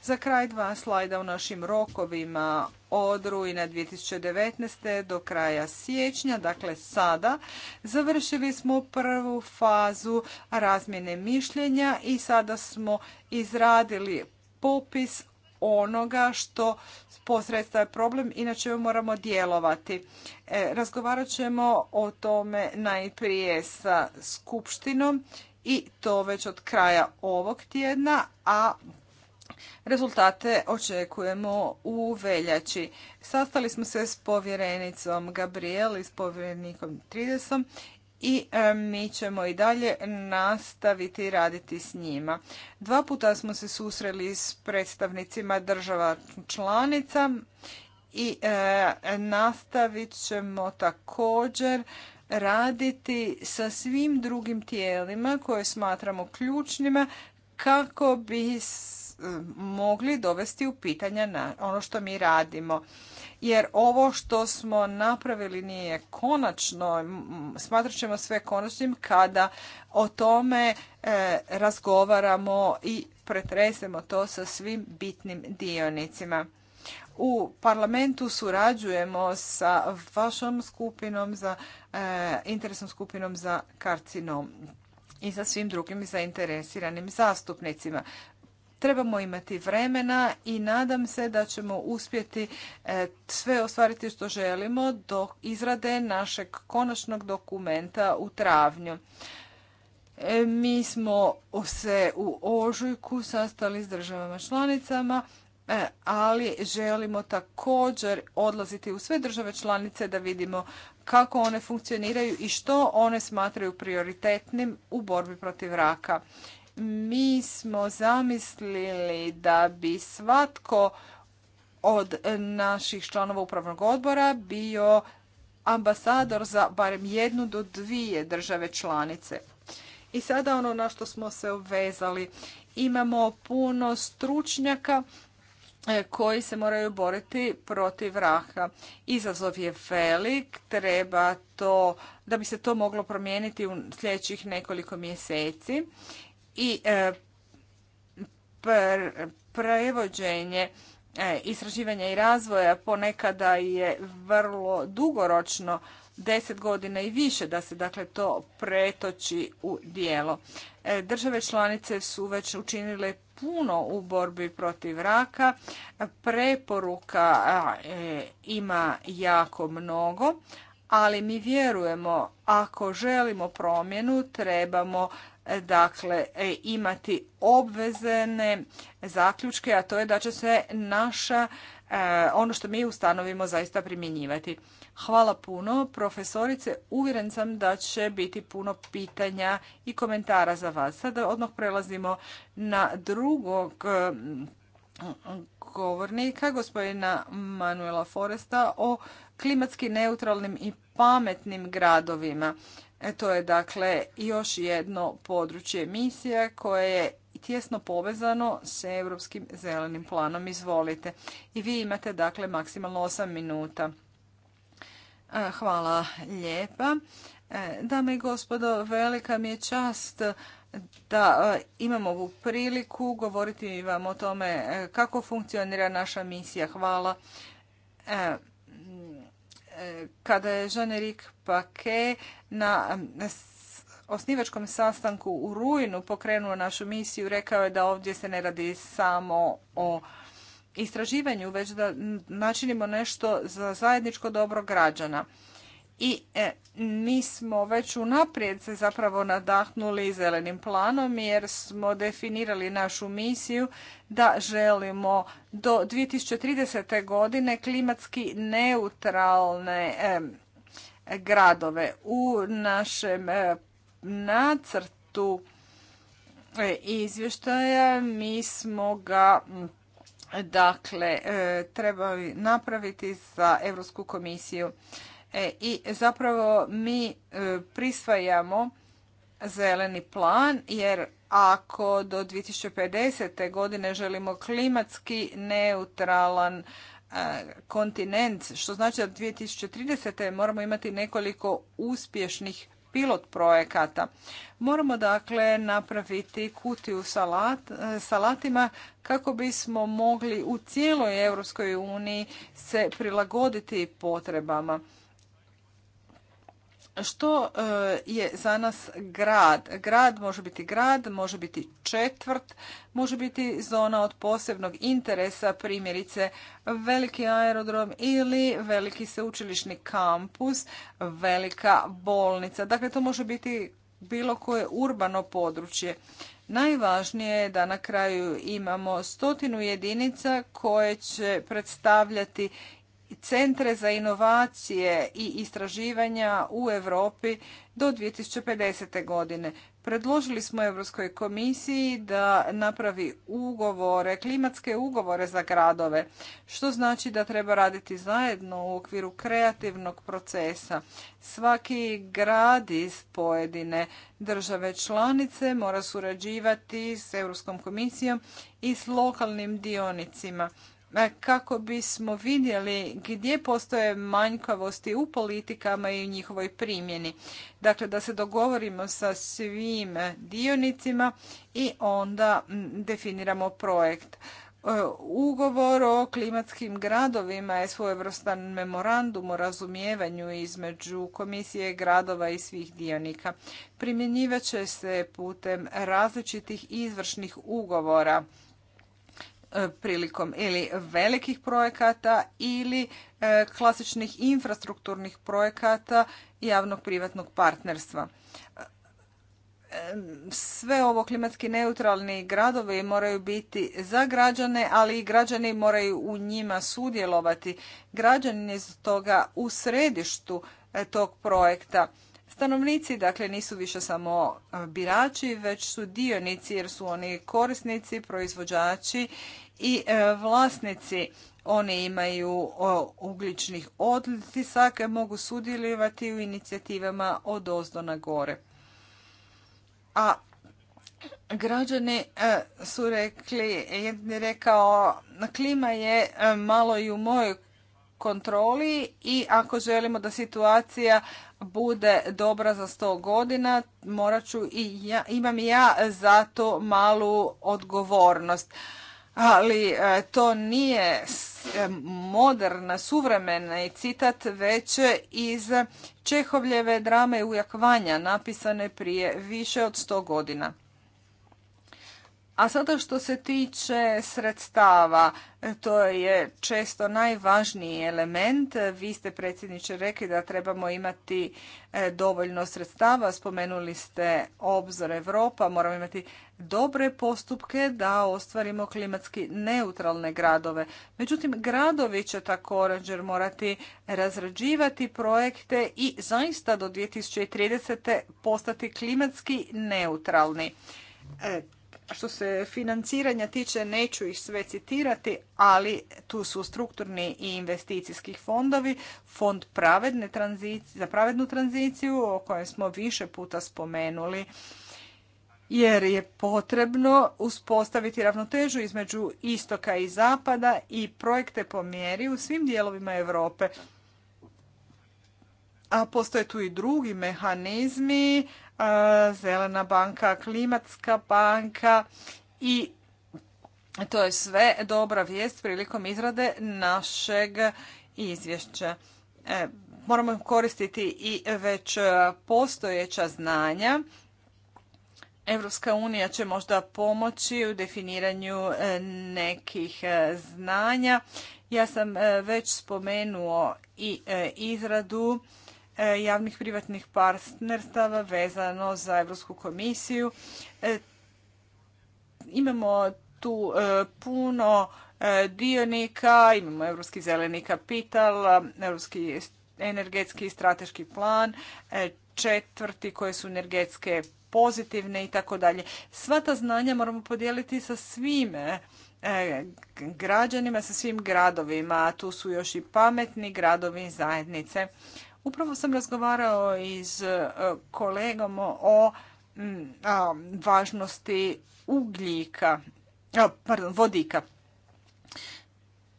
Za kraj dva slajda u našim rokovima od rujna 2019. do kraja siječnja, dakle sada, završili smo prvu fazu razmjene mišljenja i sada smo izradili popis onoga što posredstva je problem, inače moramo djelovati. E, razgovarat ćemo o tome najprije sa Skupštinom i to već od kraja ovog tjedna, a Rezultate očekujemo u veljači. Sastali smo se s povjerenicom Gabriel i s povjerenikom Tridesom i e, mi ćemo i dalje nastaviti raditi s njima. Dva puta smo se susreli s predstavnicima država članica i e, nastavit ćemo također raditi sa svim drugim tijelima koje smatramo ključnima kako bi e, mogli dovesti u pitanja na ono što mi radimo jer ovo što smo napravili nije konačno, smatrat ćemo sve konačnim kada o tome e, razgovaramo i pretresemo to sa svim bitnim dionicima. U parlamentu surađujemo sa vašom skupinom za e, interesnom skupinom za karcinom i sa svim drugim zainteresiranim zastupnicima. Trebamo imati vremena i nadam se da ćemo uspjeti e, sve ostvariti što želimo do izrade našeg konačnog dokumenta u travnju. E, mi smo se u ožujku sastali s državama članicama, e, ali želimo također odlaziti u sve države članice da vidimo kako one funkcioniraju i što one smatraju prioritetnim u borbi protiv raka mi smo zamislili da bi svatko od naših članova upravnog odbora bio ambasador za barem jednu do dvije države članice. I sada ono na što smo se obvezali. Imamo puno stručnjaka e, koji se moraju boriti protiv raha. Izazov je velik, treba to, da bi se to moglo promijeniti u sljedećih nekoliko mjeseci i e, prevođenje e, istraživanja i razvoja ponekada je vrlo dugoročno, deset godina i više da se dakle to pretoči u dijelo. E, države članice su već učinile puno u borbi protiv raka. Preporuka ima jako mnogo, ali mi vjerujemo ako želimo promjenu trebamo dakle e, imati obvezene zaključke, a to je da će se naša e, ono što mi ustanovimo zaista primjenjivati. Hvala puno, profesorice. Uvjeren sam da će biti puno pitanja i komentara za vas. Sada odmah prelazimo na drugog e, govornika, gospodina Manuela Foresta, o klimatski neutralnim i pametnim gradovima. E, to je dakle još jedno područje emisija koje je tjesno povezano s Europskim zelenim planom. Izvolite. I vi imate dakle maksimalno 8 minuta. E, hvala lijepa. E, dame i gospodo, velika mi je čast da imamo ovu priliku govoriti vam o tome kako funkcionira naša misija. Hvala kada je Jean-Éric Paquet na osnivačkom sastanku u Rujnu pokrenuo našu misiju, rekao je da ovdje se ne radi samo o istraživanju, već da načinimo nešto za zajedničko dobro građana i e, mi smo već unaprijed se zapravo nadahnuli zelenim planom jer smo definirali našu misiju da želimo do 2030. godine klimatski neutralne gradove u našem e, nacrtu e, izvještaja mi smo ga dakle trebali napraviti za Europsku komisiju E, I zapravo mi e, prisvajamo zeleni plan jer ako do 2050. godine želimo klimatski neutralan e, kontinent, što znači da 2030. moramo imati nekoliko uspješnih pilot projekata. Moramo dakle napraviti kutiju salat, salatima kako bismo mogli u cijeloj Europskoj uniji se prilagoditi potrebama što e, je za nas grad? Grad može biti grad, može biti četvrt, može biti zona od posebnog interesa, primjerice veliki aerodrom ili veliki sveučilišni kampus, velika bolnica. Dakle, to može biti bilo koje urbano područje. Najvažnije je da na kraju imamo stotinu jedinica koje će predstavljati centre za inovacije i istraživanja u Europi do 2050. godine. Predložili smo Europskoj komisiji da napravi ugovore, klimatske ugovore za gradove, što znači da treba raditi zajedno u okviru kreativnog procesa. Svaki grad iz pojedine države članice mora surađivati s Europskom komisijom i s lokalnim dionicima kako bismo vidjeli gdje postoje manjkavosti u politikama i u njihovoj primjeni. Dakle, da se dogovorimo sa svim dionicima i onda definiramo projekt. E, ugovor o klimatskim gradovima je svojevrstan memorandum o razumijevanju između komisije gradova i svih dionika. Primjenjivat će se putem različitih izvršnih ugovora E, prilikom ili velikih projekata ili e, klasičnih infrastrukturnih projekata javnog-privatnog partnerstva. E, sve ovo klimatski neutralni gradovi moraju biti za građane, ali i građani moraju u njima sudjelovati. Građani iz toga u središtu tog projekta. Stanovnici dakle nisu više samo birači, već su dionici jer su oni korisnici, proizvođači i e, vlasnici oni imaju ugljičnih odtisaka, mogu sudjelovati u inicijativama od ozdo na gore. A građani e, su rekli, jedan je rekao, klima je e, malo i u mojoj kontroli i ako želimo da situacija bude dobra za sto godina, morat ću i ja, imam i ja za to malu odgovornost ali e, to nije e, moderna, suvremena i citat već iz Čehovljeve drame Ujak napisane prije više od sto godina. A sada što se tiče sredstava, to je često najvažniji element. Vi ste predsjedniče rekli da trebamo imati e, dovoljno sredstava. Spomenuli ste obzor Europa, moramo imati dobre postupke da ostvarimo klimatski neutralne gradove. Međutim, gradovi će također morati razrađivati projekte i zaista do 2030. postati klimatski neutralni e, što se financiranja tiče, neću ih sve citirati, ali tu su strukturni i investicijski fondovi, fond pravedne za pravednu tranziciju o kojem smo više puta spomenuli jer je potrebno uspostaviti ravnotežu između istoka i zapada i projekte po mjeri u svim dijelovima Europe a postoje tu i drugi mehanizmi, zelena banka, klimatska banka i to je sve dobra vijest prilikom izrade našeg izvješća. E, moramo koristiti i već postojeća znanja. Evropska unija će možda pomoći u definiranju e, nekih e, znanja. Ja sam već spomenuo i izradu E, javnih privatnih partnerstava vezano za Europsku komisiju. E, imamo tu e, puno dionika, imamo Europski zeleni kapital, Europski energetski i strateški plan, četvrti koje su energetske pozitivne i tako dalje. Sva ta znanja moramo podijeliti sa svime građanima, sa svim gradovima. Tu su još i pametni gradovi i zajednice. Upravo sam razgovarao i s e, kolegom o važnosti ugljika, pardon, vodika.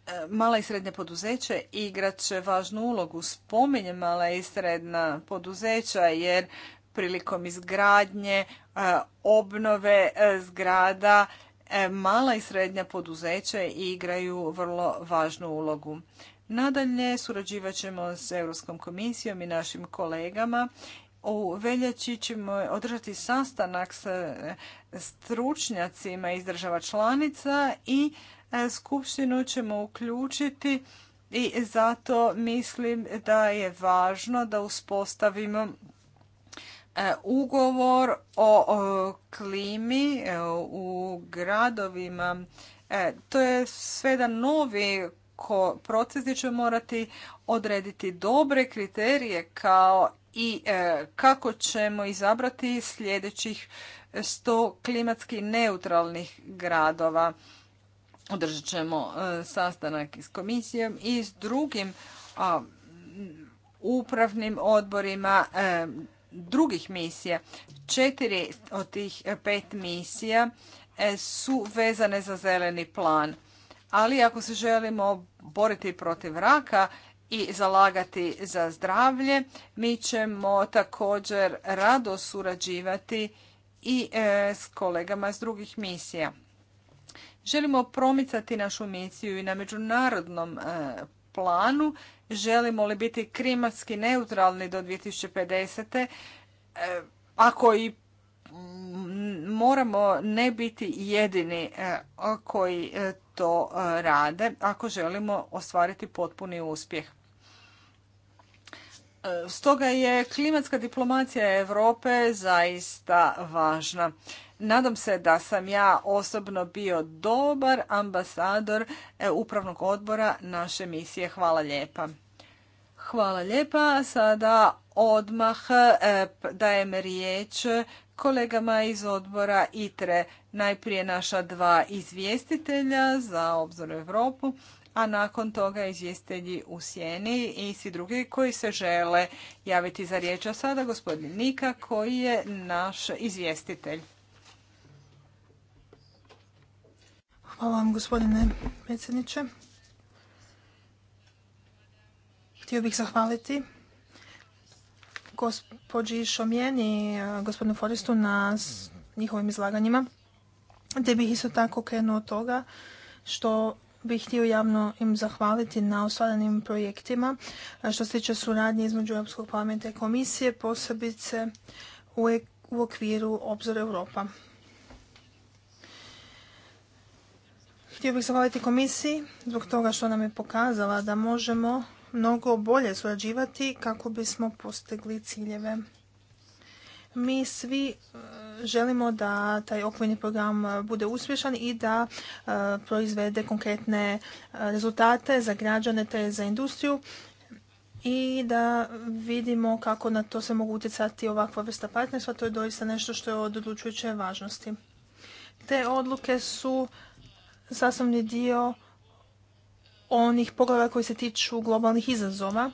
E, mala i srednja poduzeća igrat će važnu ulogu. Spominjem mala i sredna poduzeća jer prilikom izgradnje, e, obnove zgrada, mala i srednja poduzeća igraju vrlo važnu ulogu. Nadalje surađivat ćemo s Europskom komisijom i našim kolegama. U veljači ćemo održati sastanak sa e, stručnjacima iz država članica i e, skupštinu ćemo uključiti i zato mislim da je važno da uspostavimo e, ugovor o klimi u gradovima. To je sve jedan novi ko procesi će morati odrediti dobre kriterije kao i e, kako ćemo izabrati sljedećih 100 klimatski neutralnih gradova. Održat ćemo e, sastanak s komisijom i s drugim upravnim odborima e, drugih misija. Četiri od tih pet misija su vezane za zeleni plan ali ako se želimo boriti protiv raka i zalagati za zdravlje, mi ćemo također rado surađivati i e, s kolegama iz drugih misija. Želimo promicati našu misiju i na međunarodnom e, planu. Želimo li biti klimatski neutralni do 2050. E, ako i moramo ne biti jedini koji to e, rade ako želimo ostvariti potpuni uspjeh. E, stoga je klimatska diplomacija Europe zaista važna. Nadam se da sam ja osobno bio dobar ambasador e, upravnog odbora naše misije. Hvala lijepa. Hvala lijepa. Sada odmah dajem riječ kolegama iz odbora ITRE. Najprije naša dva izvjestitelja za obzor Europu, a nakon toga izvjestitelji u sjeni i svi drugi koji se žele javiti za riječ. A sada gospodin Nika koji je naš izvjestitelj. Hvala vam gospodine predsjedniče. Htio bih zahvaliti gospođi i e, gospodinu Forestu na njihovim izlaganjima, te bih isto tako krenuo od toga što bih htio javno im zahvaliti na ostvarenim projektima što se tiče suradnje između Europskog parlamenta i komisije, posebice u e- okviru Obzora Europa. Htio bih zahvaliti komisiji zbog toga što nam je pokazala da možemo mnogo bolje surađivati kako bismo postigli ciljeve. Mi svi e, želimo da taj okvirni program bude uspješan i da e, proizvede konkretne e, rezultate za građane te za industriju i da vidimo kako na to se mogu utjecati ovakva vrsta partnerstva. To je doista nešto što je od odlučujuće važnosti. Te odluke su sasvim dio onih poglava koji se tiču globalnih izazova,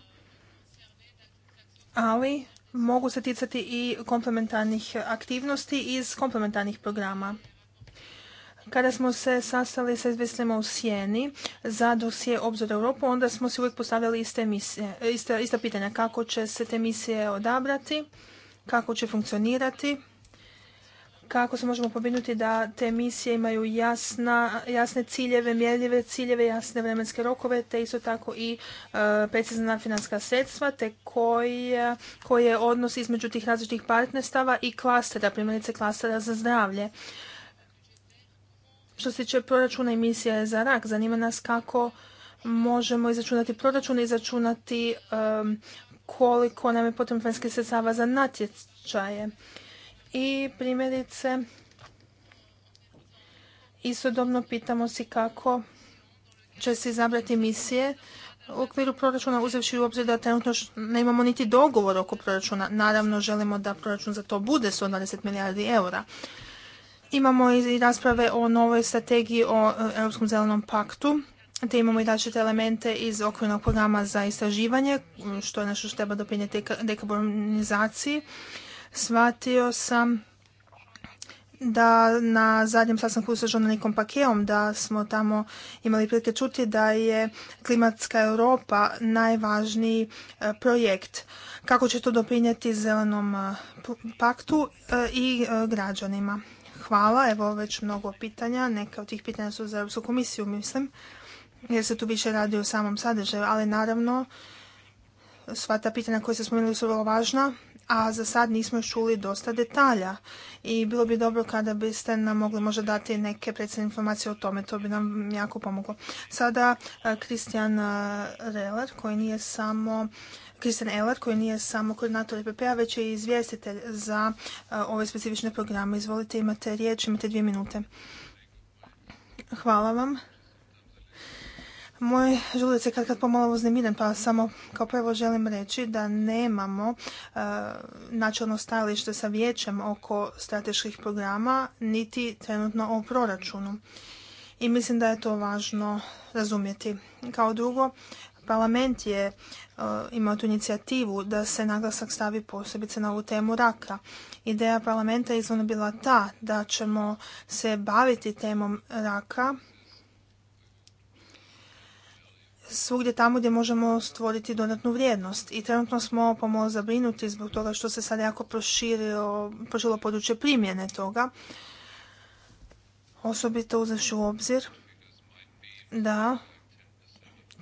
ali mogu se ticati i komplementarnih aktivnosti iz komplementarnih programa. Kada smo se sastali sa izvestljama u Sjeni za dosije Obzor Europu, onda smo si uvijek postavili iste, misije, ista pitanja kako će se te misije odabrati, kako će funkcionirati kako se možemo pobrinuti da te misije imaju jasna, jasne ciljeve, mjerljive ciljeve, jasne vremenske rokove, te isto tako i e, precizna financijska sredstva, te koje, koje odnos između tih različitih partnerstava i klastera, primjerice klastera za zdravlje. Što se tiče proračuna i misije za rak, zanima nas kako možemo izračunati proračun, izračunati e, koliko nam je potrebno financijskih sredstava za natječaje. I primjerice, istodobno pitamo si kako će se izabrati misije u okviru proračuna uzevši u obzir da trenutno ne imamo niti dogovor oko proračuna. Naravno želimo da proračun za to bude 120 milijardi eura. Imamo i rasprave o novoj strategiji o e, Europskom zelenom paktu, te imamo i različite elemente iz okvirnog programa za istraživanje, što je nešto što treba doprinijeti dekarbonizaciji shvatio sam da na zadnjem sastanku sa nekom Pakeom da smo tamo imali prilike čuti da je klimatska Europa najvažniji e, projekt. Kako će to doprinijeti zelenom e, paktu e, i građanima? Hvala, evo već mnogo pitanja. Neka od tih pitanja su za Europsku komisiju, mislim, jer se tu više radi o samom sadržaju, ali naravno sva ta pitanja koja ste spomenuli su vrlo važna a za sad nismo čuli dosta detalja i bilo bi dobro kada biste nam mogli možda dati neke predstavne informacije o tome, to bi nam jako pomoglo. Sada Kristijan e, e, Reler koji nije samo Kristijan Eller koji nije samo koordinator EPP-a, već je i izvjestitelj za e, ove specifične programe. Izvolite, imate riječ, imate dvije minute. Hvala vam. Moj želudac je kad kad pomalo uznemiren, pa samo kao prvo želim reći da nemamo e, načelno stajalište sa vijećem oko strateških programa, niti trenutno o proračunu. I mislim da je to važno razumjeti. Kao drugo, parlament je e, imao tu inicijativu da se naglasak stavi posebice na ovu temu raka. Ideja parlamenta je izvorno bila ta da ćemo se baviti temom raka svugdje tamo gdje možemo stvoriti dodatnu vrijednost. I trenutno smo pomalo zabrinuti zbog toga što se sad jako proširilo, proširilo područje primjene toga. Osobito uzevši u obzir da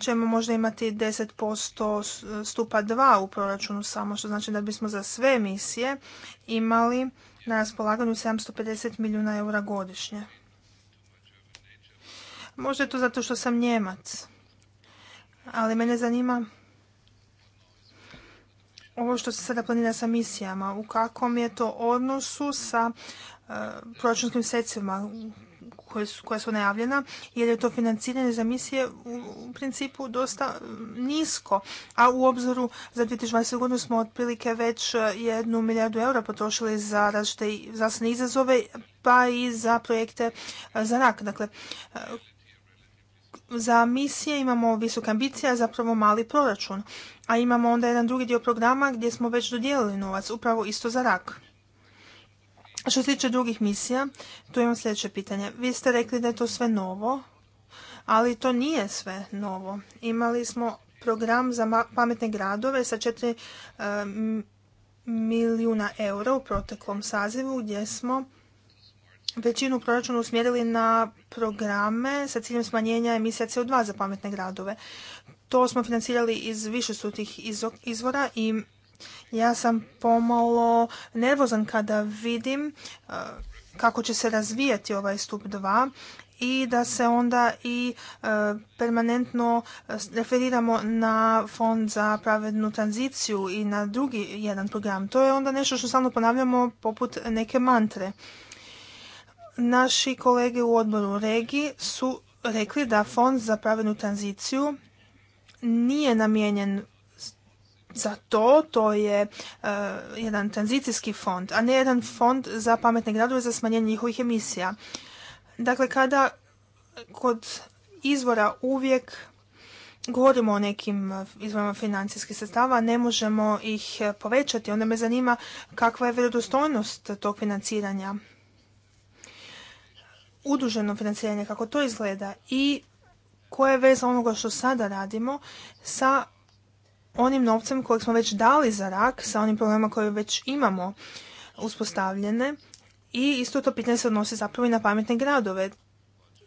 ćemo možda imati 10% stupa 2 u proračunu samo, što znači da bismo za sve misije imali na raspolaganju 750 milijuna eura godišnje. Možda je to zato što sam Njemac ali mene zanima ovo što se sada planira sa misijama, u kakvom je to odnosu sa e, proračunskim sredstvima koja su najavljena, jer je to financiranje za misije u, principu dosta mm, nisko. A u obzoru za 2020. godinu smo otprilike već e, jednu milijardu eura potrošili za različite zdravstvene izazove, pa i za projekte e, za rak. Dakle, za misije imamo visoke ambicija, zapravo mali proračun. A imamo onda jedan drugi dio programa gdje smo već dodijelili novac, upravo isto za rak. Što se tiče drugih misija, tu imam sljedeće pitanje. Vi ste rekli da je to sve novo, ali to nije sve novo. Imali smo program za pametne gradove sa 4 eh, milijuna eura u proteklom sazivu gdje smo većinu proračuna usmjerili na programe sa ciljem smanjenja emisija CO2 za pametne gradove. To smo financirali iz više sutih izvora i ja sam pomalo nervozan kada vidim e, kako će se razvijati ovaj stup 2 i da se onda i e, permanentno e, referiramo na fond za pravednu tranziciju i na drugi jedan program. To je onda nešto što stalno ponavljamo poput neke mantre naši kolege u odboru regiji su rekli da fond za pravednu tranziciju nije namijenjen za to, to je e, jedan tranzicijski fond, a ne jedan fond za pametne gradove za smanjenje njihovih emisija. Dakle, kada kod izvora uvijek govorimo o nekim izvorima financijskih sredstava, ne možemo ih povećati. Onda me zanima kakva je vjerodostojnost tog financiranja uduženo financiranje, kako to izgleda i koja je veza onoga što sada radimo sa onim novcem kojeg smo već dali za rak, sa onim problema koje već imamo uspostavljene. I isto to pitanje se odnosi zapravo i na pametne gradove.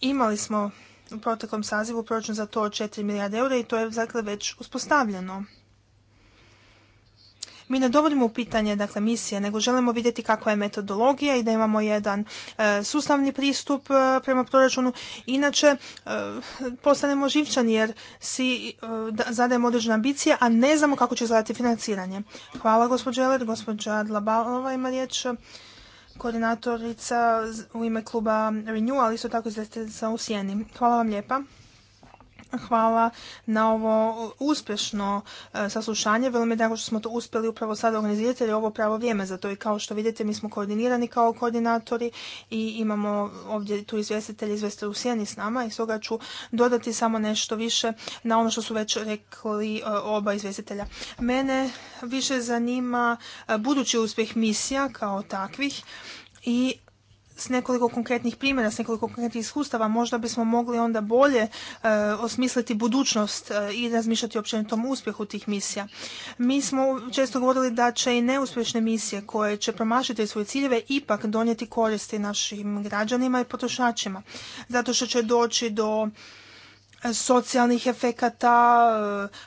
Imali smo u proteklom sazivu proračun za to 4 milijarde eura i to je dakle već uspostavljeno. Mi ne dovodimo u pitanje dakle, misije, nego želimo vidjeti kakva je metodologija i da imamo jedan e, sustavni pristup e, prema proračunu. Inače, e, postanemo živčani jer si e, zadajemo određene ambicije, a ne znamo kako će izgledati financiranje. Hvala gospođe Eler, gospođa Dlabalova ima riječ koordinatorica u ime kluba Renew, ali isto tako izvjestiteljica u Sjeni. Hvala vam lijepa. Hvala na ovo uspješno e, saslušanje. Velim mi drago što smo to uspjeli upravo sada organizirati jer je ovo pravo vrijeme za to i kao što vidite mi smo koordinirani kao koordinatori i imamo ovdje tu izvjestitelj izvjeste u sjeni s nama i stoga ću dodati samo nešto više na ono što su već rekli e, oba izvjestitelja. Mene više zanima e, budući uspjeh misija kao takvih i s nekoliko konkretnih primjera, s nekoliko konkretnih iskustava, možda bismo mogli onda bolje e, osmisliti budućnost e, i razmišljati općenito tom uspjehu tih misija. Mi smo često govorili da će i neuspješne misije koje će promašiti svoje ciljeve ipak donijeti koristi našim građanima i potrošačima, zato što će doći do socijalnih efekata,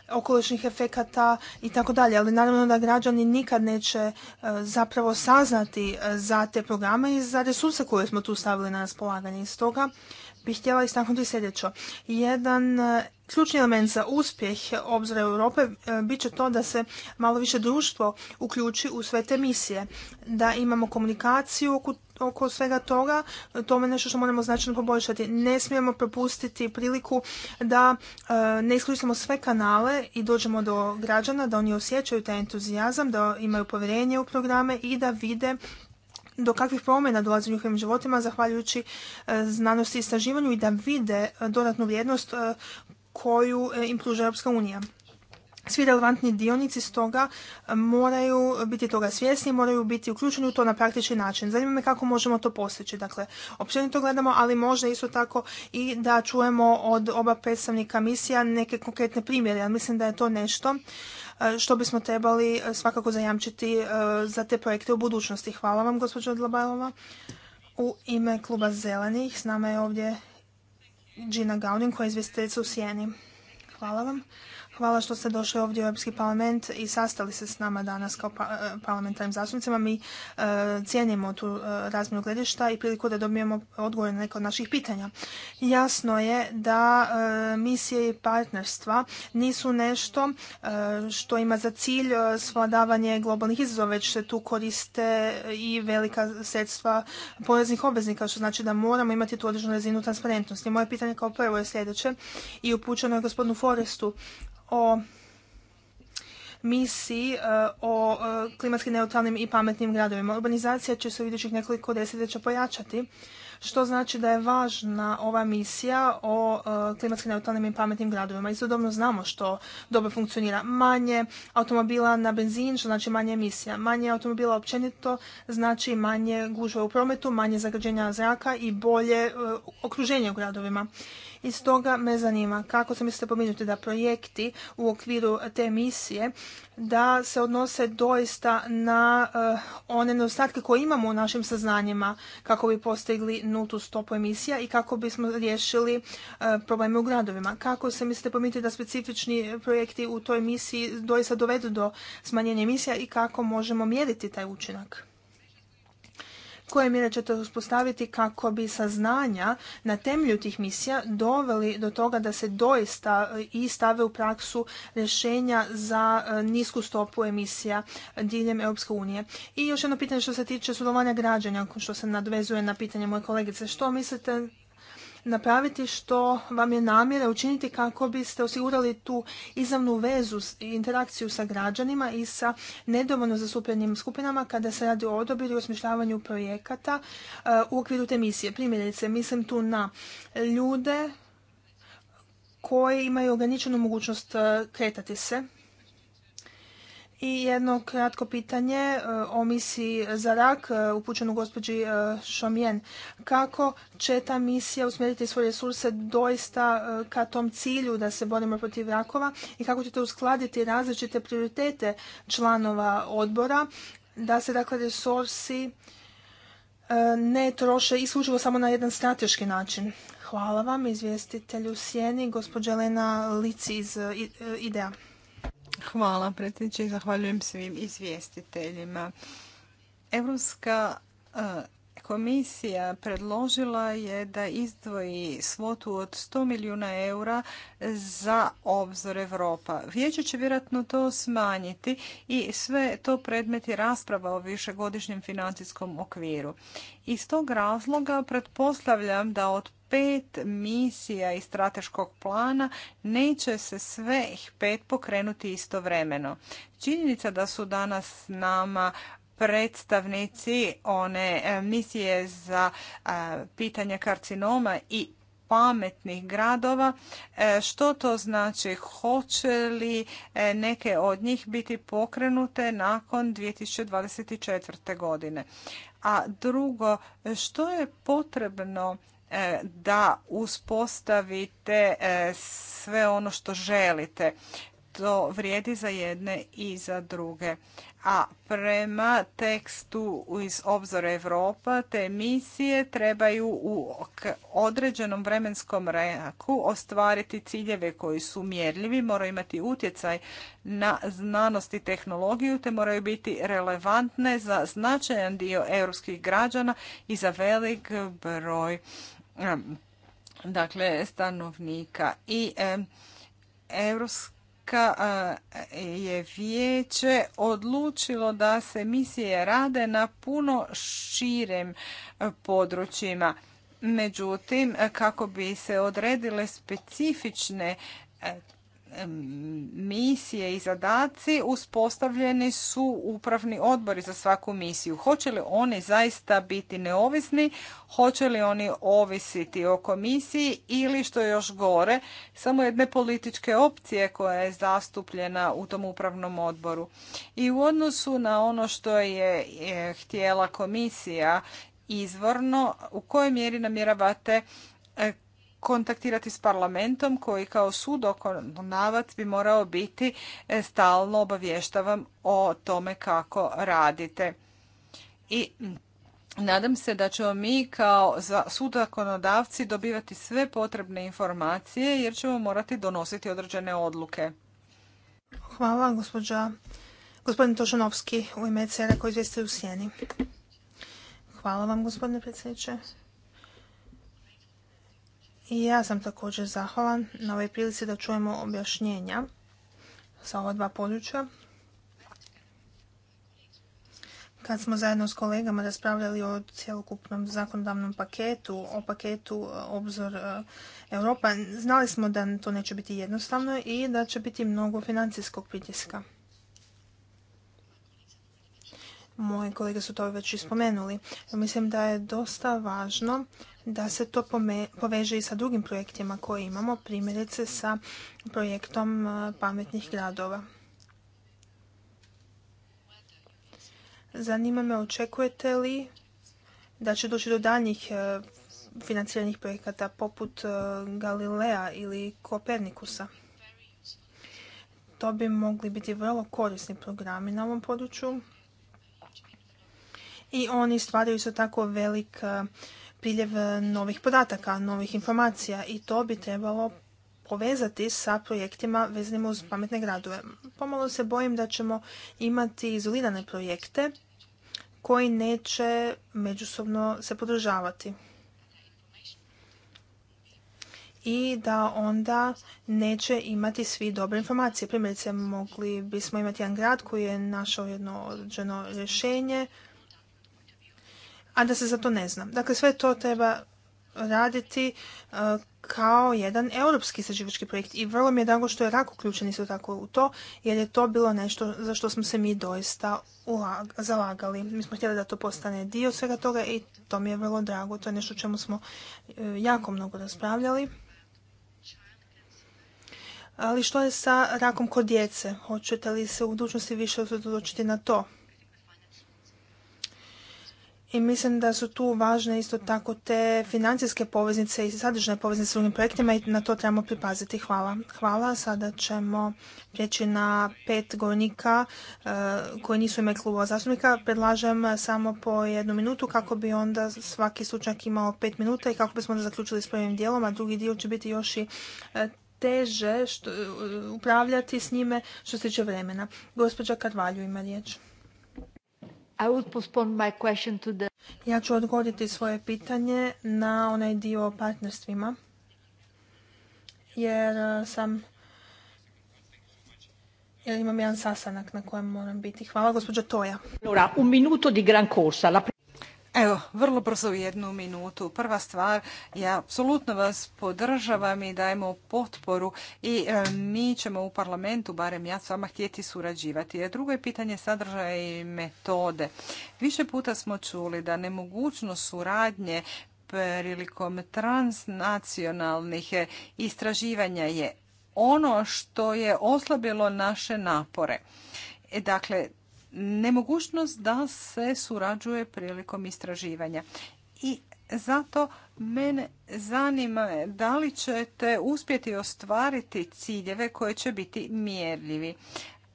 e, okolišnih efekata i tako dalje. Ali naravno da građani nikad neće e, zapravo saznati e, za te programe i za resurse koje smo tu stavili na raspolaganje. stoga bih htjela istaknuti sljedeće. Jedan e, ključni element za uspjeh obzora Europe e, bit će to da se malo više društvo uključi u sve te misije. Da imamo komunikaciju oko, svega toga, tome je nešto što moramo značajno poboljšati. Ne smijemo propustiti priliku da e, ne isključimo sve kanale i dođemo do građana, da oni osjećaju taj entuzijazam, da imaju povjerenje u programe i da vide do kakvih promjena dolaze u njihovim životima zahvaljujući e, znanosti i istraživanju i da vide e, dodatnu vrijednost e, koju im pruža Europska unija. Svi relevantni dionici stoga moraju biti toga svjesni, moraju biti uključeni u to na praktični način. Zanima me kako možemo to postići. Dakle, općenito gledamo, ali možda isto tako i da čujemo od oba predstavnika misija neke konkretne primjere. Ja mislim da je to nešto što bismo trebali e, svakako zajamčiti e, za te projekte u budućnosti. Hvala vam, gospođo Dlabajlova. U ime kluba Zelenih s nama je ovdje Gina Gaudin koja je izvjestiteljica u Sijeni. Hvala vam. Hvala što ste došli ovdje u Europski parlament i sastali se s nama danas kao pa- e, parlamentarnim zastupnicima. Mi e, cijenimo tu e, razmjenu gledišta i priliku da dobijemo odgovor na neke od naših pitanja. Jasno je da misije i partnerstva nisu nešto što ima za cilj svladavanje globalnih izazova, već se tu koriste i velika sredstva poreznih obveznika, što znači da moramo imati tu određenu razinu transparentnosti. Moje pitanje kao prvo je sljedeće i upućeno je gospodinu Forestu o misiji e, o e, klimatski neutralnim i pametnim gradovima. Urbanizacija će se u idućih nekoliko desetljeća pojačati, što znači da je važna ova misija o e, klimatski neutralnim i pametnim gradovima. Istodobno znamo što dobro funkcionira. Manje automobila na benzin, što znači manje emisija. Manje automobila općenito znači manje gužve u prometu, manje zagađenja zraka i bolje okruženje u gradovima. I stoga me zanima kako se mislite pominuti da projekti u okviru te misije da se odnose doista na eh, one nedostatke koje imamo u našim saznanjima kako bi postigli nultu stopu emisija i kako bismo riješili eh, probleme u gradovima. Kako se mislite pominuti da specifični projekti u toj misiji doista dovedu do smanjenja emisija i kako možemo mjeriti taj učinak? koje mjere ćete uspostaviti kako bi saznanja na temelju tih misija doveli do toga da se doista e, i stave u praksu rješenja za e, nisku stopu emisija diljem Europske unije. I još jedno pitanje što se tiče sudovanja građana, što se nadvezuje na pitanje moje kolegice. Što mislite napraviti, što vam je namjera učiniti kako biste osigurali tu izravnu vezu i interakciju sa građanima i sa nedovoljno zastupljenim skupinama kada se radi o odobiru i osmišljavanju projekata eh, u okviru te misije. Primjerice, mislim tu na ljude koji imaju ograničenu mogućnost eh, kretati se i jedno kratko pitanje e, o misiji za rak e, upućenu gospođi e, Šomjen. Kako će ta misija usmjeriti svoje resurse doista ka tom cilju da se borimo protiv rakova i kako ćete uskladiti različite prioritete članova odbora da se dakle resursi ne troše isključivo samo na jedan strateški način. Hvala vam, izvjestitelju Sjeni, gospođa Elena Lici iz IDEA. Hvala predsjedniče i zahvaljujem svim izvjestiteljima. Europska e, komisija predložila je da izdvoji svotu od 100 milijuna eura za obzor Europa. Vijeće će vjerojatno to smanjiti i sve to predmeti rasprava o višegodišnjem financijskom okviru. Iz tog razloga pretpostavljam da od pet misija i strateškog plana neće se sve ih pet pokrenuti istovremeno. Činjenica da su danas s nama predstavnici one e, misije za e, pitanje karcinoma i pametnih gradova. E, što to znači? Hoće li neke od njih biti pokrenute nakon 2024. godine? A drugo, što je potrebno E, da uspostavite e, sve ono što želite. To vrijedi za jedne i za druge. A prema tekstu iz obzora Europa te misije trebaju u određenom vremenskom reaku ostvariti ciljeve koji su mjerljivi, moraju imati utjecaj na znanost i tehnologiju te moraju biti relevantne za značajan dio europskih građana i za velik broj dakle stanovnika i Europska je vijeće odlučilo da se misije rade na puno širem e, područjima. Međutim, kako bi se odredile specifične e, misije i zadaci uspostavljeni su upravni odbori za svaku misiju. Hoće li oni zaista biti neovisni, hoće li oni ovisiti o komisiji ili što je još gore, samo jedne političke opcije koja je zastupljena u tom upravnom odboru. I u odnosu na ono što je e, htjela komisija izvorno, u kojoj mjeri namjeravate e, kontaktirati s parlamentom koji kao sudokonavac bi morao biti e, stalno obavještavan o tome kako radite. I nadam se da ćemo mi kao sudakonodavci dobivati sve potrebne informacije jer ćemo morati donositi određene odluke. Hvala gospođa. Gospodin Tošanovski u ime koji izvijestuje u Sjeni. Hvala vam gospodine predsjedniče. I ja sam također zahvalan na ovoj prilici da čujemo objašnjenja sa ova dva područja. Kad smo zajedno s kolegama raspravljali o cjelokupnom zakonodavnom paketu, o paketu e, obzor e, Europa, znali smo da to neće biti jednostavno i da će biti mnogo financijskog pritiska. Moje kolege su to već i spomenuli. Mislim da je dosta važno da se to poveže i sa drugim projektima koje imamo, primjerice sa projektom e, pametnih gradova. Zanima me, očekujete li da će doći do daljnjih e, financiranih projekata poput e, Galilea ili Kopernikusa? To bi mogli biti vrlo korisni programi na ovom području i oni stvaraju se tako velika priljev e, novih podataka, novih informacija i to bi trebalo povezati sa projektima vezanima uz pametne gradove. Pomalo se bojim da ćemo imati izolirane projekte koji neće međusobno se podržavati. I da onda neće imati svi dobre informacije. Primjerice, mogli bismo imati jedan grad koji je našao jedno određeno rješenje, a da se za to ne zna. Dakle, sve to treba raditi e, kao jedan europski istraživački projekt i vrlo mi je drago što je rak uključen isto tako u to jer je to bilo nešto za što smo se mi doista zalagali. Mi smo htjeli da to postane dio svega toga i to mi je vrlo drago. To je nešto čemu smo e, jako mnogo raspravljali. Ali što je sa rakom kod djece? Hoćete li se u budućnosti više odlučiti na to? I mislim da su tu važne isto tako te financijske poveznice i sadržne poveznice s drugim projektima i na to trebamo pripaziti. Hvala. Hvala. Sada ćemo prijeći na pet govornika e, koji nisu ime kluba zastupnika. Predlažem samo po jednu minutu kako bi onda svaki slučajak imao pet minuta i kako bismo onda zaključili s prvim dijelom, a drugi dio će biti još i e, teže e, upravljati s njime što se tiče vremena. Gospođa Karvalju ima riječ. I would postpone my question to the... Ja ću odgoditi svoje pitanje na onaj dio o partnerstvima, jer e, sam jer imam jedan sasanak na kojem moram biti. Hvala, gospođo Toja. Allora, un minuto di gran corsa. Evo, vrlo brzo u jednu minutu. Prva stvar, ja apsolutno vas podržavam i dajemo potporu i e, mi ćemo u parlamentu, barem ja s vama, htjeti surađivati. E, drugo je pitanje sadržaja i metode. Više puta smo čuli da nemogućnost suradnje prilikom transnacionalnih e, istraživanja je ono što je oslabilo naše napore. Dakle, nemogućnost da se surađuje prilikom istraživanja. I zato mene zanima da li ćete uspjeti ostvariti ciljeve koje će biti mjerljivi.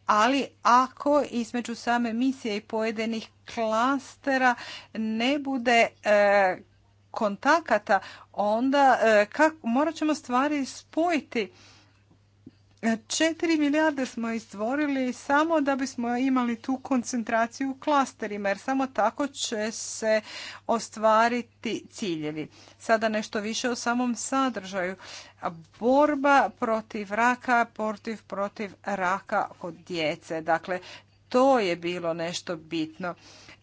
Ali ako između same misije i pojedinih klastera ne bude e, kontakata, onda e, morat ćemo stvari spojiti Četiri milijarde smo istvorili samo da bismo imali tu koncentraciju u klasterima, jer samo tako će se ostvariti ciljevi. Sada nešto više o samom sadržaju. Borba protiv raka, protiv protiv raka kod djece. Dakle, to je bilo nešto bitno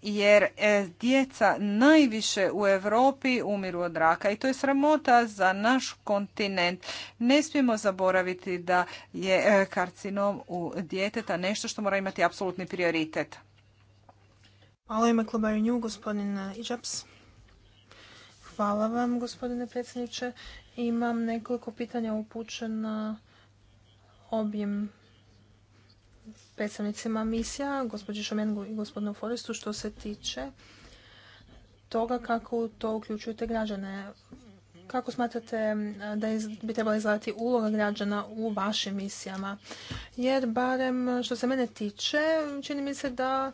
jer e, djeca najviše u Europi umiru od raka i to je sramota za naš kontinent. Ne smijemo zaboraviti da je e, karcinom u djeteta nešto što mora imati apsolutni prioritet. Hvala ime kluba nju, gospodin e, Iđaps. Hvala vam, gospodine predsjedniče. Imam nekoliko pitanja upućena objem predstavnicima misija, gospođi Šomengu i gospodinu Forestu, što se tiče toga kako to uključujete građane. Kako smatrate da bi trebala izgledati uloga građana u vašim misijama? Jer barem što se mene tiče, čini mi se da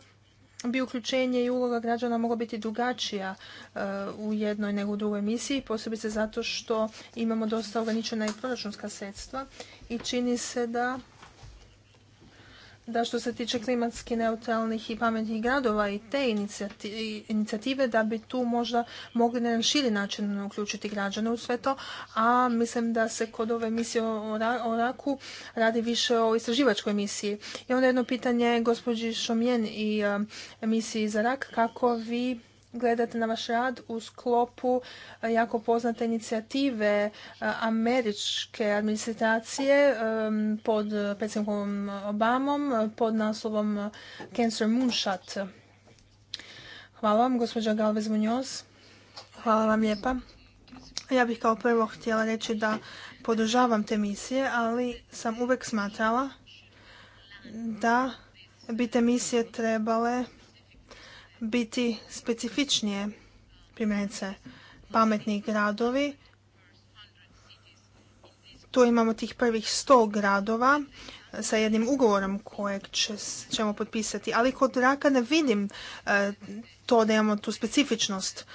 bi uključenje i uloga građana mogla biti drugačija e, u jednoj nego u drugoj misiji, posebice zato što imamo dosta ograničena i proračunska sredstva i čini se da da što se tiče klimatski neutralnih i pametnih gradova i te inicijative da bi tu možda mogli na jedan širi način uključiti građane u sve to, a mislim da se kod ove emisije o raku radi više o istraživačkoj emisiji. I onda jedno pitanje gospođi Šomjen i emisiji za rak, kako vi gledate na vaš rad u sklopu e, jako poznate inicijative e, američke administracije e, pod predsjednikom Obamom pod naslovom Cancer Moonshot. Hvala vam, gospođa Galvez Munoz. Hvala vam lijepa. Ja bih kao prvo htjela reći da podržavam te misije, ali sam uvek smatrala da bi te misije trebale biti specifičnije. Primjerice, pametni gradovi. Tu imamo tih prvih sto gradova sa jednim ugovorom kojeg ćemo potpisati. Ali kod raka ne vidim e, to da imamo tu specifičnost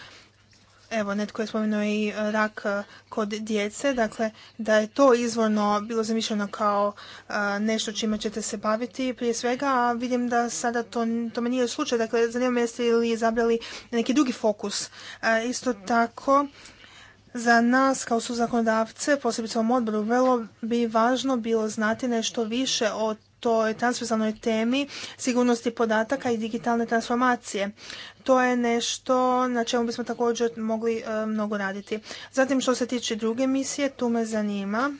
Evo, netko je spomenuo i e, rak e, kod djece, dakle da je to izvorno bilo zamišljeno kao e, nešto čime ćete se baviti prije svega, a vidim da sada to, tome nije slučaj, dakle zanima me jeste li izabrali neki drugi fokus. isto tako, za nas kao su zakonodavce, posebice ovom odboru, vrlo bi važno bilo znati nešto više o toj transverzalnoj temi sigurnosti podataka i digitalne transformacije. To je nešto na čemu bismo također mogli e, mnogo raditi. Zatim što se tiče druge misije, tu me zanima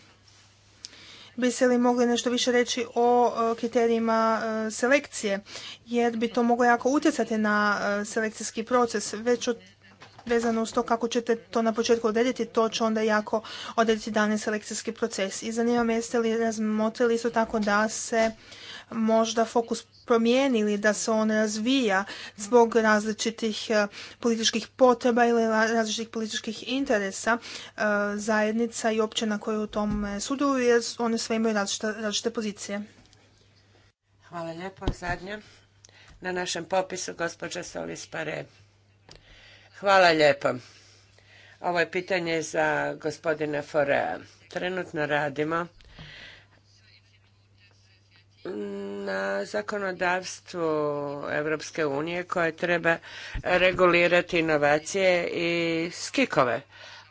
se li mogli nešto više reći o e, kriterijima e, selekcije, jer bi to moglo jako utjecati na selekcijski proces. Već od vezano uz to kako ćete to na početku odrediti, to će onda jako odrediti daljnji selekcijski proces. I zanima me jeste li razmotrili isto tako da se možda fokus promijenili, da se on razvija zbog različitih e, političkih potreba ili različitih političkih interesa e, zajednica i općina koje u tom sudu, jer one sve imaju različite, pozicije. Hvala lijepo. Zadnja na našem popisu gospođa Solis Pare. Hvala lijepo. Ovo je pitanje za gospodina Forea. Trenutno radimo na zakonodavstvu Europske unije koje treba regulirati inovacije i skikove.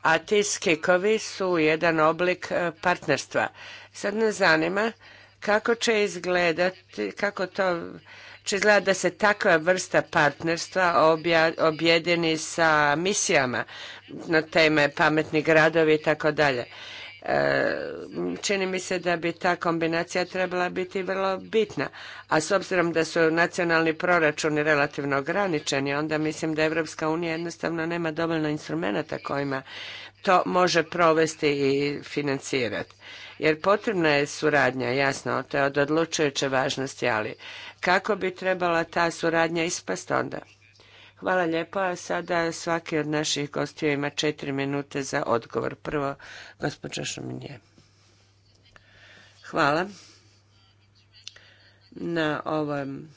A ti skikovi su jedan oblik e, partnerstva. Sad nas zanima kako će izgledati, kako to će znači, da se takva vrsta partnerstva objedini sa misijama na teme pametni gradovi i tako dalje. E, čini mi se da bi ta kombinacija trebala biti vrlo bitna, a s obzirom da su nacionalni proračuni relativno ograničeni, onda mislim da Evropska unija jednostavno nema dovoljno instrumenta kojima to može provesti i financirati. Jer potrebna je suradnja, jasno, to je od odlučujuće važnosti, ali kako bi trebala ta suradnja ispast onda? Hvala lijepo, a sada svaki od naših gostiju ima četiri minute za odgovor. Prvo, gospođa Šuminje. Hvala na ovom,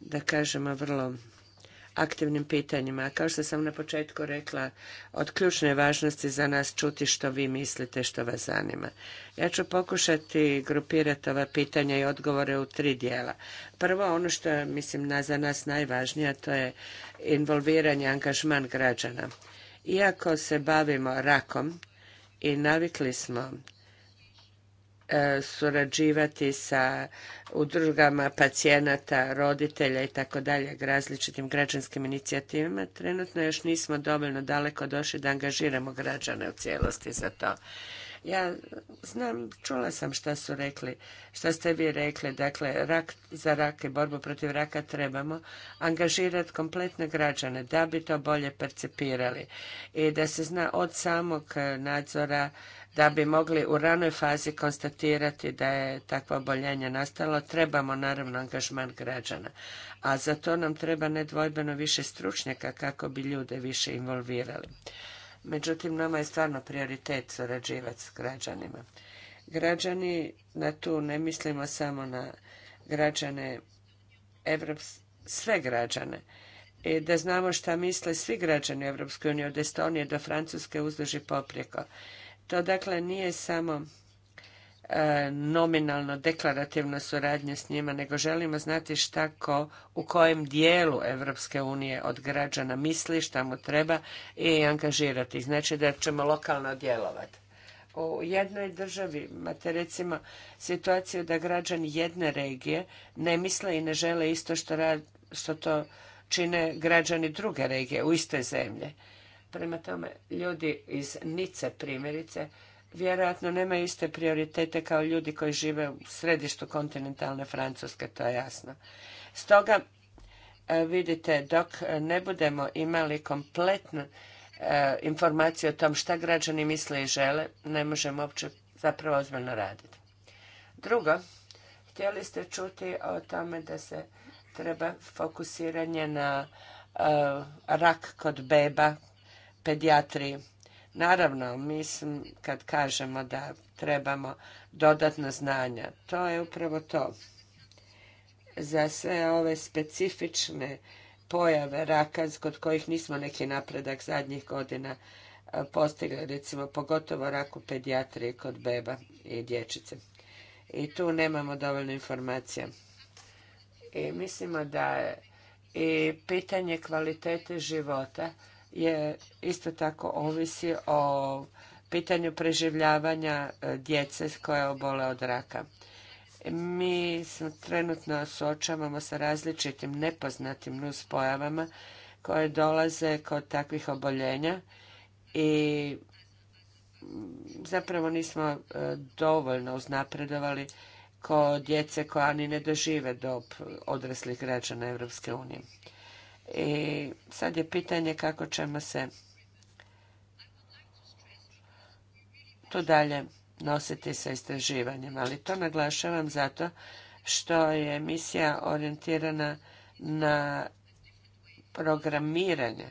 da kažemo, vrlo aktivnim pitanjima. A kao što sam na početku rekla, od ključne važnosti za nas čuti što vi mislite, što vas zanima. Ja ću pokušati grupirati ova pitanja i odgovore u tri dijela. Prvo, ono što je, mislim, za nas najvažnije, to je involviranje, angažman građana. Iako se bavimo rakom i navikli smo E, surađivati sa udrugama pacijenata, roditelja i tako dalje, različitim građanskim inicijativama. Trenutno još nismo dovoljno daleko došli da angažiramo građane u cijelosti za to. Ja znam, čula sam šta su rekli, šta ste vi rekli, dakle rak za rak i borbu protiv raka trebamo angažirati kompletne građane da bi to bolje percepirali i da se zna od samog nadzora da bi mogli u ranoj fazi konstatirati da je takvo oboljenje nastalo, trebamo naravno angažman građana. A za to nam treba nedvojbeno više stručnjaka kako bi ljude više involvirali. Međutim, nama je stvarno prioritet surađivati s građanima. Građani, na tu ne mislimo samo na građane, Evrops, sve građane. I e, da znamo šta misle svi građani Evropske unije, od Estonije do Francuske uzduži poprijeko. To dakle nije samo E, nominalno deklarativna suradnja s njima, nego želimo znati šta ko, u kojem dijelu europske unije od građana misli, šta mu treba i angažirati. Znači da ćemo lokalno djelovati. U jednoj državi imate recimo situaciju da građani jedne regije ne misle i ne žele isto što, rad, što to čine građani druge regije u istoj zemlji. Prema tome, ljudi iz Nice primjerice vjerojatno nema iste prioritete kao ljudi koji žive u središtu kontinentalne Francuske, to je jasno. Stoga e, vidite, dok ne budemo imali kompletnu e, informaciju o tom šta građani misle i žele, ne možemo uopće zapravo ozbiljno raditi. Drugo, htjeli ste čuti o tome da se treba fokusiranje na e, rak kod beba, pedijatriji Naravno, mislim kad kažemo da trebamo dodatna znanja, to je upravo to. Za sve ove specifične pojave raka kod kojih nismo neki napredak zadnjih godina e, postigli, recimo pogotovo raku pedijatrije kod beba i dječice. I tu nemamo dovoljno informacija. I mislimo da je i pitanje kvalitete života je isto tako ovisi o pitanju preživljavanja e, djece koja obole od raka. Mi smo trenutno suočavamo sa različitim nepoznatim nuspojavama koje dolaze kod takvih oboljenja i zapravo nismo e, dovoljno uznapredovali kod djece koja ni ne dožive dob odraslih građana Europske unije. I sad je pitanje kako ćemo se tu dalje nositi sa istraživanjem. Ali to naglašavam zato što je misija orijentirana na programiranje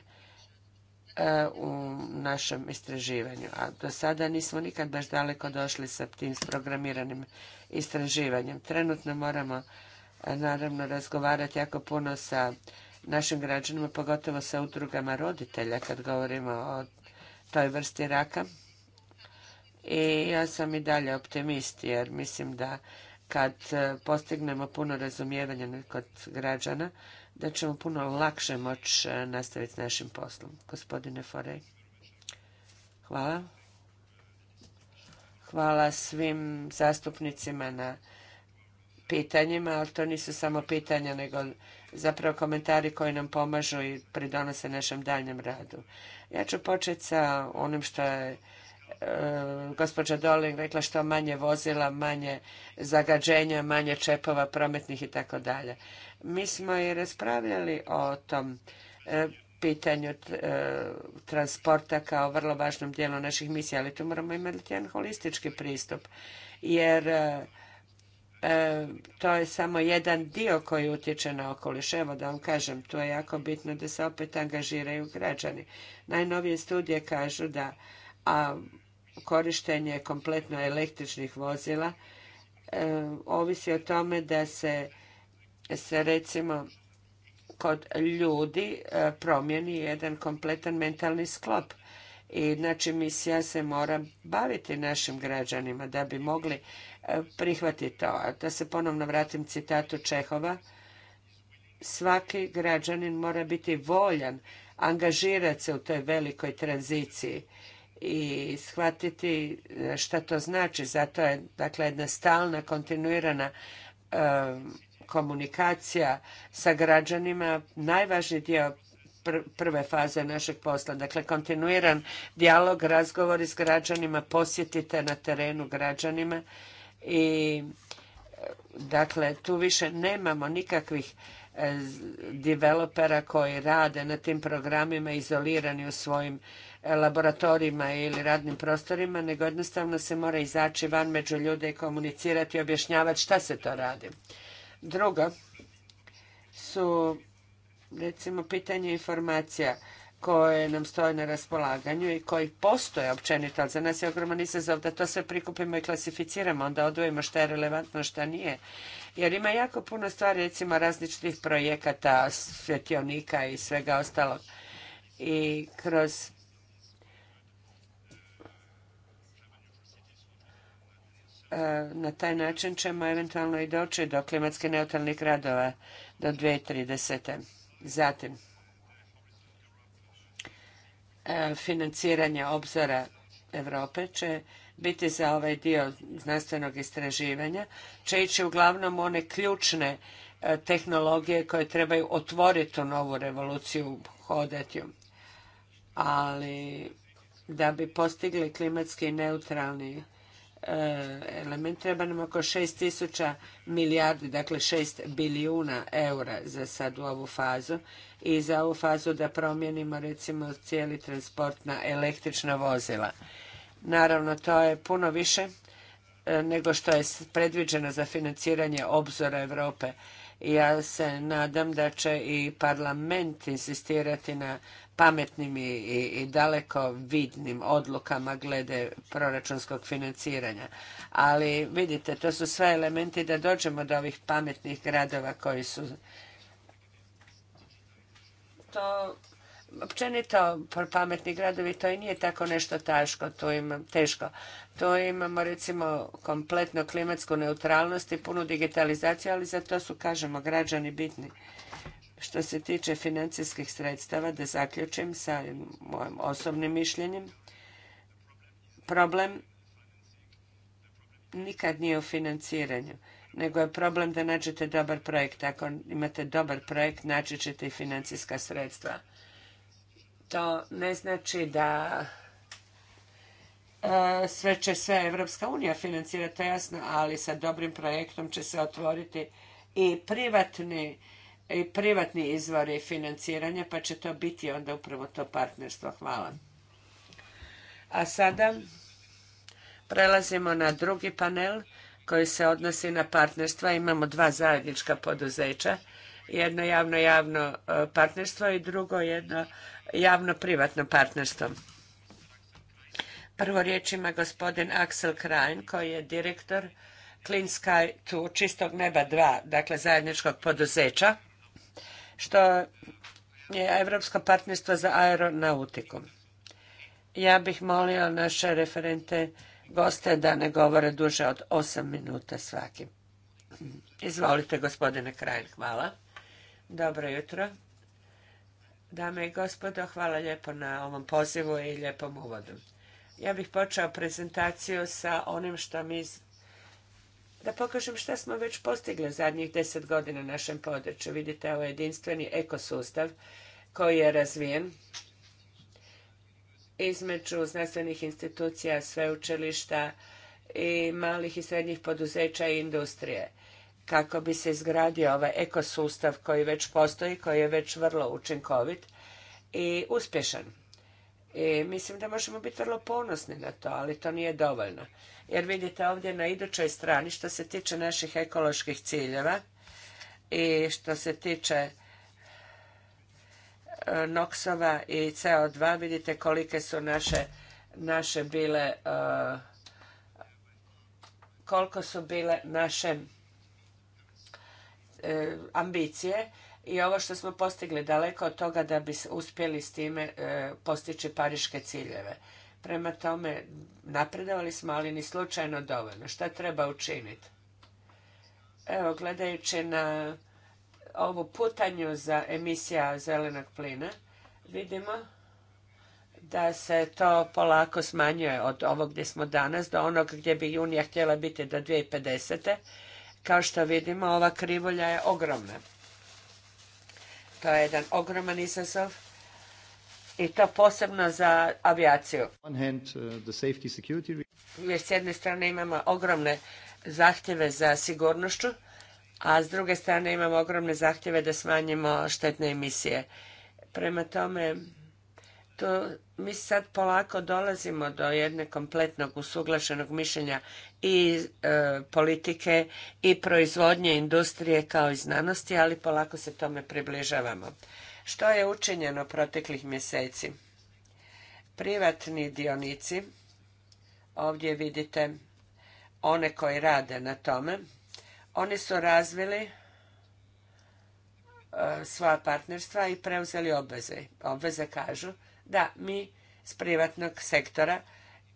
e, u našem istraživanju. A do sada nismo nikad baš daleko došli sa tim programiranim istraživanjem. Trenutno moramo e, naravno razgovarati jako puno sa našim građanima, pogotovo sa udrugama roditelja kad govorimo o toj vrsti raka. I ja sam i dalje optimist jer mislim da kad e, postignemo puno razumijevanja kod građana, da ćemo puno lakše moći e, nastaviti s našim poslom. Gospodine Forej. Hvala. Hvala svim zastupnicima na pitanjima, ali to nisu samo pitanja, nego zapravo komentari koji nam pomažu i pridonose našem daljem radu. Ja ću početi sa onim što je e, gospođa Doling rekla što manje vozila, manje zagađenja, manje čepova prometnih i tako dalje. Mi smo i raspravljali o tom e, pitanju e, transporta kao vrlo važnom dijelu naših misija, ali tu moramo imati jedan holistički pristup, jer E, to je samo jedan dio koji utječe na okoliš. Evo da vam kažem, tu je jako bitno da se opet angažiraju građani. Najnovije studije kažu da a, korištenje kompletno električnih vozila e, ovisi o tome da se, se recimo kod ljudi promjeni promijeni jedan kompletan mentalni sklop i znači misija se mora baviti našim građanima da bi mogli e, prihvatiti to. da se ponovno vratim citatu Čehova. Svaki građanin mora biti voljan angažirati se u toj velikoj tranziciji i shvatiti e, šta to znači. Zato je dakle jedna stalna, kontinuirana e, komunikacija sa građanima najvažniji dio prve faze našeg posla. Dakle, kontinuiran dijalog, razgovori s građanima, posjetite na terenu građanima i dakle, tu više nemamo nikakvih e, developera koji rade na tim programima izolirani u svojim e, laboratorijima ili radnim prostorima, nego jednostavno se mora izaći van među ljude i komunicirati i objašnjavati šta se to radi. Drugo su recimo pitanje informacija koje nam stoje na raspolaganju i koji postoje općenito, ali za nas je ogroman izazov da to sve prikupimo i klasificiramo, onda odvojimo što je relevantno, šta nije. Jer ima jako puno stvari, recimo različitih projekata, svjetionika i svega ostalog. I kroz e, na taj način ćemo eventualno i doći do klimatske neutralnih gradova do 2030. Zatim, e, financiranje obzora Europe će biti za ovaj dio znanstvenog istraživanja, će ići uglavnom one ključne e, tehnologije koje trebaju otvoriti tu novu revoluciju hodati. Ali da bi postigli klimatski neutralni Eh, element, treba nam oko 6.000 milijardi, dakle 6 bilijuna eura za sad u ovu fazu i za ovu fazu da promijenimo recimo cijeli transport na električna vozila. Naravno, to je puno više eh, nego što je predviđeno za financiranje obzora Europe. Ja se nadam da će i parlament insistirati na pametnim i, daleko vidnim odlukama glede proračunskog financiranja. Ali vidite, to su sve elementi da dođemo do ovih pametnih gradova koji su to općenito pametni gradovi to i nije tako nešto taško, tu imam, teško. To imamo recimo kompletno klimatsku neutralnost i punu digitalizaciju, ali za to su, kažemo, građani bitni. Što se tiče financijskih sredstava, da zaključim sa mojim osobnim mišljenjem, problem nikad nije u financiranju, nego je problem da nađete dobar projekt. Ako imate dobar projekt, naći ćete i financijska sredstva. To ne znači da e, sve će sve Evropska unija financirati, to je jasno, ali sa dobrim projektom će se otvoriti i privatni i privatni izvori financiranja, pa će to biti onda upravo to partnerstvo. Hvala. A sada prelazimo na drugi panel koji se odnosi na partnerstva. Imamo dva zajednička poduzeća. Jedno javno-javno e, partnerstvo i drugo jedno javno-privatno partnerstvo. Prvo riječ ima gospodin Axel Krajn koji je direktor Clean Sky 2, Čistog neba 2, dakle zajedničkog poduzeća što je Europsko partnerstvo za aeronautiku. Ja bih molio naše referente goste da ne govore duže od 8 minuta svaki. Izvolite, gospodine Krajn, hvala. Dobro jutro. Dame i gospodo, hvala lijepo na ovom pozivu i lijepom uvodu. Ja bih počeo prezentaciju sa onim što mi da pokažem šta smo već postigli zadnjih deset godina na našem području. Vidite, ovo je jedinstveni ekosustav koji je razvijen između znanstvenih institucija, sveučilišta i malih i srednjih poduzeća i industrije kako bi se izgradio ovaj ekosustav koji već postoji, koji je već vrlo učinkovit i uspješan. I mislim da možemo biti vrlo ponosni na to, ali to nije dovoljno jer vidite ovdje na idućoj strani što se tiče naših ekoloških ciljeva i što se tiče e, NOX-ova i CO2 vidite kolike su naše, naše bile e, koliko su bile naše e, ambicije i ovo što smo postigli daleko od toga da bi uspjeli s time postići pariške ciljeve. Prema tome, napredovali smo, ali ni slučajno dovoljno. Šta treba učiniti? Evo, gledajući na ovu putanju za emisija zelenog plina, vidimo da se to polako smanjuje od ovog gdje smo danas do onog gdje bi junija htjela biti do 2050. Kao što vidimo, ova krivulja je ogromna. To je jedan ogroman izazov i to posebno za aviaciju. Uh, Jer s jedne strane imamo ogromne zahtjeve za sigurnošću, a s druge strane imamo ogromne zahtjeve da smanjimo štetne emisije. Prema tome, to mi sad polako dolazimo do jedne kompletnog usuglašenog mišljenja i e, politike i proizvodnje industrije kao i znanosti, ali polako se tome približavamo. Što je učinjeno proteklih mjeseci? Privatni dionici, ovdje vidite one koji rade na tome, oni su razvili e, svoja partnerstva i preuzeli obveze. Obveze kažu da mi s privatnog sektora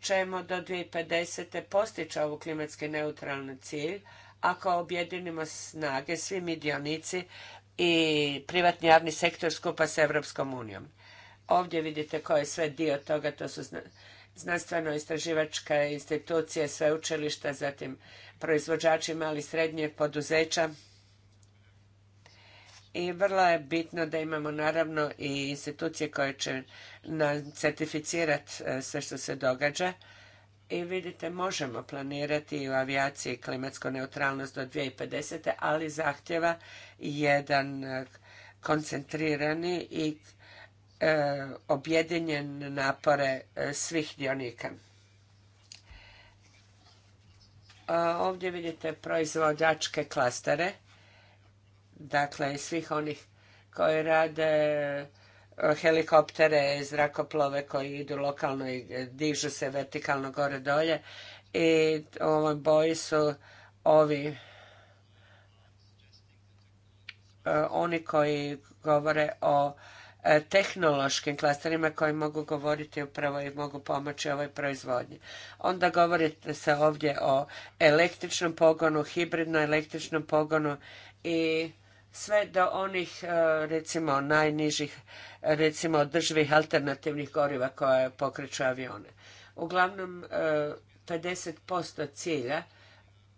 ćemo do 2050. postići ovu klimatski neutralni cilj ako objedinimo snage, svi mi dionici i privatni javni sektor skupa sa Europskom unijom. Ovdje vidite ko je sve dio toga, to su znanstveno-istraživačke institucije, sve učilišta, zatim proizvođači mali srednje poduzeća. I vrlo je bitno da imamo naravno i institucije koje će nam certificirati e, sve što se događa i vidite možemo planirati i u avijaciji klimatsku neutralnost do 2050. ali zahtjeva jedan e, koncentrirani i e, objedinjen napore e, svih dionika. ovdje vidite proizvođačke klastere, dakle svih onih koji rade helikoptere, zrakoplove koji idu lokalno i dižu se vertikalno gore dolje i u ovoj boji su ovi e, oni koji govore o e, tehnološkim klasterima koji mogu govoriti upravo i mogu pomoći ovoj proizvodnji. Onda govorite se ovdje o električnom pogonu, hibridno električnom pogonu i sve do onih e, recimo najnižih recimo održivih alternativnih goriva koja pokreću avione. Uglavnom 50% e, cilja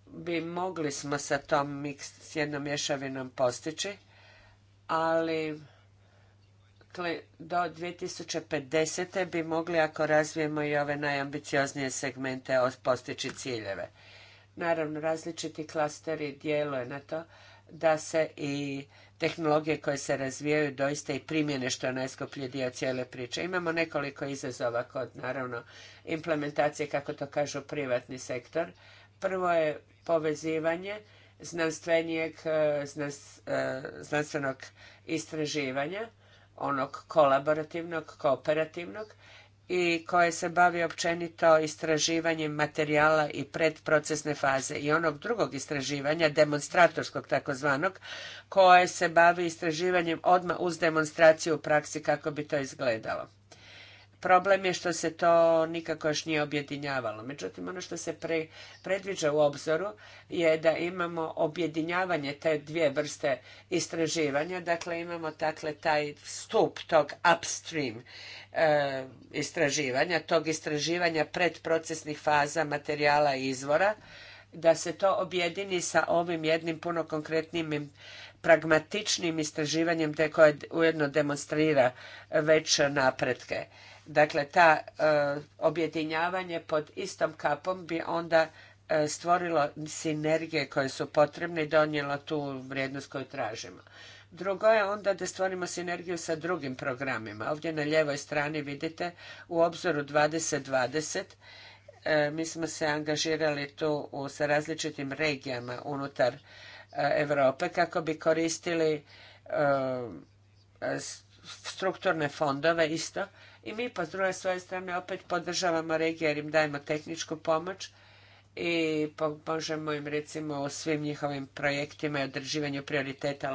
bi mogli smo sa tom s jednom mješavinom postići, ali do 2050. bi mogli ako razvijemo i ove najambicioznije segmente postići ciljeve. Naravno, različiti klasteri djeluje na to, da se i tehnologije koje se razvijaju doista i primjene što je najskuplji dio cijele priče. Imamo nekoliko izazova kod naravno implementacije kako to kažu privatni sektor. Prvo je povezivanje znanstvenijeg, e, e, znanstvenog istraživanja, onog kolaborativnog, kooperativnog i koje se bavi općenito istraživanjem materijala i predprocesne faze i onog drugog istraživanja, demonstratorskog takozvanog, koje se bavi istraživanjem odmah uz demonstraciju u praksi kako bi to izgledalo. Problem je što se to nikako još nije objedinjavalo. Međutim, ono što se pre, predviđa u obzoru je da imamo objedinjavanje te dvije vrste istraživanja. Dakle, imamo dakle, taj stup tog upstream e, istraživanja, tog istraživanja predprocesnih faza materijala i izvora, da se to objedini sa ovim jednim puno konkretnim pragmatičnim istraživanjem te koje ujedno demonstrira već napretke. Dakle, ta e, objedinjavanje pod istom kapom bi onda e, stvorilo sinergije koje su potrebne i donijelo tu vrijednost koju tražimo. Drugo je onda da stvorimo sinergiju sa drugim programima. Ovdje na ljevoj strani vidite u obzoru 2020 e, mi smo se angažirali tu sa različitim regijama unutar Europe kako bi koristili strukturne fondove isto i mi po pa druge svoje strane opet podržavamo regije jer im dajemo tehničku pomoć i pomožemo im recimo u svim njihovim projektima i održivanju prioriteta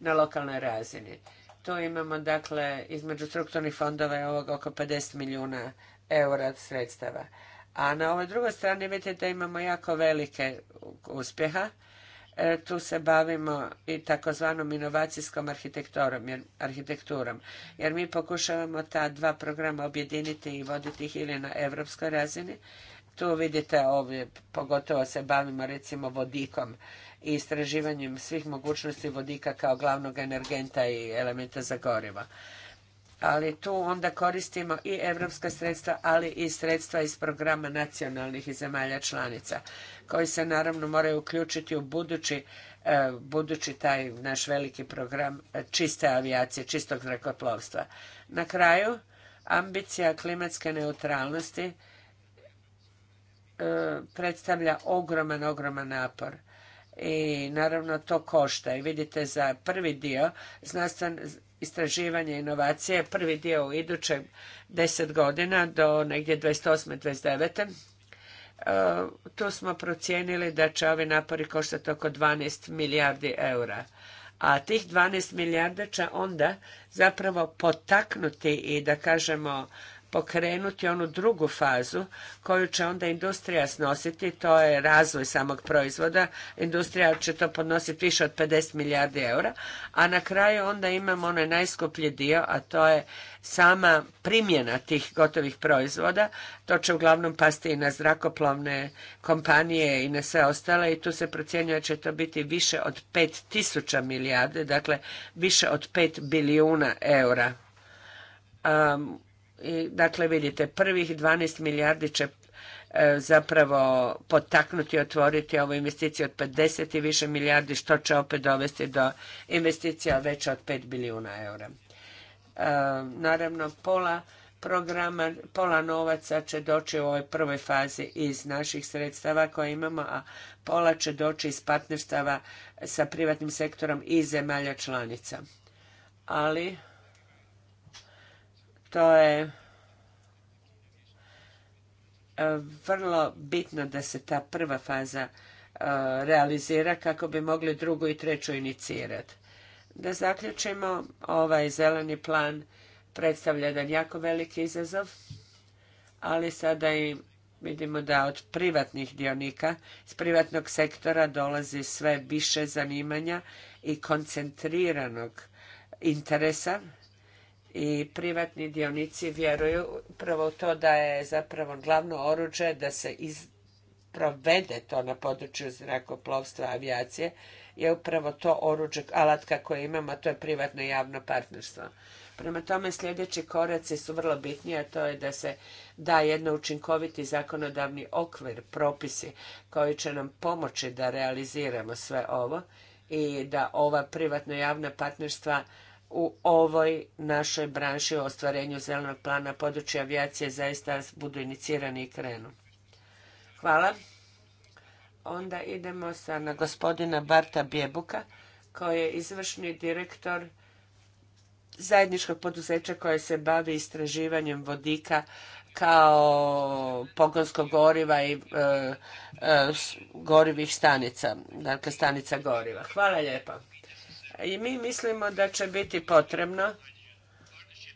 na lokalnoj razini. Tu imamo dakle između strukturnih fondova je ovog oko 50 milijuna eura sredstava. A na ovoj drugoj strani vidite da imamo jako velike uspjeha E, tu se bavimo i takozvanom inovacijskom arhitekturom, jer mi pokušavamo ta dva programa objediniti i voditi ih ili na europskoj razini. Tu vidite ovdje, pogotovo se bavimo recimo vodikom i istraživanjem svih mogućnosti vodika kao glavnog energenta i elementa za gorivo ali tu onda koristimo i europska sredstva, ali i sredstva iz programa nacionalnih i zemalja članica, koji se naravno moraju uključiti u budući, e, budući taj naš veliki program e, čiste avijacije, čistog zrakoplovstva. Na kraju, ambicija klimatske neutralnosti e, predstavlja ogroman, ogroman napor i naravno to košta. I vidite za prvi dio znanstven, istraživanje inovacije, prvi dio u idućeg deset godina do negdje 28. 29. E, tu smo procijenili da će ovi napori koštati oko 12 milijardi eura. A tih 12 milijardi će onda zapravo potaknuti i da kažemo pokrenuti onu drugu fazu koju će onda industrija snositi, to je razvoj samog proizvoda. Industrija će to podnositi više od 50 milijardi eura, a na kraju onda imamo onaj najskuplji dio, a to je sama primjena tih gotovih proizvoda. To će uglavnom pasti i na zrakoplovne kompanije i na sve ostale i tu se procjenjuje će to biti više od 5000 milijarde, dakle više od 5 bilijuna eura. Um, i, dakle, vidite, prvih 12 milijardi će e, zapravo potaknuti, otvoriti ovu investiciju od 50 i više milijardi, što će opet dovesti do investicija veća od 5 bilijuna eura. E, naravno, pola programa, pola novaca će doći u ovoj prvoj fazi iz naših sredstava koje imamo, a pola će doći iz partnerstava sa privatnim sektorom i zemalja članica. Ali, to je e, vrlo bitno da se ta prva faza e, realizira kako bi mogli drugu i treću inicirati. Da zaključimo, ovaj zeleni plan predstavlja jedan jako veliki izazov, ali sada i vidimo da od privatnih dionika, iz privatnog sektora dolazi sve više zanimanja i koncentriranog interesa i privatni dionici vjeruju upravo to da je zapravo glavno oruđe da se iz, provede to na području zrakoplovstva, avijacije, je upravo to oruđe, alatka koje imamo, a to je privatno javno partnerstvo. Prema tome sljedeći koraci su vrlo bitni, a to je da se da jedno učinkoviti zakonodavni okvir, propisi koji će nam pomoći da realiziramo sve ovo i da ova privatno-javna partnerstva u ovoj našoj branši o ostvarenju zelenog plana područja avijacije zaista budu inicirani i krenu. Hvala. Onda idemo sa na gospodina Barta Bjebuka koji je izvršni direktor zajedničkog poduzeća koje se bavi istraživanjem vodika kao pogonskog goriva i e, e, gorivih stanica, dakle stanica goriva. Hvala lijepa. I mi mislimo da će biti potrebno,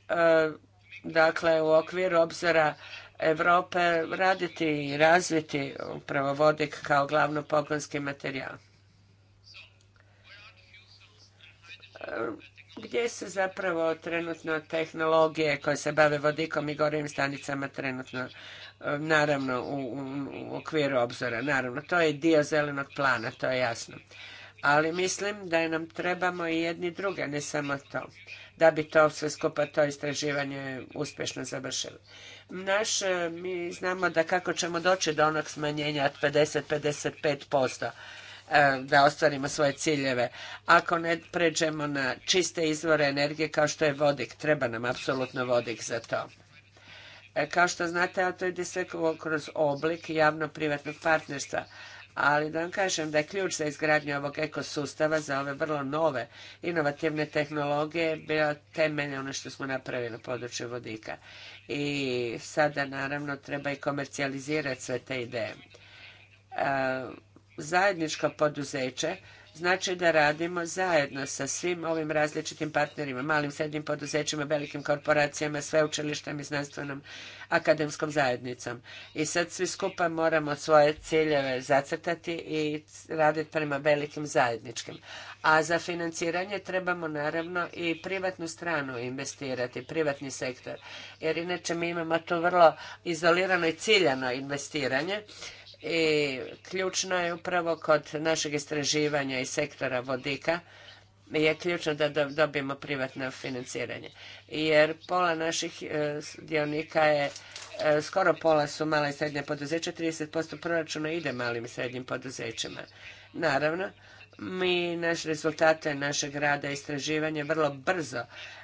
e, dakle u okviru obzora Europe raditi i razviti upravo vodik kao glavno pogonski materijal. E, gdje se zapravo trenutno tehnologije koje se bave vodikom i gorim stanicama trenutno e, naravno u, u okviru obzora, naravno to je dio zelenog plana, to je jasno ali mislim da nam trebamo i jedni druge, ne samo to, da bi to sve skupa to istraživanje uspješno završilo. Naš, e, mi znamo da kako ćemo doći do onog smanjenja od 50-55%, e, da ostvarimo svoje ciljeve. Ako ne pređemo na čiste izvore energije kao što je vodik, treba nam apsolutno vodik za to. E, kao što znate, to ide sve kroz oblik javno-privatnog partnerstva ali da vam kažem da je ključ za izgradnju ovog ekosustava za ove vrlo nove inovativne tehnologije bio temelj ono što smo napravili na području vodika. I sada naravno treba i komercijalizirati sve te ideje. zajednička zajedničko poduzeće znači da radimo zajedno sa svim ovim različitim partnerima, malim, srednjim poduzećima, velikim korporacijama, sveučilištem i znanstvenom akademskom zajednicom. I sad svi skupa moramo svoje ciljeve zacrtati i raditi prema velikim zajedničkim. A za financiranje trebamo naravno i privatnu stranu investirati, privatni sektor. Jer inače mi imamo tu vrlo izolirano i ciljano investiranje i ključno je upravo kod našeg istraživanja i sektora vodika je ključno da dobijemo privatno financiranje. Jer pola naših e, dionika je, e, skoro pola su mala i srednja poduzeća, 30% proračuna ide malim i srednjim poduzećima. Naravno, mi naše rezultate našeg rada i istraživanja vrlo brzo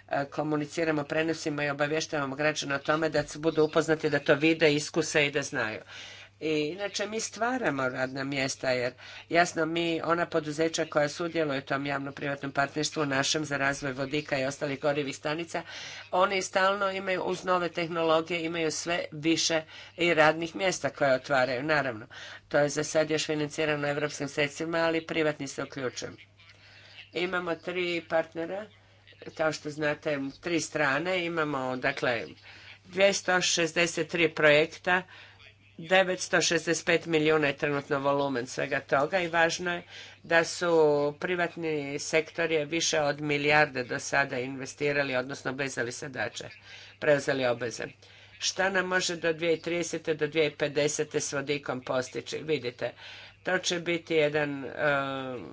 e, komuniciramo, prenosimo i obavještavamo građana o tome da budu upoznati da to vide, iskuse i da znaju. I inače mi stvaramo radna mjesta jer jasno mi ona poduzeća koja sudjeluju u tom javno-privatnom partnerstvu našem za razvoj vodika i ostalih gorivih stanica, oni stalno imaju uz nove tehnologije imaju sve više i radnih mjesta koje otvaraju. Naravno, to je za sad još financirano evropskim sredstvima, ali privatni se uključuju. Imamo tri partnera, kao što znate, tri strane. Imamo, dakle, 263 projekta 965 milijuna je trenutno volumen svega toga i važno je da su privatni sektori više od milijarde do sada investirali, odnosno obvezali se preuzeli obveze. Šta nam može do 2030. do 2050. s vodikom postići? Vidite, to će biti jedan e,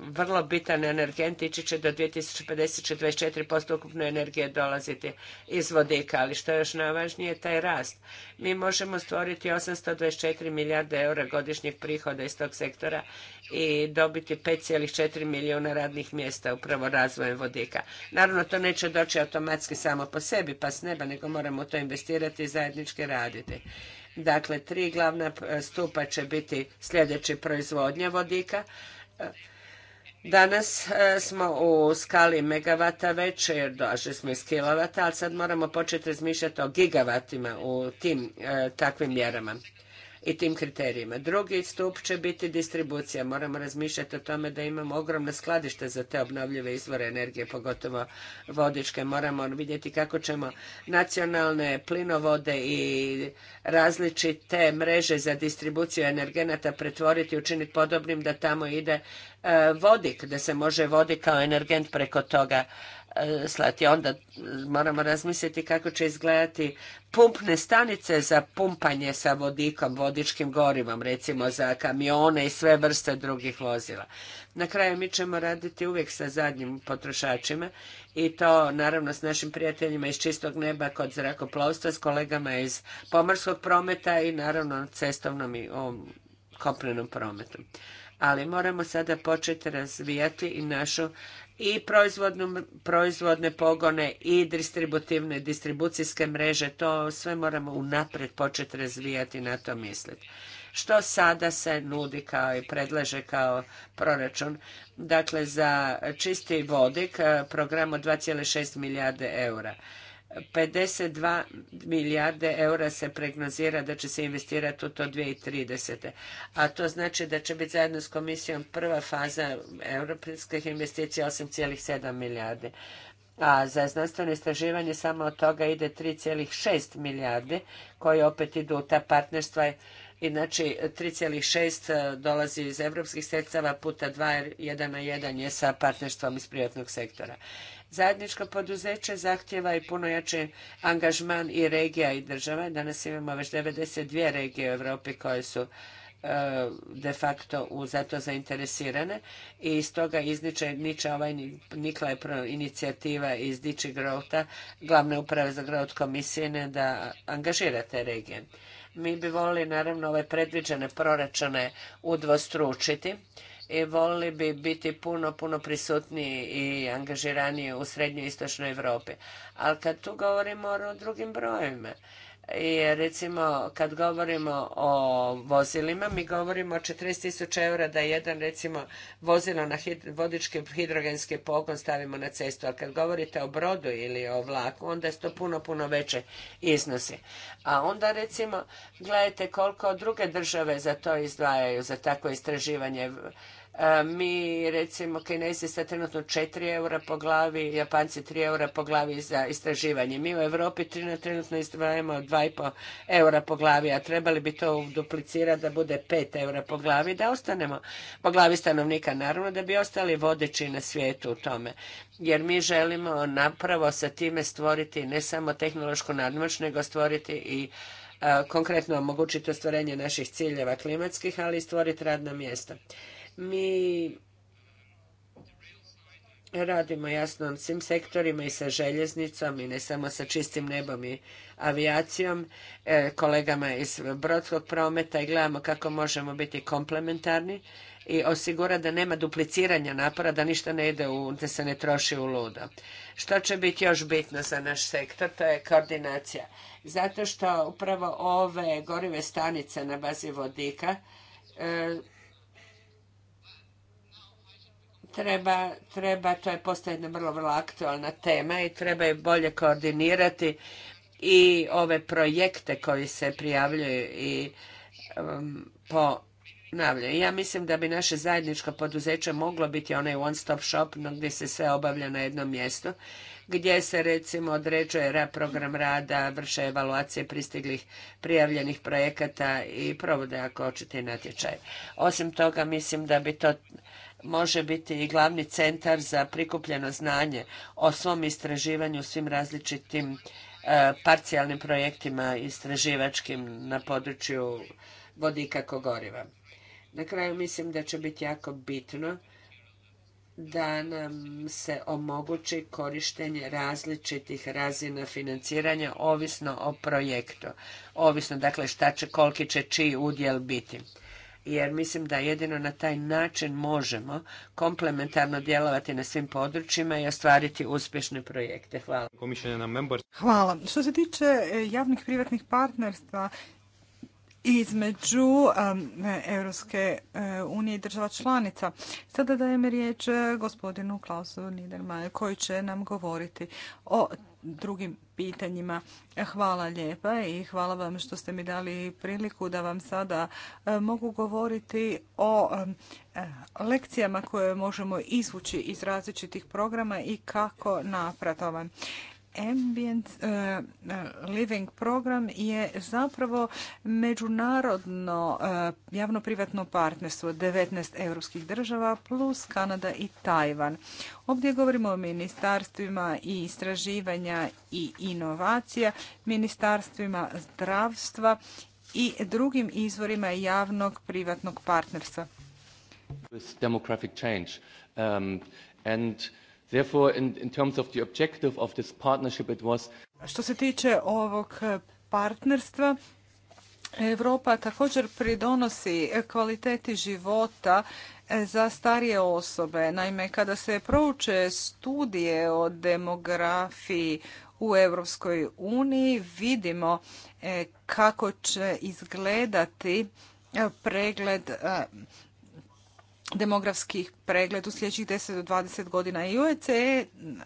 vrlo bitan energent, ići će do 2050 će ukupne energije dolaziti iz vodika, ali što je još najvažnije taj rast. Mi možemo stvoriti 824 milijarde eura godišnjeg prihoda iz tog sektora i dobiti 5,4 milijuna radnih mjesta upravo razvojem vodika. Naravno, to neće doći automatski samo po sebi, pa s neba, nego moramo to investirati i zajednički raditi. Dakle, tri glavna e, stupa će biti sljedeći proizvodnja vodika. E, danas e, smo u skali megavata već, jer došli smo iz kilovata, ali sad moramo početi razmišljati o gigavatima u tim takvim mjerama i tim kriterijima. Drugi stup će biti distribucija. Moramo razmišljati o tome da imamo ogromna skladište za te obnovljive izvore energije, pogotovo vodičke. Moramo vidjeti kako ćemo nacionalne plinovode i različite mreže za distribuciju energenata pretvoriti i učiniti podobnim da tamo ide e, vodik, da se može vodik kao energent preko toga E, slati. Onda moramo razmisliti kako će izgledati pumpne stanice za pumpanje sa vodikom, vodičkim gorivom, recimo za kamione i sve vrste drugih vozila. Na kraju mi ćemo raditi uvijek sa zadnjim potrošačima i to naravno s našim prijateljima iz čistog neba kod zrakoplovstva, s kolegama iz pomorskog prometa i naravno cestovnom i kopnenom prometu. Ali moramo sada početi razvijati i našu i proizvodne pogone i distributivne distribucijske mreže. To sve moramo unaprijed početi razvijati i na to misliti. Što sada se nudi kao i predlaže kao proračun? Dakle, za čisti vodik eh, program od 2,6 milijarde eura 52 milijarde eura se pregnozira da će se investirati u to 2030. A to znači da će biti zajedno s komisijom prva faza europskih investicija 8,7 milijarde. A za znanstveno istraživanje samo od toga ide 3,6 milijarde koje opet idu u ta partnerstva Inači 3,6 eh, dolazi iz europskih sredstava puta 2 1 na jedan je sa partnerstvom iz privatnog sektora. Zajedničko poduzeće zahtjeva i puno jači angažman i regija i država. Danas imamo već 92 regije u Europi koje su eh, de facto u zato zainteresirane i stoga izniče niče ovaj nikla je inicijativa iz Diči Grota, glavne uprave za Grot komisije da angažira te regije. Mi bi volili naravno ove predviđene proračune udvostručiti i volili bi biti puno, puno prisutniji i angažiraniji u srednjoj istočnoj Europi. Ali kad tu govorimo o drugim brojevima, jer recimo kad govorimo o vozilima, mi govorimo o tisuća eura da jedan recimo vozilo na vodički hidrogenski pogon stavimo na cestu, a kad govorite o brodu ili o vlaku, onda je to puno, puno veće iznosi. A onda recimo gledajte koliko druge države za to izdvajaju, za takvo istraživanje mi, recimo, kinezi sa trenutno 4 eura po glavi, japanci tri eura po glavi za istraživanje. Mi u Europi trenutno izdvajamo 2,5 eura po glavi, a trebali bi to duplicirati da bude pet eura po glavi, da ostanemo po glavi stanovnika, naravno, da bi ostali vodeći na svijetu u tome. Jer mi želimo napravo sa time stvoriti ne samo tehnološku nadmoć, nego stvoriti i konkretno omogućiti ostvarenje naših ciljeva klimatskih, ali i stvoriti radna mjesta. Mi radimo jasno na svim sektorima i sa željeznicom i ne samo sa čistim nebom i avijacijom, e, kolegama iz brodskog prometa i gledamo kako možemo biti komplementarni i osigura da nema dupliciranja napora, da ništa ne ide u, da se ne troši u ludo. Što će biti još bitno za naš sektor, to je koordinacija. Zato što upravo ove gorive stanice na bazi vodika e, treba, treba, to je postoje jedna vrlo, vrlo aktualna tema i treba je bolje koordinirati i ove projekte koji se prijavljuju i um, ponavljaju. Ja mislim da bi naše zajedničko poduzeće moglo biti onaj one-stop shop no, gdje se sve obavlja na jednom mjestu, gdje se recimo određuje program rada, vrše evaluacije pristiglih prijavljenih projekata i provode ako očite natječaj. Osim toga mislim da bi to može biti i glavni centar za prikupljeno znanje o svom istraživanju svim različitim e, parcijalnim projektima istraživačkim na području vodika kogoriva. Na kraju mislim da će biti jako bitno da nam se omogući korištenje različitih razina financiranja ovisno o projektu. Ovisno dakle šta će, koliki će čiji udjel biti jer mislim da jedino na taj način možemo komplementarno djelovati na svim područjima i ostvariti uspješne projekte. Hvala. Hvala. Što se tiče e, javnih privatnih partnerstva, između Europske e, unije i država članica. Sada dajem riječ e, gospodinu Klausu Niedermayer koji će nam govoriti o drugim pitanjima. Hvala lijepa i hvala vam što ste mi dali priliku da vam sada e, mogu govoriti o e, lekcijama koje možemo izvući iz različitih programa i kako napratovan. Ambient e, e, Living program je zapravo međunarodno e, javno-privatno partnerstvo 19 europskih država plus Kanada i Tajvan. Ovdje govorimo o ministarstvima i istraživanja i inovacija, ministarstvima zdravstva i drugim izvorima javnog privatnog partnerstva. Um, and Therefore, Što se tiče ovog eh, partnerstva, Europa također pridonosi kvaliteti života eh, za starije osobe. Naime, kada se prouče studije o demografiji u Europskoj uniji, vidimo eh, kako će izgledati pregled demografski pregled u sljedećih 10 do 20 godina. I OECD,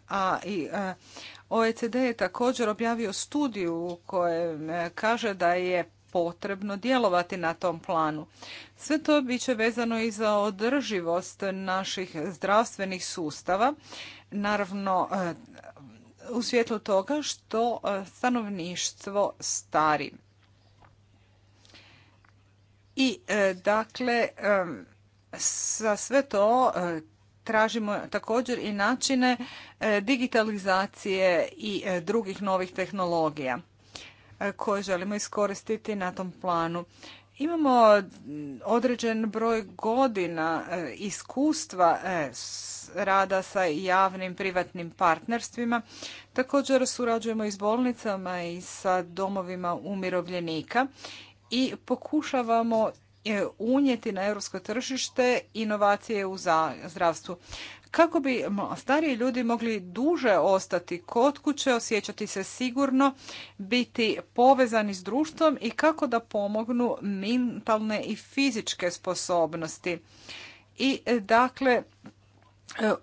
a i e, OECD je također objavio studiju koje e, kaže da je potrebno djelovati na tom planu. Sve to bit će vezano i za održivost naših zdravstvenih sustava. Naravno, e, u svjetlu toga što stanovništvo stari. I dakle, za sve to e, tražimo također i načine e, digitalizacije i e, drugih novih tehnologija koje želimo iskoristiti na tom planu. Imamo određen broj godina iskustva rada sa javnim privatnim partnerstvima. Također surađujemo i s bolnicama i sa domovima umirovljenika i pokušavamo E, unijeti na europsko tržište inovacije u zdravstvu. Kako bi stariji ljudi mogli duže ostati kod kuće, osjećati se sigurno, biti povezani s društvom i kako da pomognu mentalne i fizičke sposobnosti. I e, dakle, 2008.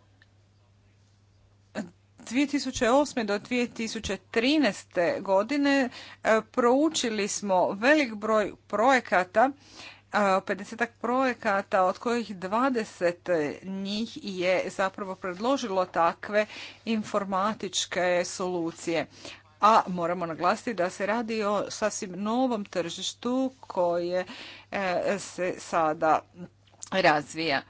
E, do 2013. godine proučili smo velik broj projekata 50 projekata od kojih 20 njih je zapravo predložilo takve informatičke solucije. A moramo naglasiti da se radi o sasvim novom tržištu koje e, se sada razvija.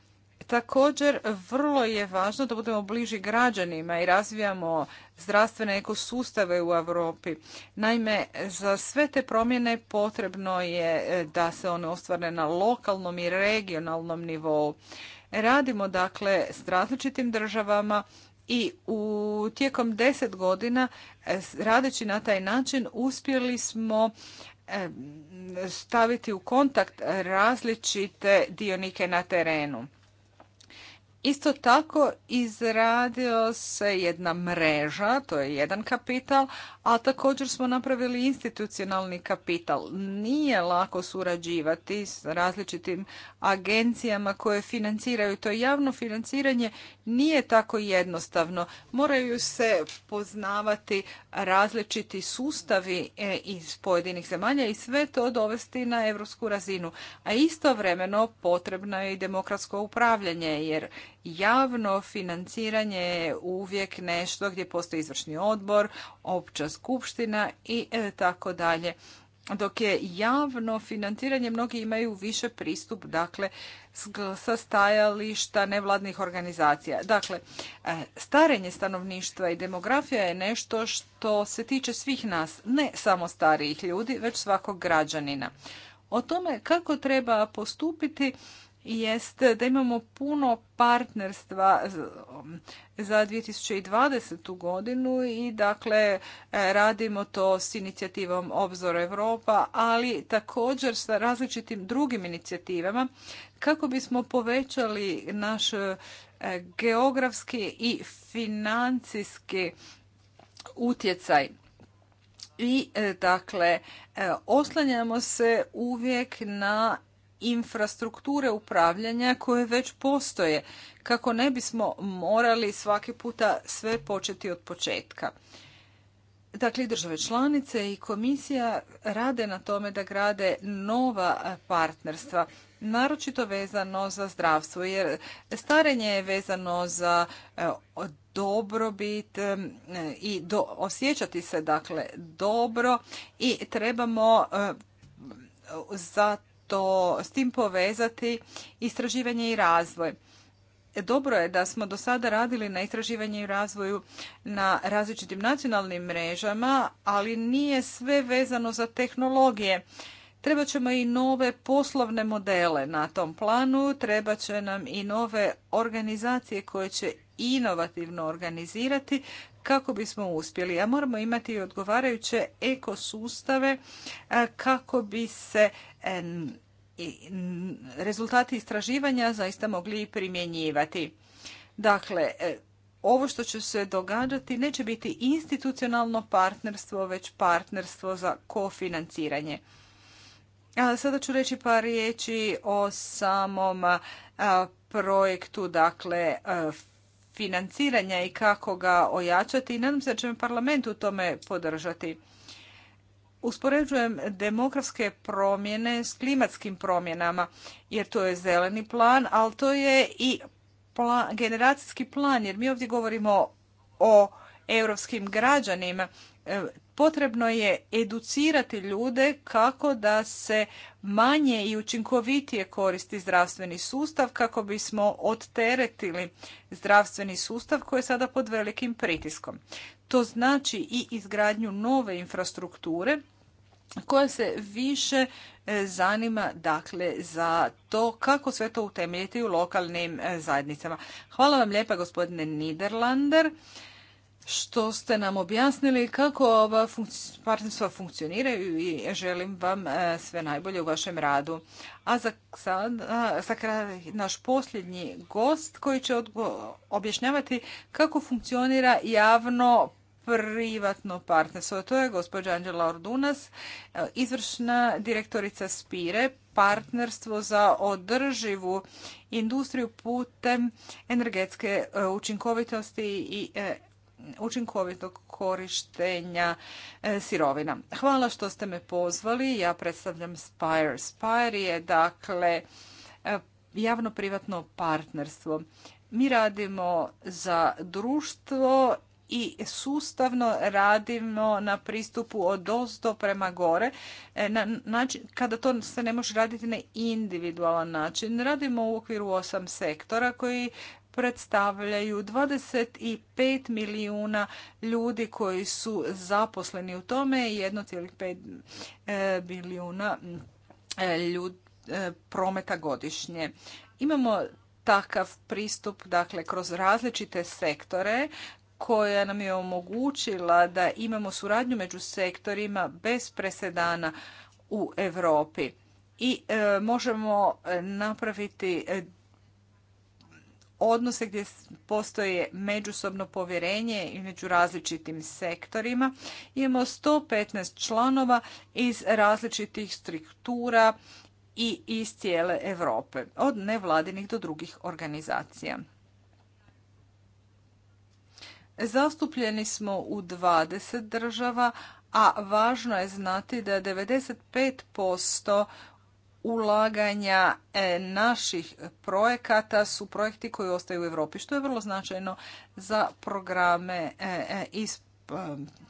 Također, vrlo je važno da budemo bliži građanima i razvijamo zdravstvene ekosustave u Europi. Naime, za sve te promjene potrebno je e, da se one ostvare na lokalnom i regionalnom nivou. Radimo dakle s različitim državama i u tijekom deset godina e, radeći na taj način uspjeli smo e, staviti u kontakt različite dionike na terenu. Isto tako izradio se jedna mreža, to je jedan kapital, a također smo napravili institucionalni kapital. Nije lako surađivati s različitim agencijama koje financiraju to javno financiranje nije tako jednostavno. Moraju se poznavati različiti sustavi e, iz pojedinih zemalja i sve to dovesti na europsku razinu. A istovremeno potrebno je i demokratsko upravljanje jer javno financiranje je uvijek nešto gdje postoji izvršni odbor, opća skupština i e, tako dalje. Dok je javno financiranje, mnogi imaju više pristup dakle, sa stajališta nevladnih organizacija. Dakle, e, starenje stanovništva i demografija je nešto što se tiče svih nas, ne samo starijih ljudi, već svakog građanina. O tome kako treba postupiti jest da imamo puno partnerstva za 2020. godinu i dakle e, radimo to s inicijativom Obzor Europa, ali također sa različitim drugim inicijativama kako bismo povećali naš e, geografski i financijski utjecaj i e, dakle oslanjamo se uvijek na infrastrukture upravljanja koje već postoje, kako ne bismo morali svaki puta sve početi od početka. Dakle, države članice i komisija rade na tome da grade nova partnerstva, naročito vezano za zdravstvo, jer starenje je vezano za e, dobrobit e, i do, osjećati se dakle dobro i trebamo e, za to s tim povezati istraživanje i razvoj. Dobro je da smo do sada radili na istraživanju i razvoju na različitim nacionalnim mrežama, ali nije sve vezano za tehnologije. Treba ćemo i nove poslovne modele na tom planu, treba će nam i nove organizacije koje će inovativno organizirati kako bismo uspjeli. A moramo imati odgovarajuće ekosustave e, kako bi se e, rezultati istraživanja zaista mogli primjenjivati. Dakle, e, ovo što će se događati neće biti institucionalno partnerstvo, već partnerstvo za kofinanciranje. A sada ću reći par riječi o samom projektu, dakle, financiranja i kako ga ojačati i nadam se da će parlament u tome podržati. Uspoređujem demografske promjene s klimatskim promjenama, jer to je zeleni plan, ali to je i generacijski plan, jer mi ovdje govorimo o europskim građanima E, potrebno je educirati ljude kako da se manje i učinkovitije koristi zdravstveni sustav kako bismo odteretili zdravstveni sustav koji je sada pod velikim pritiskom. To znači i izgradnju nove infrastrukture koja se više e, zanima dakle za to kako sve to utemeljiti u lokalnim e, zajednicama. Hvala vam lijepa gospodine Niderlander što ste nam objasnili kako ova partnerstva funkcioniraju i želim vam e, sve najbolje u vašem radu. A za, sad, kraj naš posljednji gost koji će objašnjavati kako funkcionira javno privatno partnerstvo. To je gospođa Angela Ordunas, e, izvršna direktorica Spire, partnerstvo za održivu industriju putem energetske e, učinkovitosti i učinkovitog korištenja e, sirovina. Hvala što ste me pozvali. Ja predstavljam Spire. Spire je dakle e, javno-privatno partnerstvo. Mi radimo za društvo i sustavno radimo na pristupu od ozdo prema gore, e, na kada to se ne može raditi na individualan način. Radimo u okviru osam sektora koji predstavljaju 25 milijuna ljudi koji su zaposleni u tome i 1,5 e, milijuna e, ljudi e, prometa godišnje. Imamo takav pristup dakle kroz različite sektore koja nam je omogućila da imamo suradnju među sektorima bez presedana u Europi i možemo napraviti odnose gdje postoje međusobno povjerenje i među različitim sektorima. Imamo 115 članova iz različitih struktura i iz cijele Europe, od nevladinih do drugih organizacija. Zastupljeni smo u 20 država, a važno je znati da 95% ulaganja e, naših projekata su projekti koji ostaju u Europi, što je vrlo značajno za programe e, e, iz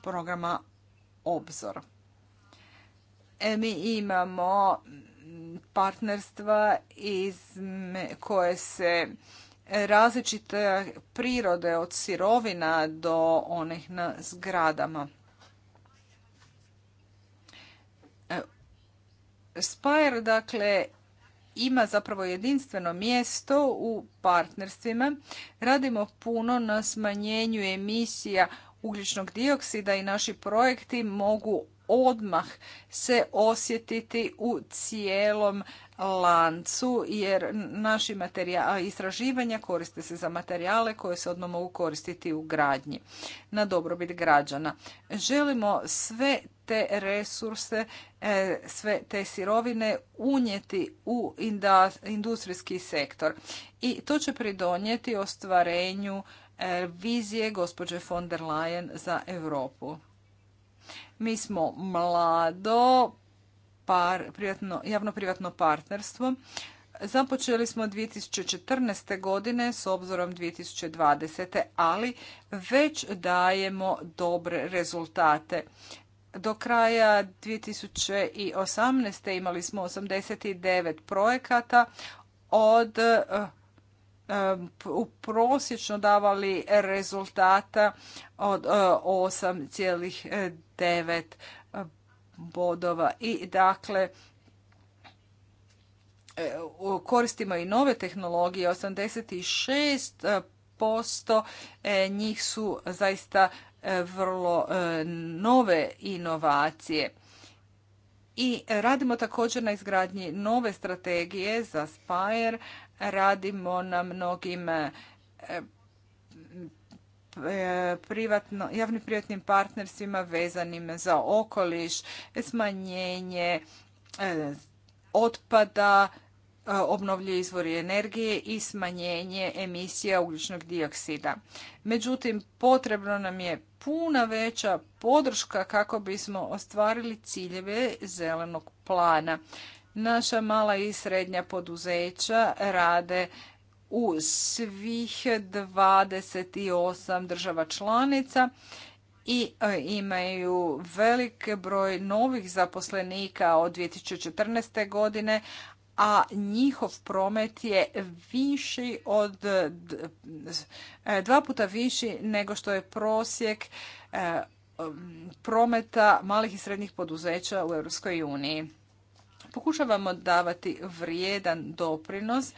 programa Obzor. Mi imamo partnerstva iz koje se različite prirode od sirovina do onih na zgradama. Spire dakle ima zapravo jedinstveno mjesto u partnerstvima. Radimo puno na smanjenju emisija ugljičnog dioksida i naši projekti mogu odmah se osjetiti u cijelom lancu jer naši materijali, istraživanja koriste se za materijale koje se odmah mogu koristiti u gradnji na dobrobit građana. Želimo sve te resurse, e, sve te sirovine unijeti u industrijski sektor. I to će pridonijeti ostvarenju e, vizije gospođe von der Leyen za Europu. Mi smo mlado javno-privatno partnerstvo. Započeli smo 2014. godine s obzorom 2020. ali već dajemo dobre rezultate do kraja 2018. imali smo 89 projekata od eh, eh, u prosječno davali rezultata od 8,9 eh, bodova i dakle koristimo i nove tehnologije 86% njih su zaista vrlo e, nove inovacije. I radimo također na izgradnji nove strategije za Spire, radimo na mnogim e, e, javnim privatnim partnerstvima vezanim za okoliš, smanjenje otpada, obnovljivi izvori energije i smanjenje emisija ugljičnog dioksida. Međutim, potrebno nam je puna veća podrška kako bismo ostvarili ciljeve zelenog plana. Naša mala i srednja poduzeća rade u svih 28 država članica i imaju velik broj novih zaposlenika od 2014. godine, a njihov promet je viši od e, dva puta viši nego što je prosjek e, prometa malih i srednjih poduzeća u Europskoj uniji. Pokušavamo davati vrijedan doprinos.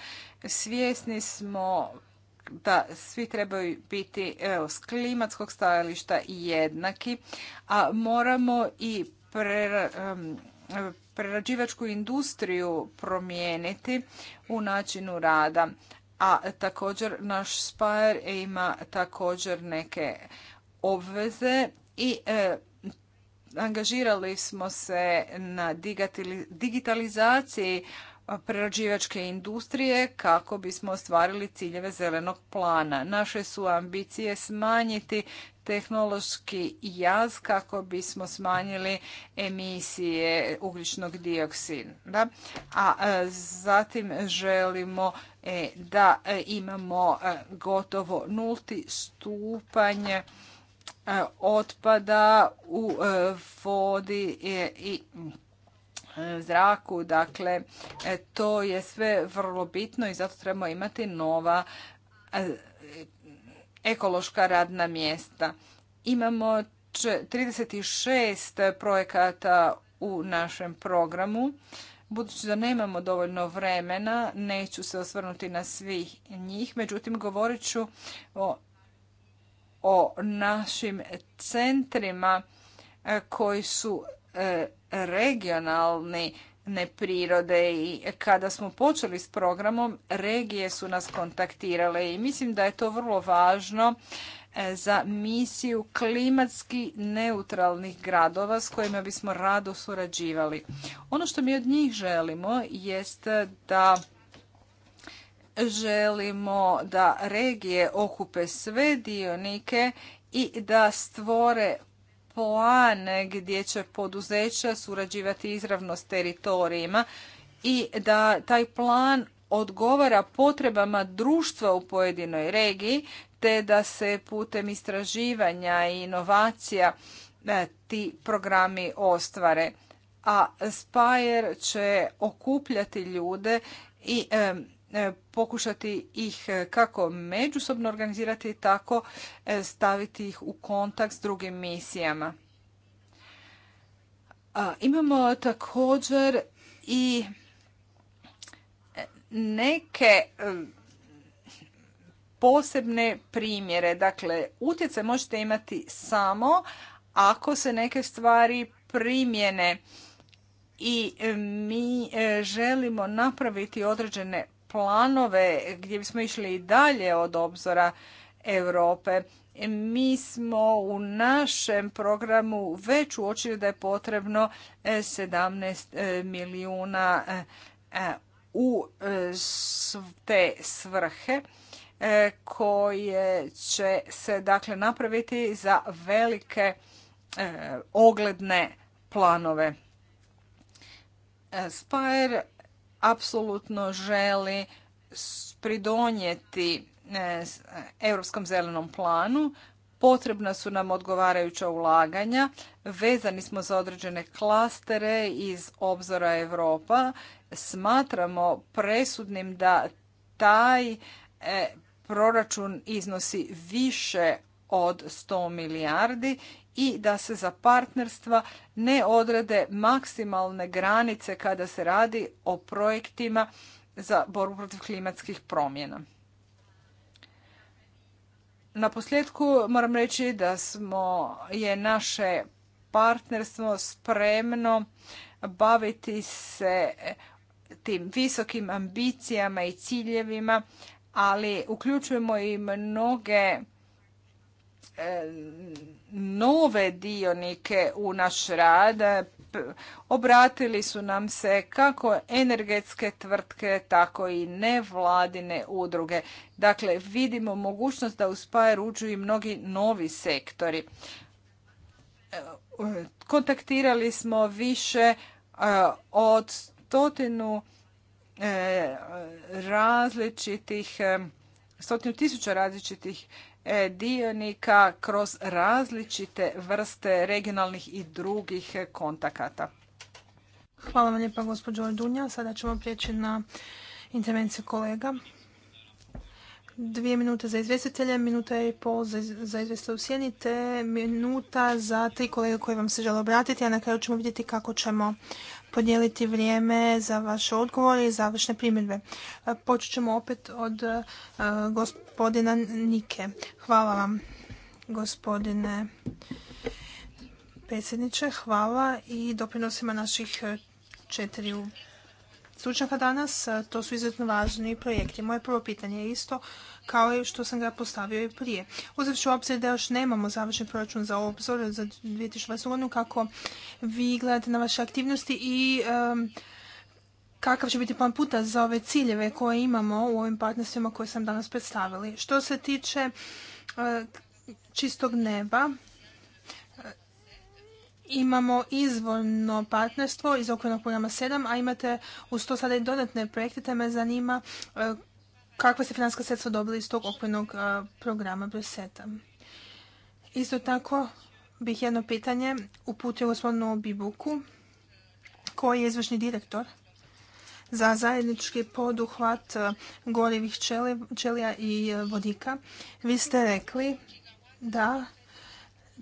Svjesni smo da svi trebaju biti s klimatskog stajališta jednaki, a moramo i pre, prerađivačku industriju promijeniti u načinu rada. A također naš spajer ima također neke obveze i e, angažirali smo se na digitalizaciji prerađivačke industrije kako bismo ostvarili ciljeve zelenog plana. Naše su ambicije smanjiti tehnološki jaz kako bismo smanjili emisije ugljičnog dioksida. A e, zatim želimo e, da e, imamo gotovo nulti stupanj otpada u vodi i zraku. Dakle, to je sve vrlo bitno i zato trebamo imati nova ekološka radna mjesta. Imamo 36 projekata u našem programu. Budući da nemamo dovoljno vremena, neću se osvrnuti na svih njih, međutim govorit ću o, o našim centrima e, koji su e, regionalni prirode i kada smo počeli s programom regije su nas kontaktirale i mislim da je to vrlo važno e, za misiju klimatski neutralnih gradova s kojima bismo rado surađivali. Ono što mi od njih želimo jest da želimo da regije okupe sve dionike i da stvore plan gdje će poduzeća surađivati izravno s teritorijima i da taj plan odgovara potrebama društva u pojedinoj regiji, te da se putem istraživanja i inovacija e, ti programi ostvare. A Spajer će okupljati ljude i E, pokušati ih e, kako međusobno organizirati, tako e, staviti ih u kontakt s drugim misijama. Imamo također i neke posebne primjere. Dakle, utjecaj možete imati samo ako se neke stvari primjene i mi želimo napraviti određene planove gdje bismo išli i dalje od obzora Europe. Mi smo u našem programu već uočili da je potrebno 17 e, e, milijuna e, u te svrhe koje će se dakle napraviti za velike ogledne planove. Spajer apsolutno želi pridonijeti e, Europskom zelenom planu. Potrebna su nam odgovarajuća ulaganja. Vezani smo za određene klastere iz obzora Europa. Smatramo presudnim da taj e, proračun iznosi više od 100 milijardi i da se za partnerstva ne odrede maksimalne granice kada se radi o projektima za borbu protiv klimatskih promjena. Na posljedku moram reći da smo, je naše partnerstvo spremno baviti se tim visokim ambicijama i ciljevima, ali uključujemo i mnoge nove dionike u naš rad. Obratili su nam se kako energetske tvrtke, tako i nevladine udruge. Dakle, vidimo mogućnost da u ruđu i mnogi novi sektori. Kontaktirali smo više e, od stotinu e, različitih, e, stotinu tisuća različitih E, dionika kroz različite vrste regionalnih i drugih kontakata. Hvala vam lijepa gospođo Dunja. Sada ćemo prijeći na intervenciju kolega. Dvije minute za izvjestitelje, minuta i pol za, za izvjestitelje u sjeni, te minuta za tri kolege koji vam se žele obratiti, a na kraju ćemo vidjeti kako ćemo podijeliti vrijeme za vaše odgovore i završne primjedbe. E, počet ćemo opet od e, gospodina Nike. Hvala vam gospodine predsjedniče. Hvala i doprinosima naših četiri stručnjaka danas. To su izuzetno važni projekti. Moje prvo pitanje je isto kao i što sam ga postavio i prije. Uzevši ću obzir da još nemamo završen proračun za obzor za 2020. godinu, kako vi gledate na vaše aktivnosti i kakav će biti plan puta za ove ciljeve koje imamo u ovim partnerstvima koje sam danas predstavili. Što se tiče e, čistog neba, imamo izvorno partnerstvo iz okvirnog programa 7, a imate uz to sada i dodatne projekte, te me zanima e, kakva ste financijska sredstva dobili iz tog okvirnog e, programa Brseta. Isto tako bih jedno pitanje uputio gospodinu Bibuku, koji je izvršni direktor za zajednički poduhvat e, gorivih čelija i vodika. Vi ste rekli da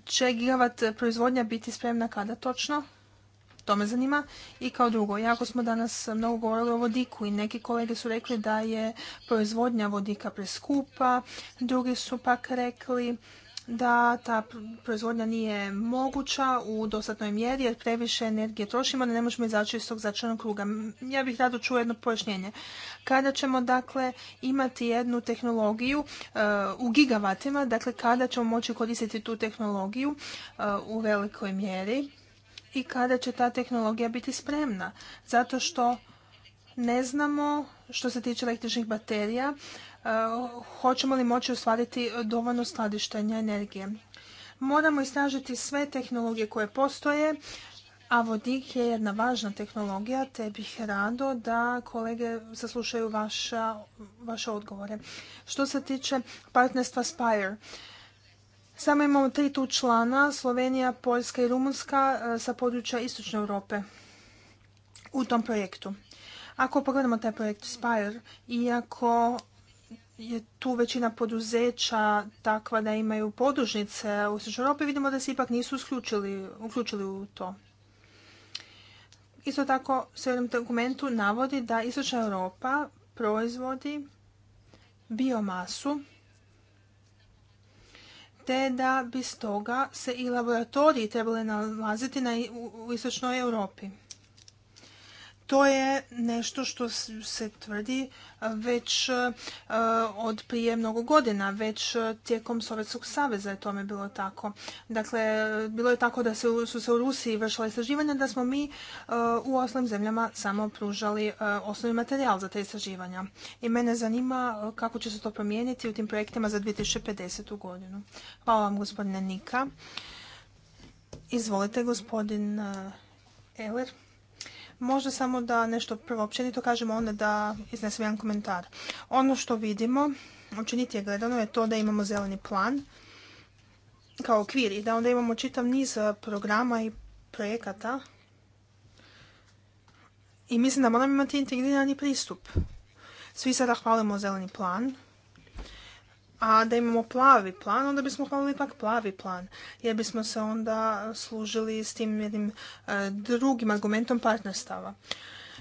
će gigavat proizvodnja biti spremna kada točno? To me zanima. I kao drugo, jako smo danas mnogo govorili o vodiku i neki kolege su rekli da je proizvodnja vodika preskupa, drugi su pak rekli da ta proizvodnja nije moguća u dostatnoj mjeri jer previše energije trošimo da ne možemo izaći iz tog začaranog kruga. Ja bih rado čuo jedno pojašnjenje. Kada ćemo dakle imati jednu tehnologiju uh, u gigavatima, dakle kada ćemo moći koristiti tu tehnologiju uh, u velikoj mjeri i kada će ta tehnologija biti spremna. Zato što ne znamo što se tiče električnih baterija E, hoćemo li moći ostvariti dovoljno skladištenja energije. Moramo istražiti sve tehnologije koje postoje, a vodik je jedna važna tehnologija, te bih rado da kolege saslušaju vaša, vaše odgovore. Što se tiče partnerstva Spire, samo imamo tri tu člana, Slovenija, Poljska i Rumunska e, sa područja Istočne Europe u tom projektu. Ako pogledamo taj projekt Spire, iako je tu većina poduzeća takva da imaju podružnice u Istočnoj Europi, vidimo da se ipak nisu uključili, u to. Isto tako se u jednom dokumentu navodi da Istočna Europa proizvodi biomasu te da bi stoga se i laboratoriji trebali nalaziti na, u Istočnoj Europi. To je nešto što se tvrdi već e, od prije mnogo godina, već e, tijekom Sovjetskog saveza je tome bilo tako. Dakle, bilo je tako da su se u Rusiji vršila istraživanja da smo mi e, u osnovnim zemljama samo pružali osnovni materijal za te istraživanja. I mene zanima kako će se to promijeniti u tim projektima za 2050. godinu. Hvala vam gospodine Nika. Izvolite gospodin Eller. Možda samo da nešto prvo općenito kažemo, onda da iznesem jedan komentar. Ono što vidimo, općenitije gledano, je to da imamo zeleni plan kao okvir i da onda imamo čitav niz e, programa i projekata i mislim da moramo imati integrirani pristup. Svi sada hvalimo zeleni plan, a da imamo plavi plan, onda bismo hvalili ipak plavi plan, jer bismo se onda služili s tim jednim e, drugim argumentom partnerstava.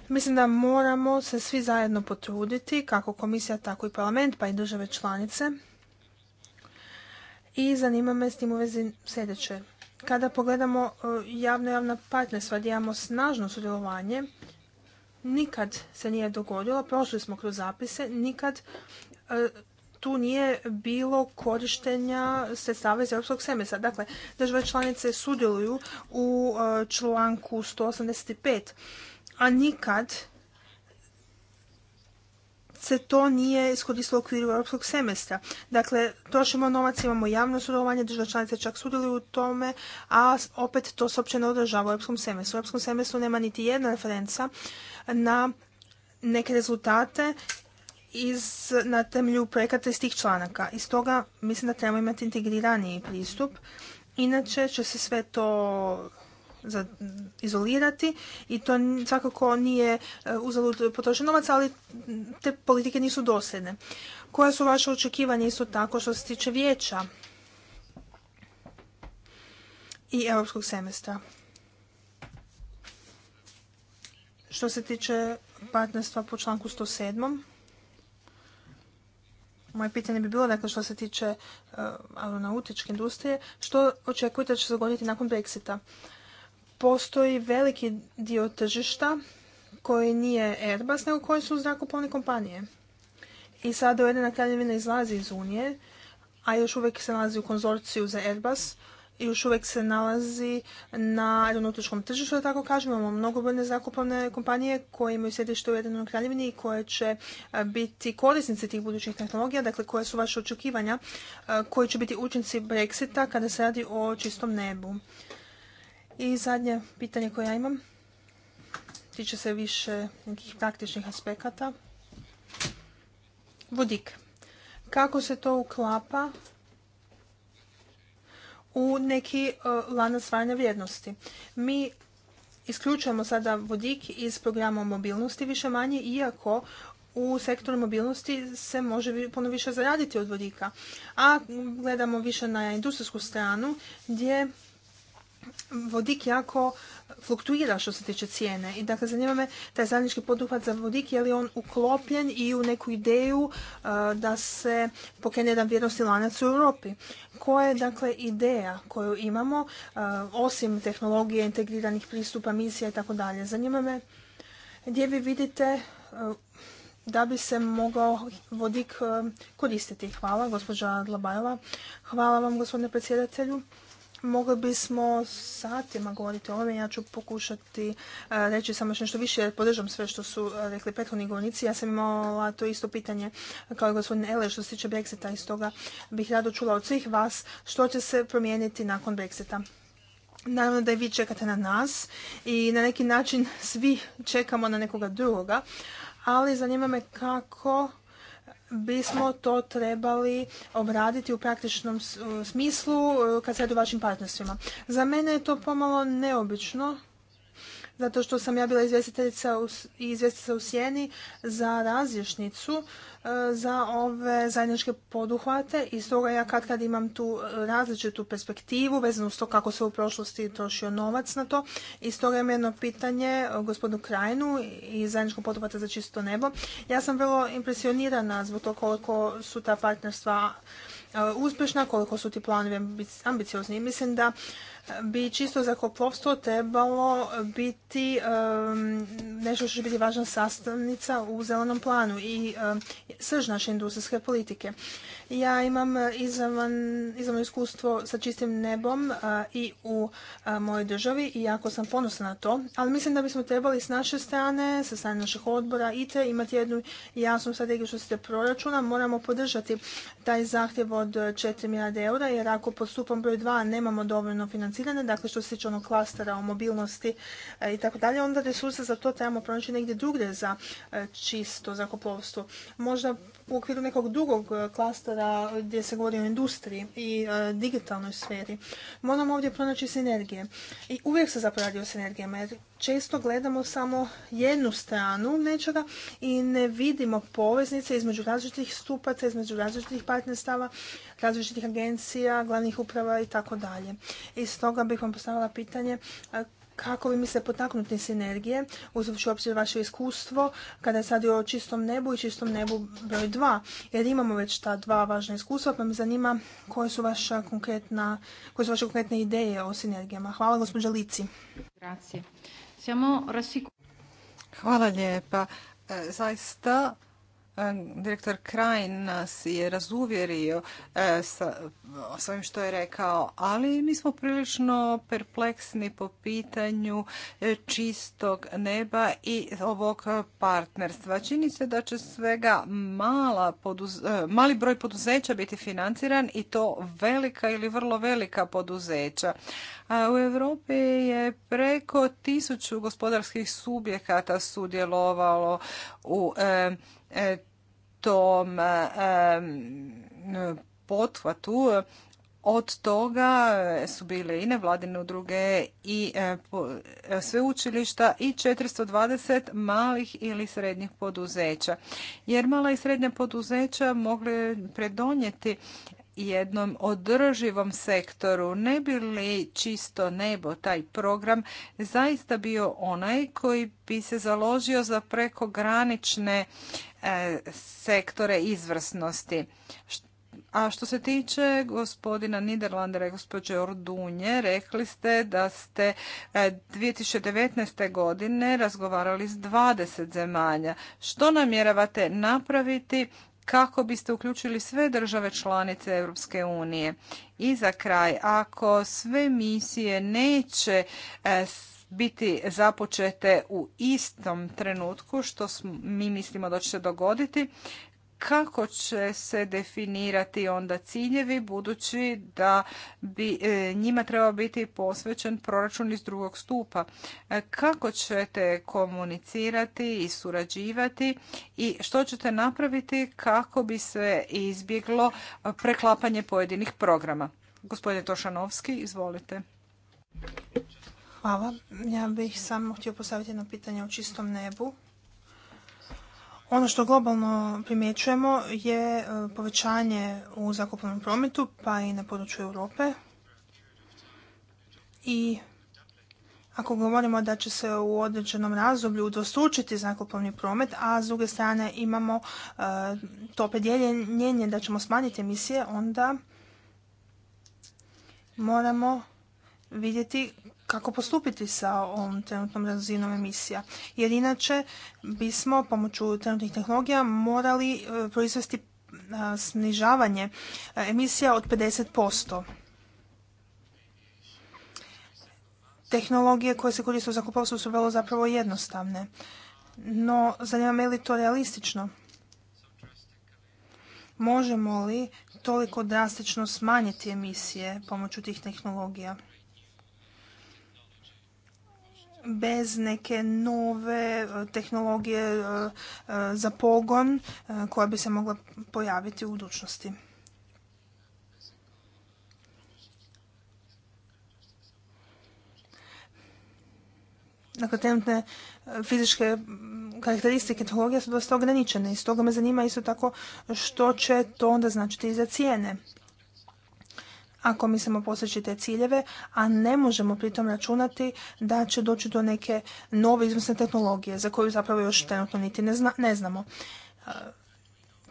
Mislim da moramo se svi zajedno potruditi, kako komisija, tako i parlament, pa i države članice. I zanima me s tim u vezi sljedeće. Kada pogledamo e, javno-javna partnerstva gdje imamo snažno sudjelovanje, nikad se nije dogodilo, prošli smo kroz zapise, nikad e, tu nije bilo korištenja sredstava iz europskog semestra. Dakle, države članice sudjeluju u e, članku 185, a nikad se to nije iskoristilo u okviru europskog semestra. Dakle, trošimo novac, imamo javno sudovanje, države članice čak sudjeluju u tome, a opet to se uopće ne odražava u europskom semestru. U europskom semestru nema niti jedna referenca na neke rezultate iz, na temelju projekata iz tih članaka. iz toga mislim da trebamo imati integriraniji pristup. Inače će se sve to za, izolirati i to svakako nije e, uzalud potrošen novac, ali te politike nisu dosljedne. Koja su vaše očekivanja isto tako što se tiče vijeća i europskog semestra? Što se tiče partnerstva po članku 107 moje pitanje bi bilo, dakle, što se tiče uh, industrije, što očekujete da će se dogoditi nakon Brexita? Postoji veliki dio tržišta koji nije Airbus, nego koji su zrakoplovne kompanije. I sada Ujedina kraljevina izlazi iz Unije, a još uvijek se nalazi u konzorciju za Airbus, i još uvijek se nalazi na aeronautičkom tržištu, da tako kažem Imamo mnogobrojne zakupovne kompanije koje imaju sjedište u jednom kraljevini i koje će e, biti korisnici tih budućih tehnologija. Dakle, koje su vaše očekivanja, e, koji će biti učinci Brexita kada se radi o čistom nebu. I zadnje pitanje koje ja imam tiče se više nekih praktičnih aspekata. Vodik. Kako se to uklapa u neki e, lanac stvarne vrijednosti. Mi isključujemo sada vodik iz programa mobilnosti više manje, iako u sektoru mobilnosti se može puno više zaraditi od vodika. A gledamo više na industrijsku stranu gdje vodik jako fluktuira što se tiče cijene. I dakle, zanima me taj zajednički poduhvat za vodik, je li on uklopljen i u neku ideju uh, da se pokrene jedan vjernosti lanac u Europi. Koja je, dakle, ideja koju imamo, uh, osim tehnologije, integriranih pristupa, misija i tako dalje. Zanima me gdje vi vidite uh, da bi se mogao vodik koristiti. Hvala, gospođa Dlabajla. Hvala vam, gospodine predsjedatelju. Mogli bismo satima govoriti o ovome, ja ću pokušati e, reći samo nešto više jer podržam sve što su e, rekli prethodni govornici. Ja sam imala to isto pitanje kao i gospodin Ele što se tiče Brexita i stoga bih rado čula od svih vas što će se promijeniti nakon Brexita. Naravno da i vi čekate na nas i na neki način svi čekamo na nekoga drugoga, ali zanima me kako bismo to trebali obraditi u praktičnom smislu e, kad se radi o vašim partnerstvima. Za mene je to pomalo neobično zato što sam ja bila izvjestiteljica i izvjestiteljica u Sjeni za razješnicu e, za ove zajedničke poduhvate i stoga ja kad kad imam tu e, različitu perspektivu vezano s to kako se u prošlosti trošio novac na to i stoga imam jedno pitanje e, gospodinu Krajnu i zajedničkog poduhvata za čisto nebo. Ja sam vrlo impresionirana zbog to koliko su ta partnerstva uspješna, koliko su ti planovi ambiciozni. Mislim da bi čisto zakoplovstvo trebalo biti nešto što će biti važna sastavnica u zelenom planu i srž naše industrijske politike. Ja imam izravno iskustvo sa čistim nebom i u mojoj državi i jako sam ponosna na to, ali mislim da bismo trebali s naše strane, sa strane naših odbora i te imati jednu jasnu strategiju što se proračuna. Moramo podržati taj zahtjev od 4 milijarde eura jer ako pod broj 2 nemamo dovoljno financiranja financirane, dakle što se tiče onog klastera o mobilnosti e, i tako dalje, onda resursa za to trebamo pronaći negdje drugdje za e, čisto zrakoplovstvo. Možda u okviru nekog drugog e, klastera gdje se govori o industriji i digitalnoj sferi. Moramo ovdje pronaći sinergije. I uvijek se zapravo radi o sinergijama često gledamo samo jednu stranu nečega i ne vidimo poveznice između različitih stupaca, između različitih partnerstava, različitih agencija, glavnih uprava i tako dalje. I stoga bih vam postavila pitanje kako bi mi se potaknuti sinergije, uz obzir vaše iskustvo, kada je sad o čistom nebu i čistom nebu broj 2, jer imamo već ta dva važna iskustva, pa me zanima koje su, vaša konkretna, koje su vaše konkretne ideje o sinergijama. Hvala, gospođa Lici. Hvala lijepa. E, zaista, e, direktor Krajn nas je razuvjerio e, sa ovim što je rekao, ali mi smo prilično perpleksni po pitanju čistog neba i ovog partnerstva. Čini se da će svega mali broj poduzeća biti financiran i to velika ili vrlo velika poduzeća. U Europi je preko tisuću gospodarskih subjekata sudjelovalo u e, e, tom e, potvatu. Od toga su bile i nevladine udruge i sveučilišta i 420 malih ili srednjih poduzeća. Jer mala i srednja poduzeća mogli predonijeti jednom održivom sektoru. Ne bi li čisto nebo taj program zaista bio onaj koji bi se založio za prekogranične e, sektore izvrsnosti. A što se tiče gospodina Niderlandera i gospođe Ordunje, rekli ste da ste 2019. E, godine razgovarali s 20 zemalja. Što namjeravate napraviti kako biste uključili sve države članice Europske unije. I za kraj, ako sve misije neće e, biti započete u istom trenutku, što mi mislimo da će se dogoditi, kako će se definirati onda ciljevi budući da bi e, njima treba biti posvećen proračun iz drugog stupa. E, kako ćete komunicirati i surađivati i što ćete napraviti kako bi se izbjeglo preklapanje pojedinih programa? Gospodine Tošanovski, izvolite. Hvala. Ja bih samo htio postaviti jedno pitanje o čistom nebu. Ono što globalno primjećujemo je e, povećanje u zakupnom prometu, pa i na području Europe. I ako govorimo da će se u određenom razdoblju udvostručiti zakupovni promet, a s druge strane imamo e, to opredjeljenje da ćemo smanjiti emisije, onda moramo vidjeti kako postupiti sa ovom trenutnom razinom emisija. Jer inače bismo pomoću trenutnih tehnologija morali e, proizvesti e, snižavanje e, emisija od 50%. Tehnologije koje se koriste u zakupovstvu su vrlo zapravo jednostavne. No, zanima me li to realistično? Možemo li toliko drastično smanjiti emisije pomoću tih tehnologija? bez neke nove eh, tehnologije eh, eh, za pogon koja bi se mogla pojaviti u budućnosti. Dakle, trenutne fizičke karakteristike tehnologija su dosta ograničene i stoga me zanima isto tako što će to onda značiti i za cijene ako mislimo postići te ciljeve, a ne možemo pritom računati da će doći do neke nove izvrsne tehnologije za koju zapravo još trenutno niti ne, ne znamo. E,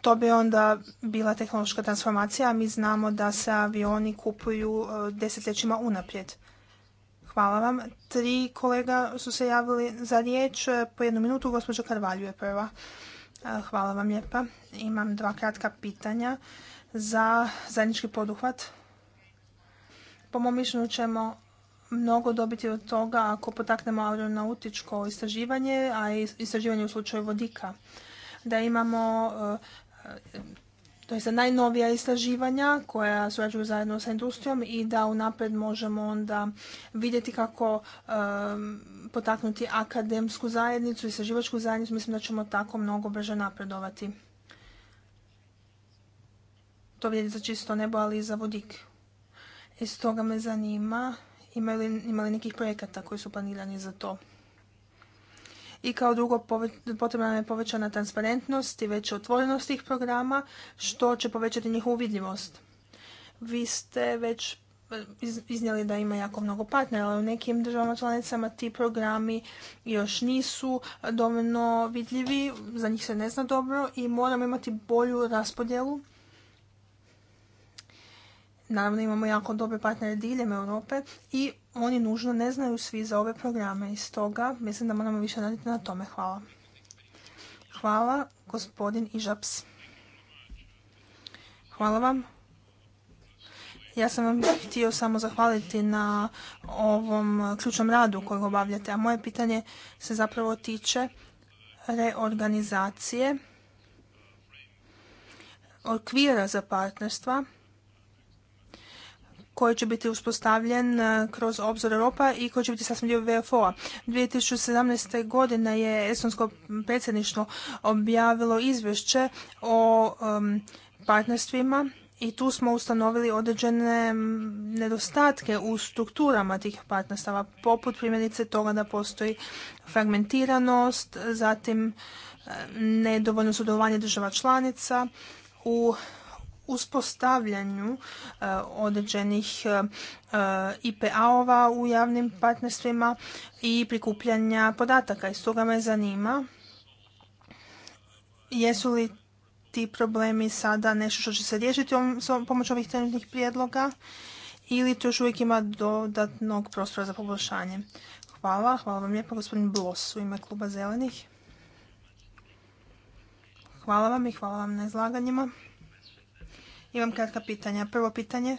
to bi onda bila tehnološka transformacija, a mi znamo da se avioni kupuju e, desetljećima unaprijed. Hvala vam. Tri kolega su se javili za riječ. E, po jednu minutu gospođa Karvalju je prva. Hvala vam lijepa. Imam dva kratka pitanja za zajednički poduhvat po mom mišljenju ćemo mnogo dobiti od toga ako potaknemo aeronautičko istraživanje, a i istraživanje u slučaju vodika. Da imamo e, e, to je najnovija istraživanja koja surađuju zajedno sa industrijom i da unaprijed možemo onda vidjeti kako e, potaknuti akademsku zajednicu, i istraživačku zajednicu. Mislim da ćemo tako mnogo brže napredovati. To vidjeti za čisto nebo, ali i za vodik i e, stoga me zanima ima li, nekih projekata koji su planirani za to. I kao drugo, potrebna je povećana transparentnost i veća otvorenost tih programa, što će povećati njihovu vidljivost. Vi ste već e, iznijeli da ima jako mnogo partnera, ali u nekim državama članicama ti programi još nisu dovoljno vidljivi, za njih se ne zna dobro i moramo imati bolju raspodjelu Naravno imamo jako dobre partnere diljem Europe i oni nužno ne znaju svi za ove programe i stoga mislim da moramo više raditi na tome. Hvala. Hvala gospodin Ižaps. Hvala vam. Ja sam vam htio samo zahvaliti na ovom ključnom radu kojeg obavljate, a moje pitanje se zapravo tiče reorganizacije okvira za partnerstva koji će biti uspostavljen e, kroz obzor Europa i koji će biti sasvim dio VFO-a. 2017. godine je Estonsko predsjedništvo objavilo izvješće o partnerstvima i tu smo ustanovili određene nedostatke u strukturama tih partnerstava, poput primjerice toga da postoji fragmentiranost, zatim nedovoljno sudjelovanje država članica u uspostavljanju e, određenih e, IPA-ova u javnim partnerstvima i prikupljanja podataka. I stoga me zanima jesu li ti problemi sada nešto što će se riješiti pomoću ovih trenutnih prijedloga ili to još uvijek ima dodatnog prostora za poboljšanje. Hvala. Hvala vam lijepa gospodin Blos u ime Kluba Zelenih. Hvala vam i hvala vam na izlaganjima. Imam kratka pitanja. Prvo pitanje.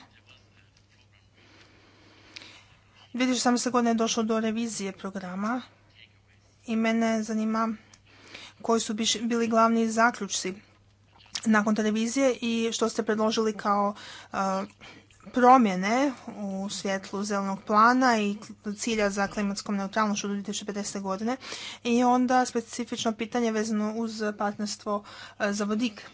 2018. godine je došlo do revizije programa i mene zanima koji su bili glavni zaključci nakon te revizije i što ste predložili kao promjene u svjetlu zelenog plana i cilja za klimatskom neutralnošću do 2050. godine i onda specifično pitanje vezano uz partnerstvo za vodik.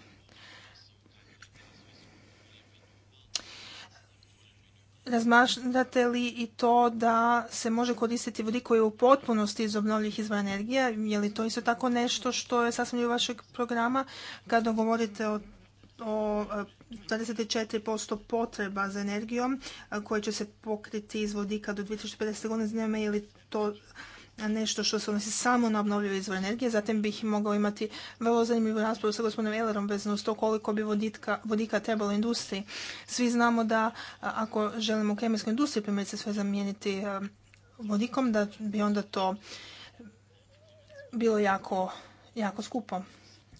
razmašljate li i to da se može koristiti vodik koji je u potpunosti iz obnovljivih izvora energije? Je li to isto tako nešto što je sasvim u vašeg programa kada govorite o o 24% e, potreba za energijom koje će se pokriti iz vodika do 2050. godine. Znam je li to nešto što se odnosi samo na obnovljive izvore energije. Zatim bih mogao imati vrlo zanimljivu raspravu sa gospodinom Ellerom vezano s to koliko bi voditka, vodika trebalo industriji. Svi znamo da ako želimo u kemijskoj industriji se sve zamijeniti vodikom, da bi onda to bilo jako, jako skupo.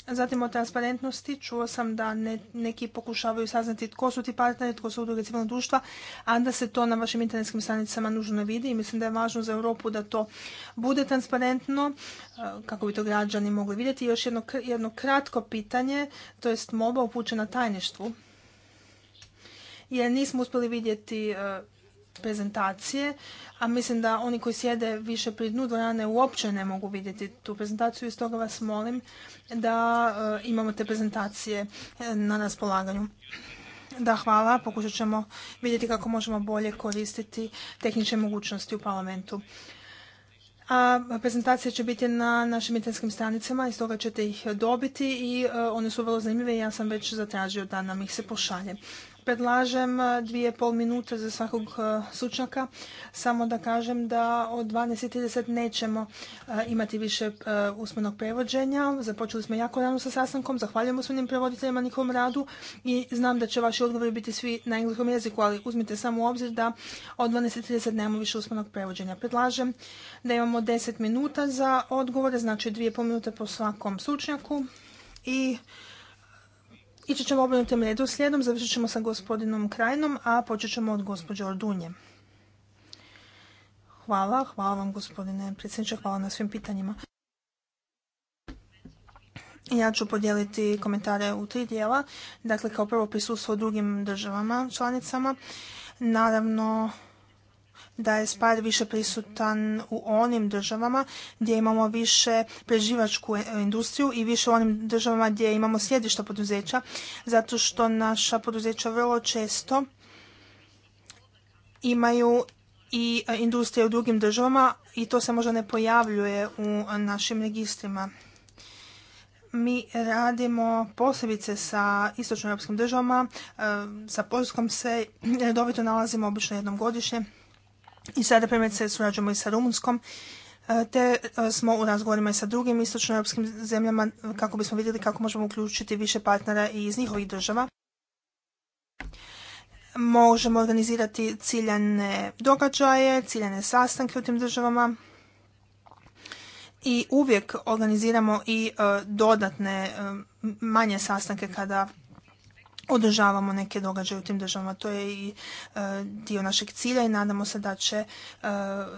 Zatim o transparentnosti čuo sam da neki pokušavaju saznati tko su ti partneri, tko su udruge civilnog društva, a da se to na vašim internetskim stranicama nužno ne vidi i mislim da je važno za Europu da to bude transparentno e, kako bi to građani mogli vidjeti. još jedno, kratko pitanje, to jest moba upućena tajništvu jer nismo uspjeli vidjeti e, prezentacije, a mislim da oni koji sjede više pri dnu dvorane uopće ne mogu vidjeti tu prezentaciju i stoga vas molim da e, imamo te prezentacije e, na raspolaganju. Da, hvala. Pokušat ćemo vidjeti kako možemo bolje koristiti tehničke mogućnosti u parlamentu. A prezentacije će biti na našim internetskim stranicama i stoga ćete ih dobiti i e, one su vrlo zanimljive i ja sam već zatražio da nam ih se pošalje predlažem eh, dvije pol minute za svakog eh, sučnjaka. Samo da kažem da od 12.30 nećemo eh, imati više usmenog prevođenja. Započeli smo jako rano sa sastankom. Zahvaljujem usmenim prevoditeljima na njihovom radu i znam da će vaši odgovori biti svi na engleskom jeziku, ali uzmite samo u obzir da od 12.30 nemamo više usmenog prevođenja. Predlažem da imamo 10 minuta za odgovore, znači dvije pol minute po svakom sučnjaku i Ići ćemo obrnutim redu slijedom, završit ćemo sa gospodinom Krajnom, a počet ćemo od gospođe Ordunje. Hvala, hvala vam gospodine predsjedniče, hvala na svim pitanjima. Ja ću podijeliti komentare u tri dijela. Dakle, kao prvo prisustvo u drugim državama, članicama. Naravno, da je spad više prisutan u onim državama gdje imamo više preživačku industriju i više u onim državama gdje imamo sjedišta poduzeća, zato što naša poduzeća vrlo često imaju i e, industrije u drugim državama i to se možda ne pojavljuje u našim registrima. Mi radimo posebice sa europskim državama, e, sa Poljskom se redovito nalazimo obično jednom godišnje i sada primjerice surađujemo i sa Rumunskom, e, te e, smo u razgovorima i sa drugim istočnoeuropskim zemljama e, kako bismo vidjeli kako možemo uključiti više partnera i iz njihovih država. Možemo organizirati ciljane događaje, ciljane sastanke u tim državama i uvijek organiziramo i dodatne manje sastanke kada održavamo neke događaje u tim državama. To je i e, dio našeg cilja i nadamo se da će e,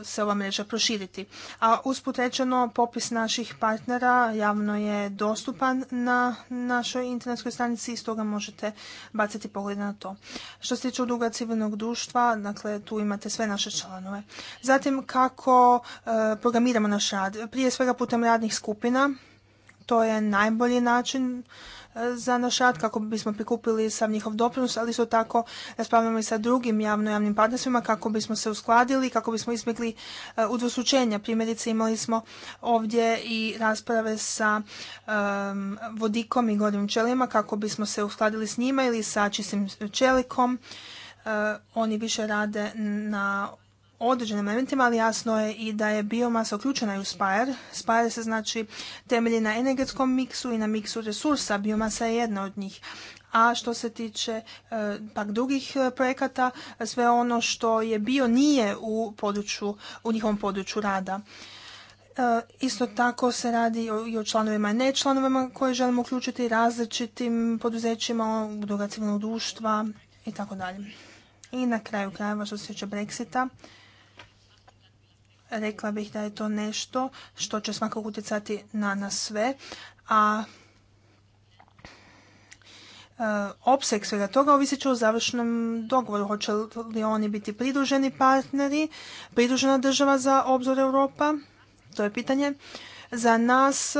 se ova mreža proširiti. A usput rečeno, popis naših partnera javno je dostupan na našoj internetskoj stranici i stoga možete baciti pogled na to. Što se tiče udruga civilnog društva, dakle tu imate sve naše članove. Zatim kako e, programiramo naš rad? Prije svega putem radnih skupina. To je najbolji način za naš rad kako bismo prikupili sam njihov doprinos, ali isto tako raspravljamo i sa drugim javno-javnim partnerstvima kako bismo se uskladili, kako bismo izbjegli e, udvosučenja Primjerice imali smo ovdje i rasprave sa vodikom i gorim čelima kako bismo se uskladili s njima ili sa čistim čelikom. E, oni više rade na određenim elementima, ali jasno je i da je biomasa uključena i u SPIRE. SPIRE se znači temelji na energetskom miksu i na miksu resursa. Biomasa je jedna od njih. A što se tiče e, pak drugih e, projekata, sve ono što je bio nije u, području, u njihovom području rada. E, isto tako se radi i o članovima i ne članovima koje želimo uključiti različitim poduzećima, druga civilnog društva i tako dalje. I na kraju krajeva što se tiče Brexita, rekla bih da je to nešto što će svakako utjecati na nas sve, a e, opseg svega toga ovisit će o završnom dogovoru. Hoće li oni biti pridruženi partneri, pridružena država za obzor Europa? To je pitanje. Za nas, e,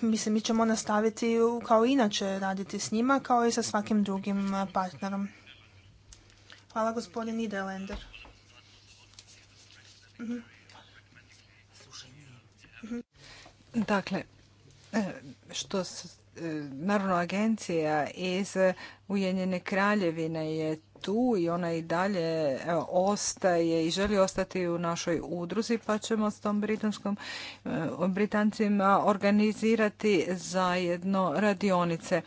mislim, mi ćemo nastaviti kao inače raditi s njima, kao i sa svakim drugim e, partnerom. Hvala gospodin Dakle, e, što e, naravno agencija iz Ujedinjene kraljevine je tu i ona i dalje e, ostaje i želi ostati u našoj udruzi pa ćemo s tom britanskom Britancima organizirati zajedno radionice.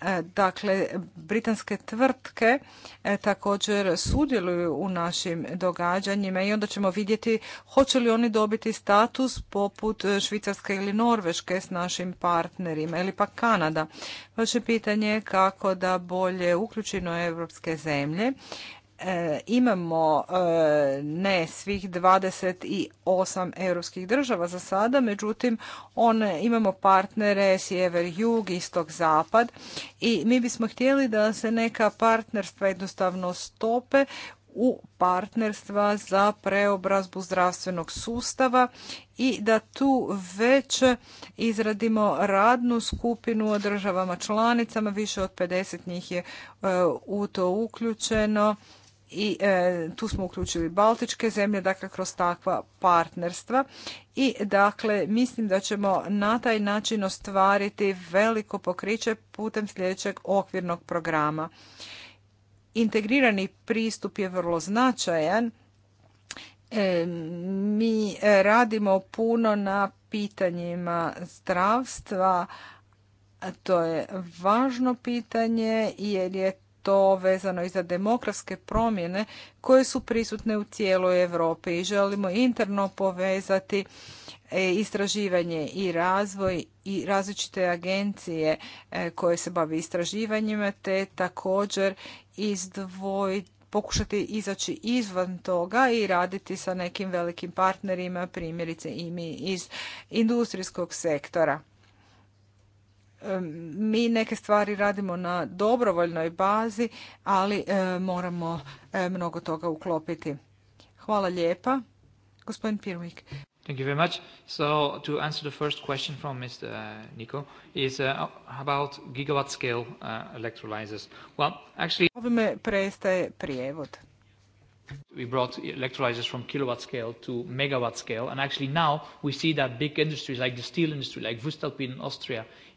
E, dakle, britanske tvrtke e, također sudjeluju u našim događanjima i onda ćemo vidjeti hoće li oni dobiti status poput e, Švicarske ili Norveške s našim partnerima ili pa Kanada. Vaše pitanje je kako da bolje uključimo europske zemlje E, imamo e, ne svih 28 europskih država za sada, međutim imamo partnere sjever, jug, istog, zapad i mi bismo htjeli da se neka partnerstva jednostavno stope u partnerstva za preobrazbu zdravstvenog sustava i da tu već izradimo radnu skupinu o državama članicama, više od 50 njih je e, u to uključeno i e, tu smo uključili baltičke zemlje, dakle kroz takva partnerstva i dakle mislim da ćemo na taj način ostvariti veliko pokriće putem sljedećeg okvirnog programa. Integrirani pristup je vrlo značajan. E, mi radimo puno na pitanjima zdravstva, to je važno pitanje jer je to vezano i za demokratske promjene koje su prisutne u cijeloj Europi i želimo interno povezati e, istraživanje i razvoj i različite agencije e, koje se bave istraživanjima te također izdvojiti pokušati izaći izvan toga i raditi sa nekim velikim partnerima, primjerice i mi iz industrijskog sektora mi neke stvari radimo na dobrovoljnoj bazi, ali e, moramo e, mnogo toga uklopiti. Hvala lijepa. Gospodin Pirvik. Thank you very much. So to answer the first question from Mr. Uh, Nico is uh, about gigawatt scale uh, electrolyzers. Well, actually... Ovime prestaje prijevod. We brought electrolyzers from kilowatt scale to megawatt scale, and actually now we see that big industries like the steel industry, like Voestalpine in Austria,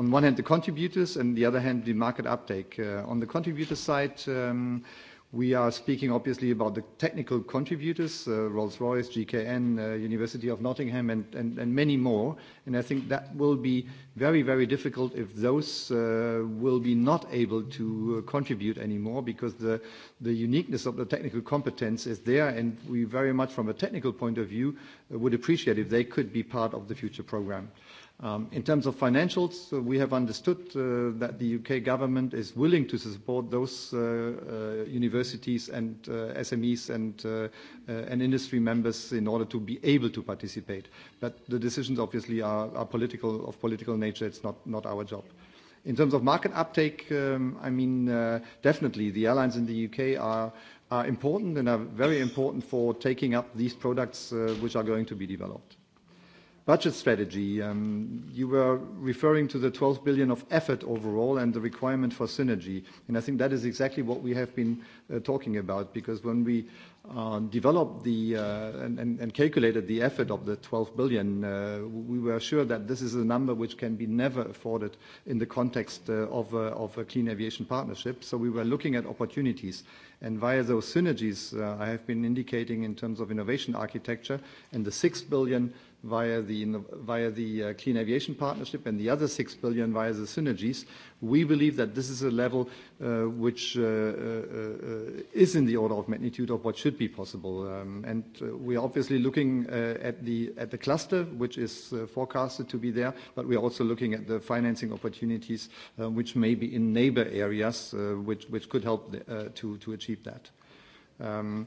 on one hand, the contributors, and the other hand, the market uptake. Uh, on the contributor side, um, we are speaking obviously about the technical contributors, uh, Rolls-Royce, GKN, uh, University of Nottingham, and, and, and many more. And I think that will be very, very difficult if those uh, will be not able to uh, contribute anymore because the, the uniqueness of the technical competence is there, and we very much from a technical point of view uh, would appreciate if they could be part of the future program. Um, in terms of financials, uh, we have understood uh, that the U.K. government is willing to support those uh, uh universities and uh, SMEs and, and industry members in order to be able to participate. But the decisions obviously are, are political, of political nature. It's not, not our job. In terms of market uptake, um, I mean, definitely the airlines in the U.K. are, are important and are very important for taking up these products, which are going to be developed budget strategy, um, you were referring to the 12 billion of effort overall and the requirement for synergy. And I think that is exactly what we have been uh, talking about, because when we uh, developed the uh, and, and, and calculated the effort of the 12 billion, uh, we were sure that this is a number which can be never afforded in the context uh, of, uh, of a clean aviation partnership. So we were looking at opportunities. And via those synergies, I have been indicating in terms of innovation architecture and the 6 billion via the uh, Clean Aviation Partnership and the other 6 billion via the synergies, we believe that this is a level uh, which uh, is in the order of magnitude of what should be possible. Um, and we're obviously looking at the cluster, which is forecasted to be there, but we're also looking at the financing opportunities, which may be in neighbor areas, which could help to achieve that. Um,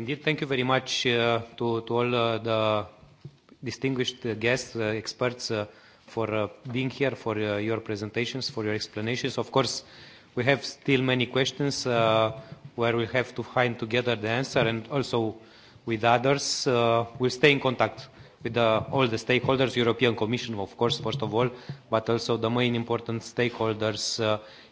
Indeed, thank you very much uh, to, to all uh, the distinguished guests, uh, experts uh, for uh, being here, for uh, your presentations, for your explanations. Of course, we have still many questions uh, where we have to find together the answer and also with others. Uh, we'll stay in contact with the, all the stakeholders, European Commission, of course, first of all, but also the main important stakeholders uh,